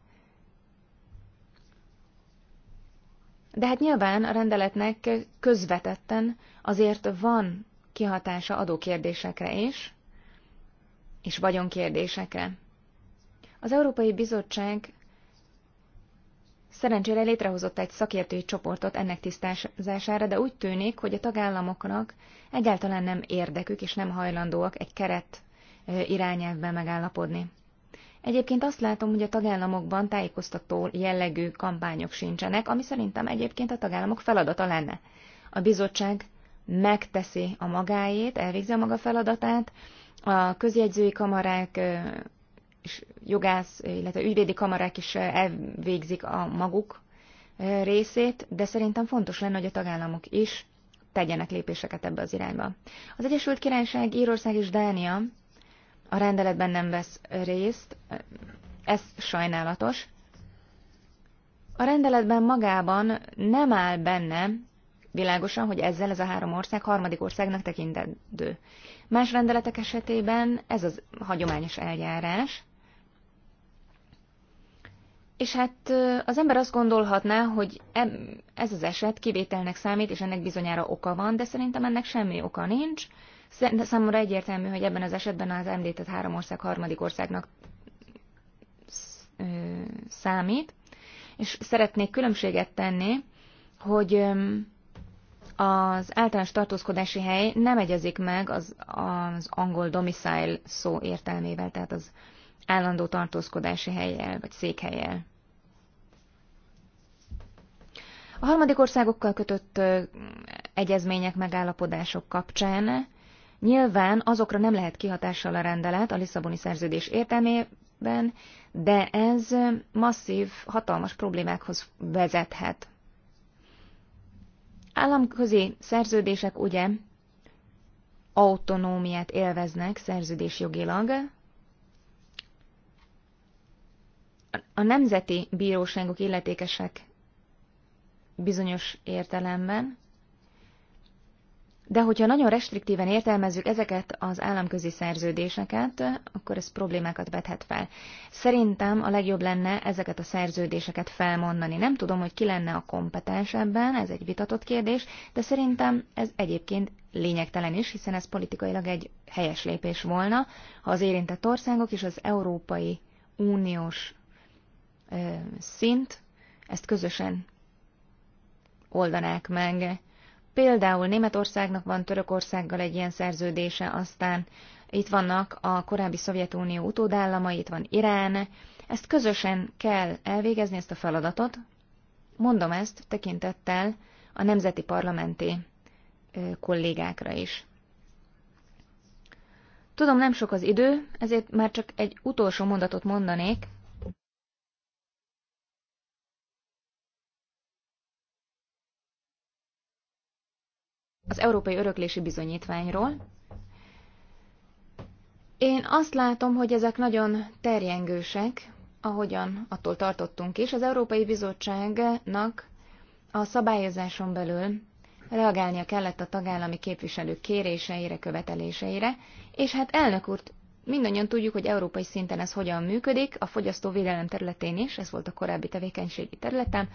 de hát nyilván a rendeletnek közvetetten azért van kihatása adókérdésekre is, és vagyonkérdésekre. Az Európai Bizottság Szerencsére létrehozott egy szakértői csoportot ennek tisztázására, de úgy tűnik, hogy a tagállamoknak egyáltalán nem érdekük és nem hajlandóak egy keret irányelvben megállapodni. Egyébként azt látom, hogy a tagállamokban tájékoztató jellegű kampányok sincsenek, ami szerintem egyébként a tagállamok feladata lenne. A bizottság megteszi a magáét, elvégzi a maga feladatát, a közjegyzői kamarák és jogász, illetve ügyvédi kamarák is eh, elvégzik a maguk eh, részét, de szerintem fontos lenne, hogy a tagállamok is tegyenek lépéseket ebbe az irányba. Az Egyesült Királyság, Írország és Dánia a rendeletben nem vesz részt, eh, ez sajnálatos. A rendeletben magában nem áll benne világosan, hogy ezzel ez a három ország harmadik országnak tekintendő. Más rendeletek esetében ez az hagyományos eljárás, és hát az ember azt gondolhatná, hogy ez az eset kivételnek számít, és ennek bizonyára oka van, de szerintem ennek semmi oka nincs. Számomra egyértelmű, hogy ebben az esetben az említett három ország harmadik országnak számít, és szeretnék különbséget tenni, hogy az általános tartózkodási hely nem egyezik meg az, az angol domicile szó értelmével, tehát az állandó tartózkodási helyjel vagy székhelyjel. A harmadik országokkal kötött egyezmények, megállapodások kapcsán nyilván azokra nem lehet kihatással a rendelet a Lisszaboni szerződés értelmében, de ez masszív, hatalmas problémákhoz vezethet. Államközi szerződések ugye autonómiát élveznek szerződés jogilag, a nemzeti bíróságok illetékesek bizonyos értelemben, de hogyha nagyon restriktíven értelmezzük ezeket az államközi szerződéseket, akkor ez problémákat vethet fel. Szerintem a legjobb lenne ezeket a szerződéseket felmondani. Nem tudom, hogy ki lenne a kompetens ebben, ez egy vitatott kérdés, de szerintem ez egyébként lényegtelen is, hiszen ez politikailag egy helyes lépés volna, ha az érintett országok és az Európai Uniós szint, ezt közösen oldanák meg. Például Németországnak van Törökországgal egy ilyen szerződése, aztán itt vannak a korábbi Szovjetunió utódállamai, itt van Irán. Ezt közösen kell elvégezni, ezt a feladatot. Mondom ezt tekintettel a nemzeti parlamenti kollégákra is. Tudom, nem sok az idő, ezért már csak egy utolsó mondatot mondanék, az Európai Öröklési Bizonyítványról. Én azt látom, hogy ezek nagyon terjengősek, ahogyan attól tartottunk is. Az Európai Bizottságnak a szabályozáson belül reagálnia kellett a tagállami képviselők kéréseire, követeléseire, és hát elnök úr, mindannyian tudjuk, hogy európai szinten ez hogyan működik, a fogyasztóvédelem területén is, ez volt a korábbi tevékenységi területen,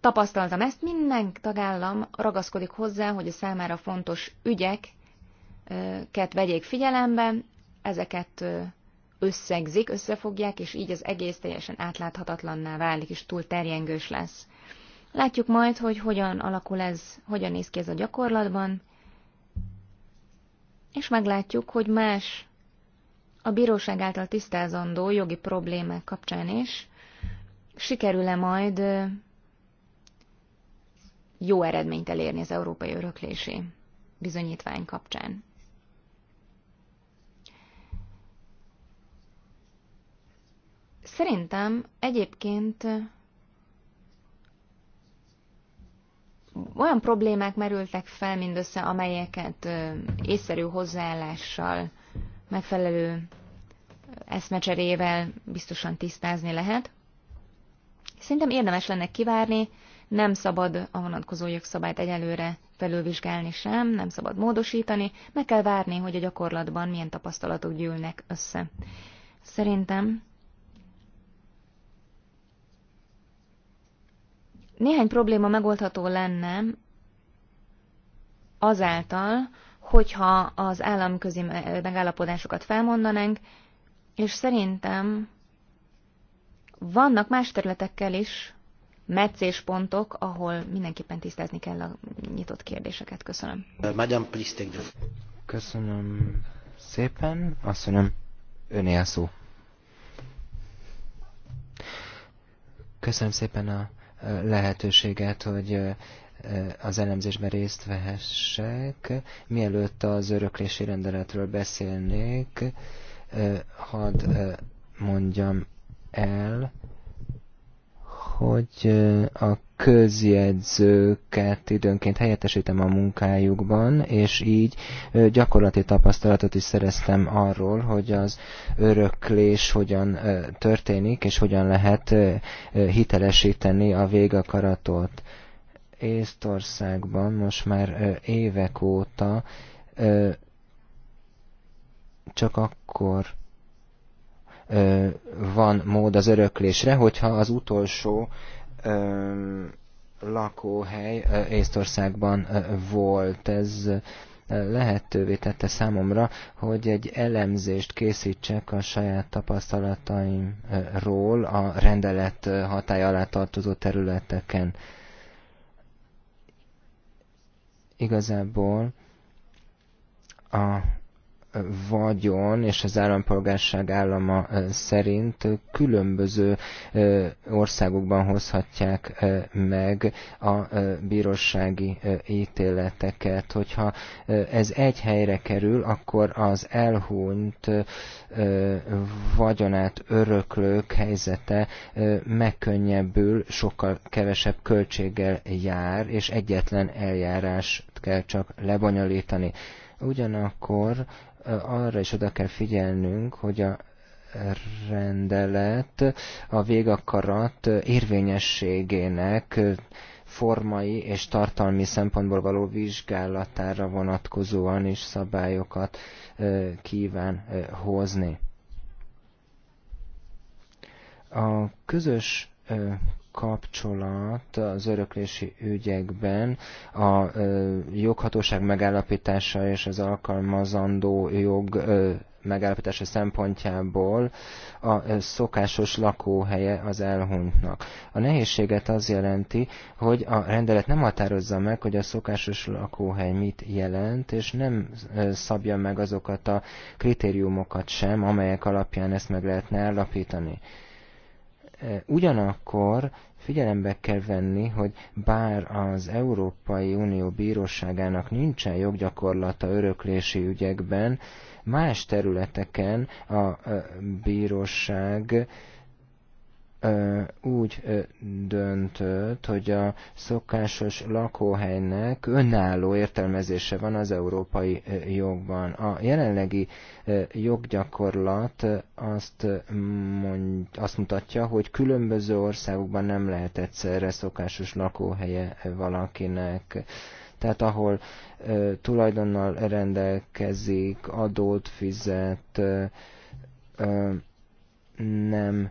Tapasztaltam ezt, minden tagállam ragaszkodik hozzá, hogy a számára fontos ügyeket vegyék figyelembe, ezeket összegzik, összefogják, és így az egész teljesen átláthatatlanná válik, és túl terjengős lesz. Látjuk majd, hogy hogyan alakul ez, hogyan néz ki ez a gyakorlatban, és meglátjuk, hogy más a bíróság által tisztázandó jogi problémák kapcsán is sikerül-e majd jó eredményt elérni az európai öröklési bizonyítvány kapcsán. Szerintem egyébként olyan problémák merültek fel mindössze, amelyeket észszerű hozzáállással, megfelelő eszmecserével biztosan tisztázni lehet. Szerintem érdemes lenne kivárni, nem szabad a vonatkozó jogszabályt egyelőre felülvizsgálni sem, nem szabad módosítani, meg kell várni, hogy a gyakorlatban milyen tapasztalatok gyűlnek össze. Szerintem néhány probléma megoldható lenne azáltal, hogyha az államközi megállapodásokat felmondanánk, és szerintem vannak más területekkel is meccéspontok, ahol mindenképpen tisztázni kell a nyitott kérdéseket. Köszönöm. Madame, please take the... Köszönöm szépen. mondom, öné a szó. Köszönöm szépen a lehetőséget, hogy az elemzésben részt vehessek. Mielőtt az öröklési rendeletről beszélnék, hadd mondjam el, hogy a közjegyzőket időnként helyettesítem a munkájukban, és így gyakorlati tapasztalatot is szereztem arról, hogy az öröklés hogyan történik, és hogyan lehet hitelesíteni a végakaratot. Észtországban most már évek óta csak akkor van mód az öröklésre, hogyha az utolsó lakóhely Észtországban volt. Ez lehetővé tette számomra, hogy egy elemzést készítsek a saját tapasztalataimról a rendelet hatály alá tartozó területeken. Igazából a vagyon és az állampolgárság állama szerint különböző országokban hozhatják meg a bírósági ítéleteket. Hogyha ez egy helyre kerül, akkor az elhunyt vagyonát öröklők helyzete megkönnyebbül, sokkal kevesebb költséggel jár, és egyetlen eljárást kell csak lebonyolítani. Ugyanakkor arra is oda kell figyelnünk, hogy a rendelet a végakarat érvényességének formai és tartalmi szempontból való vizsgálatára vonatkozóan is szabályokat kíván hozni. A közös kapcsolat az öröklési ügyekben a joghatóság megállapítása és az alkalmazandó jog megállapítása szempontjából a szokásos lakóhelye az elhunytnak. A nehézséget az jelenti, hogy a rendelet nem határozza meg, hogy a szokásos lakóhely mit jelent, és nem szabja meg azokat a kritériumokat sem, amelyek alapján ezt meg lehetne állapítani. Ugyanakkor Figyelembe kell venni, hogy bár az Európai Unió bíróságának nincsen joggyakorlata öröklési ügyekben, más területeken a bíróság úgy döntött, hogy a szokásos lakóhelynek önálló értelmezése van az európai jogban. A jelenlegi joggyakorlat azt, mond, azt mutatja, hogy különböző országokban nem lehet egyszerre szokásos lakóhelye valakinek tehát ahol ö, tulajdonnal rendelkezik, adót fizet, ö, ö, nem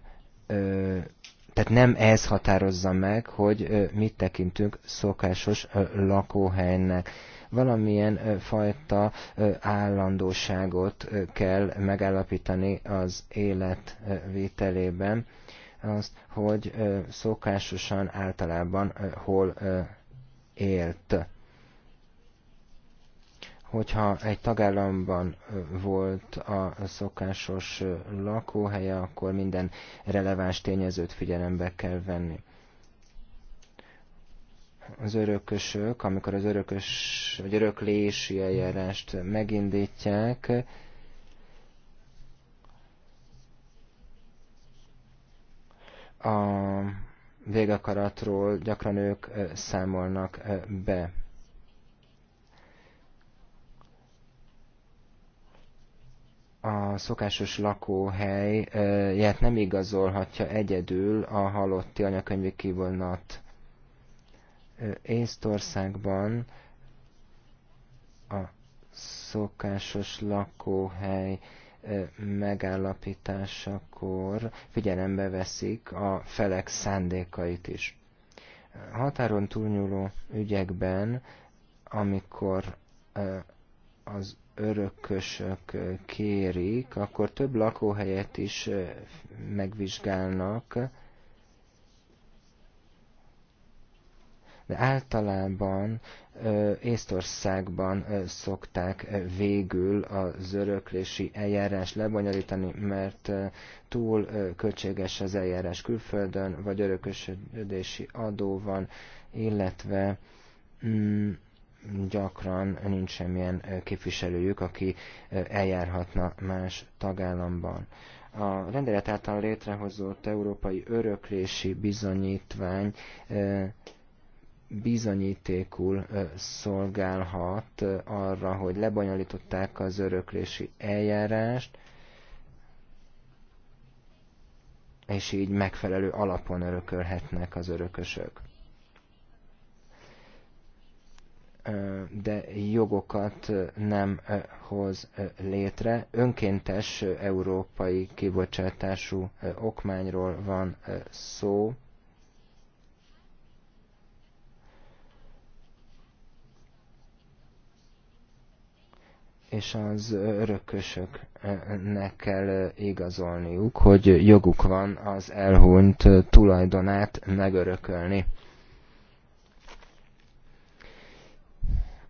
tehát nem ez határozza meg, hogy mit tekintünk szokásos lakóhelynek. Valamilyen fajta állandóságot kell megállapítani az életvételében, azt, hogy szokásosan általában hol élt. Hogyha egy tagállamban volt a szokásos lakóhelye, akkor minden releváns tényezőt figyelembe kell venni az örökösök, amikor az örökös, vagy öröklési eljárást megindítják, a végakaratról gyakran ők számolnak be. a szokásos lakóhelyet nem igazolhatja egyedül a halotti anyakönyvi kivonat. Észtországban a szokásos lakóhely megállapításakor figyelembe veszik a felek szándékait is. Határon túlnyúló ügyekben, amikor az örökösök kérik, akkor több lakóhelyet is megvizsgálnak, de általában Észtországban szokták végül az öröklési eljárás lebonyolítani, mert túl költséges az eljárás külföldön, vagy örökösödési adó van, illetve mm, gyakran nincs semmilyen képviselőjük, aki eljárhatna más tagállamban. A rendelet által létrehozott Európai Öröklési Bizonyítvány bizonyítékul szolgálhat arra, hogy lebonyolították az öröklési eljárást, és így megfelelő alapon örökölhetnek az örökösök. de jogokat nem hoz létre. Önkéntes európai kibocsátású okmányról van szó. és az örökösöknek kell igazolniuk, hogy joguk van az elhunyt tulajdonát megörökölni.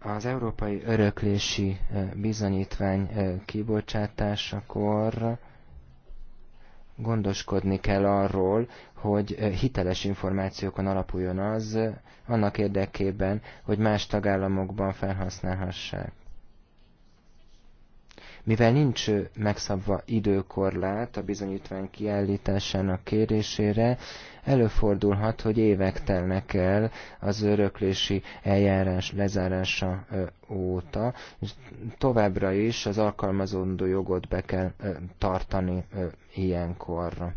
Az Európai Öröklési eh, Bizonyítvány eh, kibocsátásakor gondoskodni kell arról, hogy eh, hiteles információkon alapuljon az, annak érdekében, hogy más tagállamokban felhasználhassák. Mivel nincs megszabva időkorlát a bizonyítvány kiállításának kérésére, előfordulhat, hogy évek telnek el az öröklési eljárás lezárása óta, és továbbra is az alkalmazandó jogot be kell tartani ilyenkorra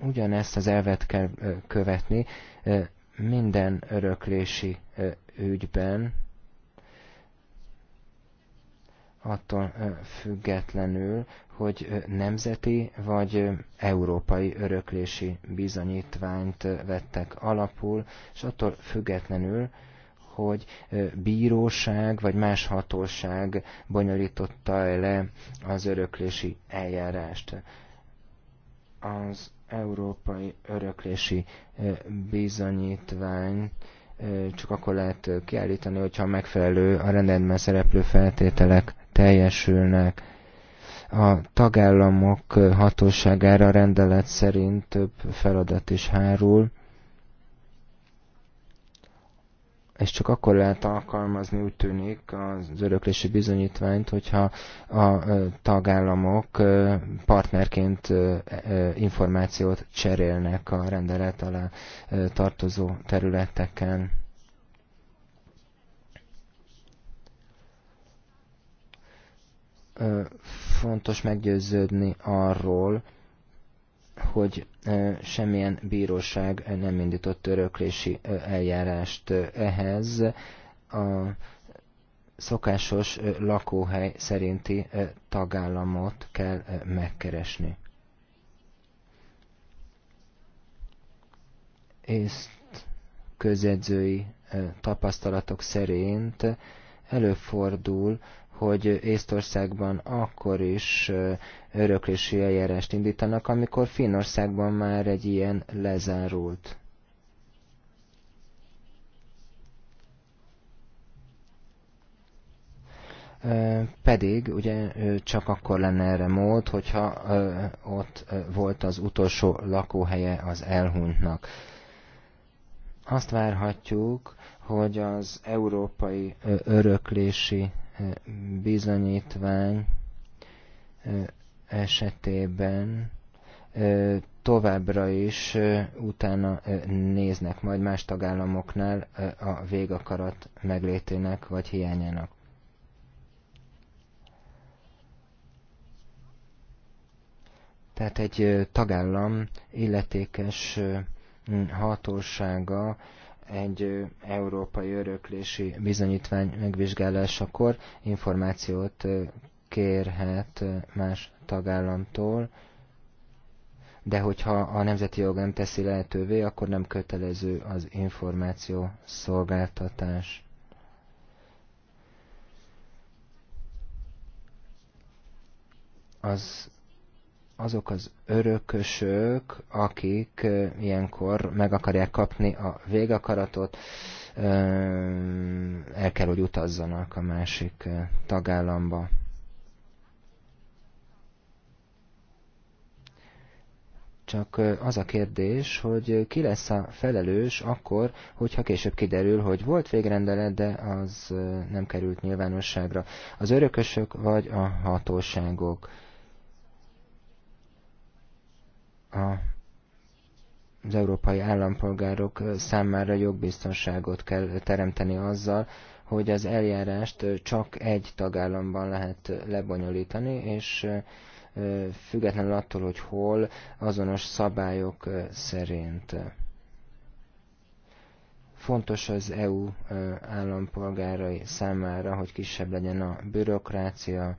ugyanezt az elvet kell követni minden öröklési ügyben, attól függetlenül, hogy nemzeti vagy európai öröklési bizonyítványt vettek alapul, és attól függetlenül, hogy bíróság vagy más hatóság bonyolította -e le az öröklési eljárást. Az európai öröklési bizonyítvány csak akkor lehet kiállítani, hogyha megfelelő a rendben szereplő feltételek teljesülnek. A tagállamok hatóságára rendelet szerint több feladat is hárul, és csak akkor lehet alkalmazni, úgy tűnik, az öröklési bizonyítványt, hogyha a tagállamok partnerként információt cserélnek a rendelet alá tartozó területeken. fontos meggyőződni arról, hogy semmilyen bíróság nem indított öröklési eljárást ehhez. A szokásos lakóhely szerinti tagállamot kell megkeresni. Észt közedzői tapasztalatok szerint előfordul, hogy Észtországban akkor is öröklési eljárást indítanak, amikor Finnországban már egy ilyen lezárult. pedig ugye csak akkor lenne erre mód, hogyha ott volt az utolsó lakóhelye az elhunytnak. Azt várhatjuk, hogy az európai öröklési bizonyítvány esetében továbbra is utána néznek majd más tagállamoknál a végakarat meglétének vagy hiányának. Tehát egy tagállam illetékes hatósága egy európai öröklési bizonyítvány megvizsgálásakor információt kérhet más tagállamtól, de hogyha a nemzeti jog nem teszi lehetővé, akkor nem kötelező az információ szolgáltatás. Az azok az örökösök, akik ilyenkor meg akarják kapni a végakaratot, el kell, hogy utazzanak a másik tagállamba. Csak az a kérdés, hogy ki lesz a felelős akkor, hogyha később kiderül, hogy volt végrendelet, de az nem került nyilvánosságra. Az örökösök vagy a hatóságok a, az európai állampolgárok számára jogbiztonságot kell teremteni azzal, hogy az eljárást csak egy tagállamban lehet lebonyolítani, és függetlenül attól, hogy hol, azonos szabályok szerint. Fontos az EU állampolgárai számára, hogy kisebb legyen a bürokrácia,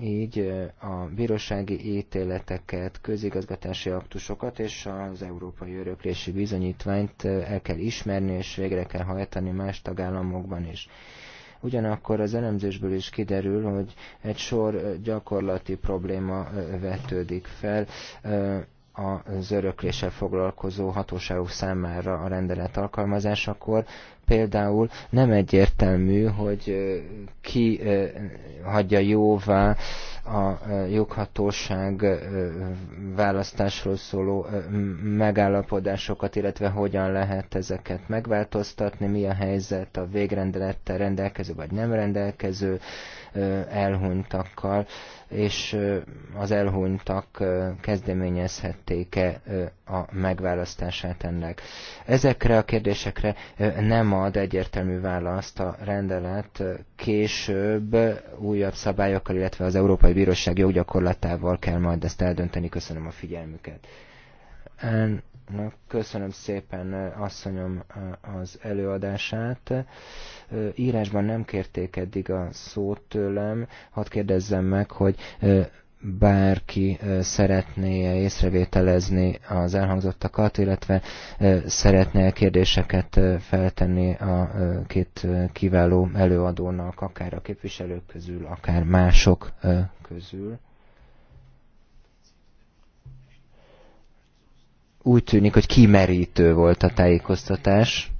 így a bírósági ítéleteket, közigazgatási aktusokat és az Európai Öröklési Bizonyítványt el kell ismerni és végre kell hajtani más tagállamokban is. Ugyanakkor az elemzésből is kiderül, hogy egy sor gyakorlati probléma vetődik fel az örökléssel foglalkozó hatóságok számára a rendelet alkalmazásakor. Például nem egyértelmű, hogy ki hagyja jóvá a joghatóság választásról szóló megállapodásokat, illetve hogyan lehet ezeket megváltoztatni, mi a helyzet a végrendelettel rendelkező vagy nem rendelkező elhunytakkal, és az elhunytak kezdeményezhették-e a megválasztását ennek. Ezekre a kérdésekre nem ad egyértelmű választ a rendelet, később újabb szabályokkal, illetve az Európai Bíróság joggyakorlatával kell majd ezt eldönteni. Köszönöm a figyelmüket. Köszönöm szépen eh, asszonyom eh, az előadását. Eh, írásban nem kérték eddig a szót tőlem. Hadd kérdezzem meg, hogy bárki szeretné -e észrevételezni az elhangzottakat, illetve szeretné -e kérdéseket feltenni a két kiváló előadónak, akár a képviselők közül, akár mások közül. Úgy tűnik, hogy kimerítő volt a tájékoztatás.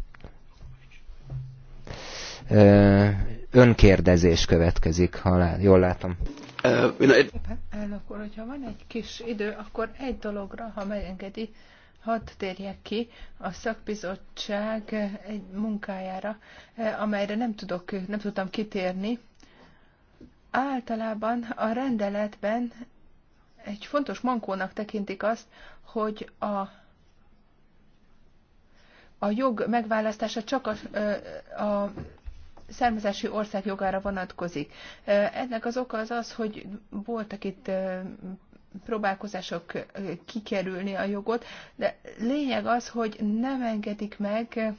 Önkérdezés következik, ha jól látom. Elnök úr, hogyha van egy kis idő, akkor egy dologra, ha megengedi, hadd térjek ki a szakbizottság egy munkájára, amelyre nem, tudok, nem tudtam kitérni. Általában a rendeletben egy fontos mankónak tekintik azt, hogy a a jog megválasztása csak a, a származási ország jogára vonatkozik. Ennek az oka az az, hogy voltak itt próbálkozások kikerülni a jogot, de lényeg az, hogy nem engedik meg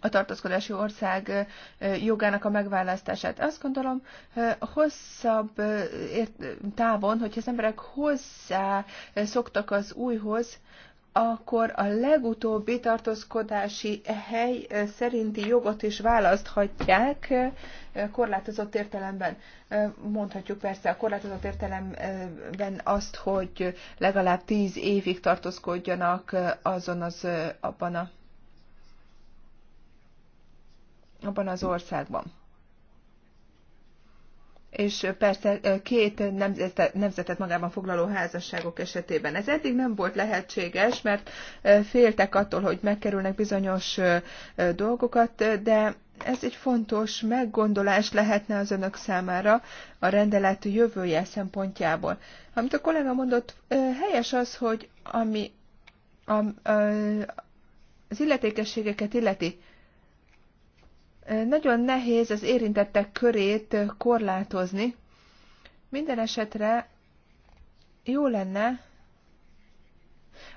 a tartózkodási ország jogának a megválasztását. Azt gondolom, hosszabb távon, hogyha az emberek hozzá szoktak az újhoz, akkor a legutóbbi tartózkodási hely szerinti jogot is választhatják korlátozott értelemben. Mondhatjuk persze a korlátozott értelemben azt, hogy legalább tíz évig tartózkodjanak azon az abban a abban az országban. És persze két nemzetet magában foglaló házasságok esetében. Ez eddig nem volt lehetséges, mert féltek attól, hogy megkerülnek bizonyos dolgokat, de ez egy fontos meggondolás lehetne az önök számára a rendelet jövője szempontjából. Amit a kollega mondott, helyes az, hogy ami a, a, az illetékességeket illeti, nagyon nehéz az érintettek körét korlátozni. Minden esetre jó lenne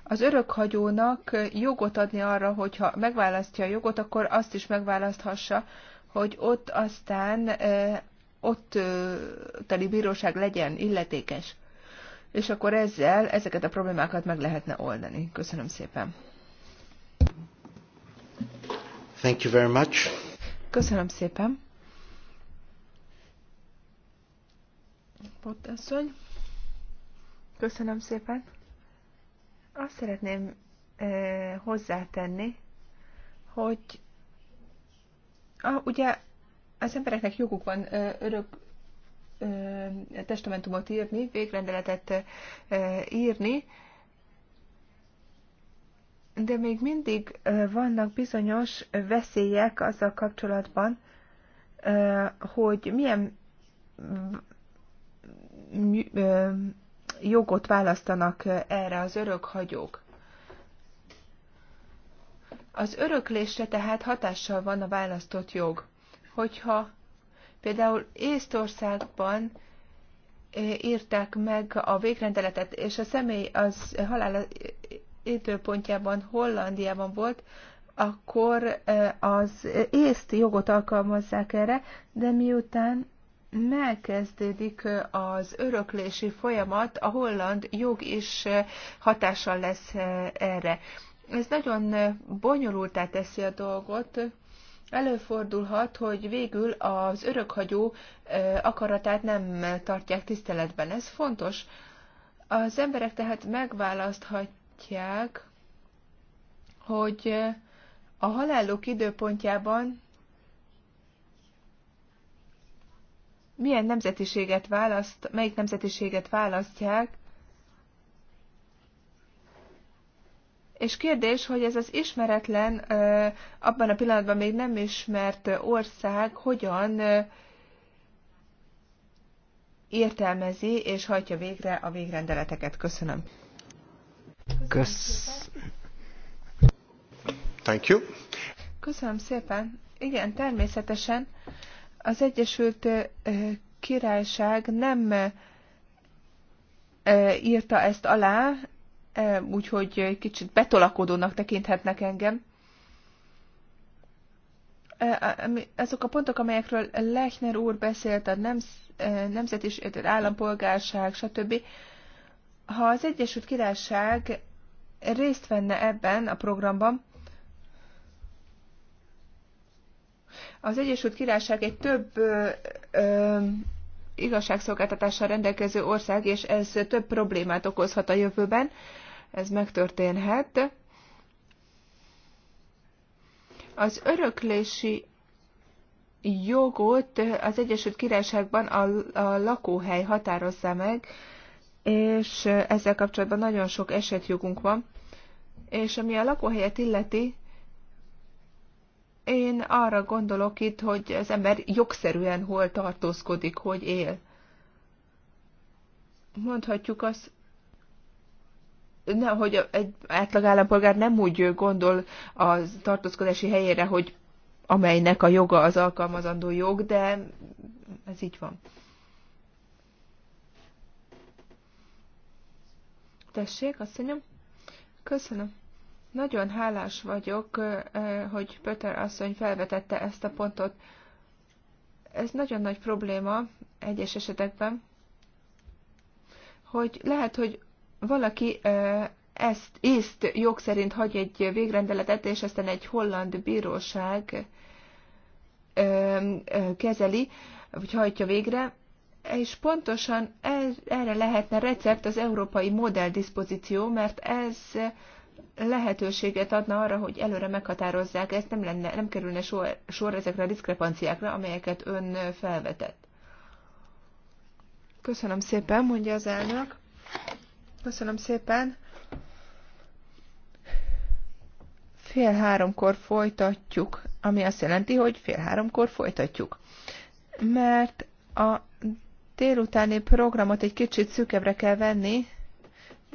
az örökhagyónak jogot adni arra, hogyha megválasztja a jogot, akkor azt is megválaszthassa, hogy ott aztán ott teli bíróság legyen illetékes. És akkor ezzel ezeket a problémákat meg lehetne oldani. Köszönöm szépen. Thank you very much. Köszönöm szépen. Pottasszony. Köszönöm szépen. Azt szeretném eh, hozzátenni, hogy ah, ugye az embereknek joguk van eh, örök eh, testamentumot írni, végrendeletet eh, írni, eh, de még mindig vannak bizonyos veszélyek azzal kapcsolatban, hogy milyen jogot választanak erre az örökhagyók. Az öröklésre tehát hatással van a választott jog. Hogyha például Észtországban írták meg a végrendeletet, és a személy az halál időpontjában Hollandiában volt, akkor e, az észt jogot alkalmazzák erre, de miután megkezdődik e, az öröklési folyamat, a holland jog is e, hatással lesz erre. Ez nagyon bonyolultá teszi a dolgot, Előfordulhat, hogy végül az örökhagyó akaratát nem tartják tiszteletben. Ez fontos. Az emberek tehát megválaszthat, látják, hogy eh, a haláluk időpontjában milyen nemzetiséget választ, melyik nemzetiséget választják, És kérdés, hogy ez az ismeretlen, eh, abban a pillanatban még nem ismert eh, ország hogyan értelmezi és hajtja végre a végrendeleteket. Köszönöm. Kösz... Thank you. Köszönöm szépen. Igen, természetesen az Egyesült Királyság nem írta ezt alá, úgyhogy egy kicsit betolakodónak tekinthetnek engem. Azok a pontok, amelyekről Lechner úr beszélt, a nemzetiség, állampolgárság, stb. Ha az Egyesült Királyság részt venne ebben a programban, az Egyesült Királyság egy több ö, ö, igazságszolgáltatással rendelkező ország, és ez több problémát okozhat a jövőben. Ez megtörténhet. Az öröklési jogot az Egyesült Királyságban a, a lakóhely határozza meg, és ezzel kapcsolatban nagyon sok esetjogunk van. És ami a lakóhelyet illeti, én arra gondolok itt, hogy az ember jogszerűen hol tartózkodik, hogy él. Mondhatjuk azt, nem, hogy egy átlag állampolgár nem úgy gondol a tartózkodási helyére, hogy amelynek a joga az alkalmazandó jog, de ez így van. Tessék, asszonyom. Köszönöm. Nagyon hálás vagyok, hogy Pöter asszony felvetette ezt a pontot. Ez nagyon nagy probléma egyes esetekben, hogy lehet, hogy valaki ezt észt jog szerint hagy egy végrendeletet, és aztán egy holland bíróság kezeli, vagy hajtja végre, és pontosan ez, erre lehetne recept az európai modelldizpozíció, mert ez lehetőséget adna arra, hogy előre meghatározzák, ez nem, lenne, nem kerülne sor, sor ezekre a diszkrepanciákra, amelyeket ön felvetett. Köszönöm szépen, mondja az elnök. Köszönöm szépen. Fél háromkor folytatjuk, ami azt jelenti, hogy fél háromkor folytatjuk. Mert a délutáni programot egy kicsit szűkebbre kell venni,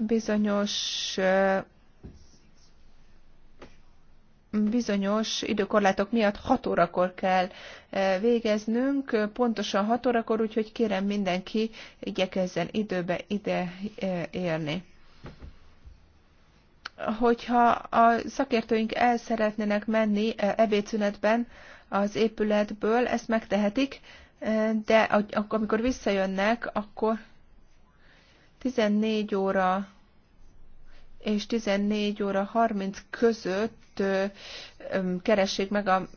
bizonyos bizonyos időkorlátok miatt 6 órakor kell végeznünk, pontosan 6 órakor, úgyhogy kérem mindenki igyekezzen időbe ide érni. Hogyha a szakértőink el szeretnének menni ebédszünetben az épületből, ezt megtehetik, de amikor visszajönnek, akkor 14 óra és 14 óra 30 között keressék meg a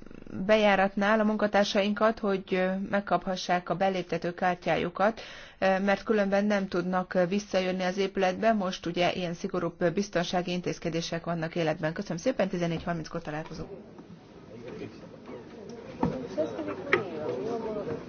bejáratnál a munkatársainkat, hogy megkaphassák a beléptető kártyájukat, mert különben nem tudnak visszajönni az épületbe. Most ugye ilyen szigorúbb biztonsági intézkedések vannak életben. Köszönöm szépen, 14.30-kor találkozunk.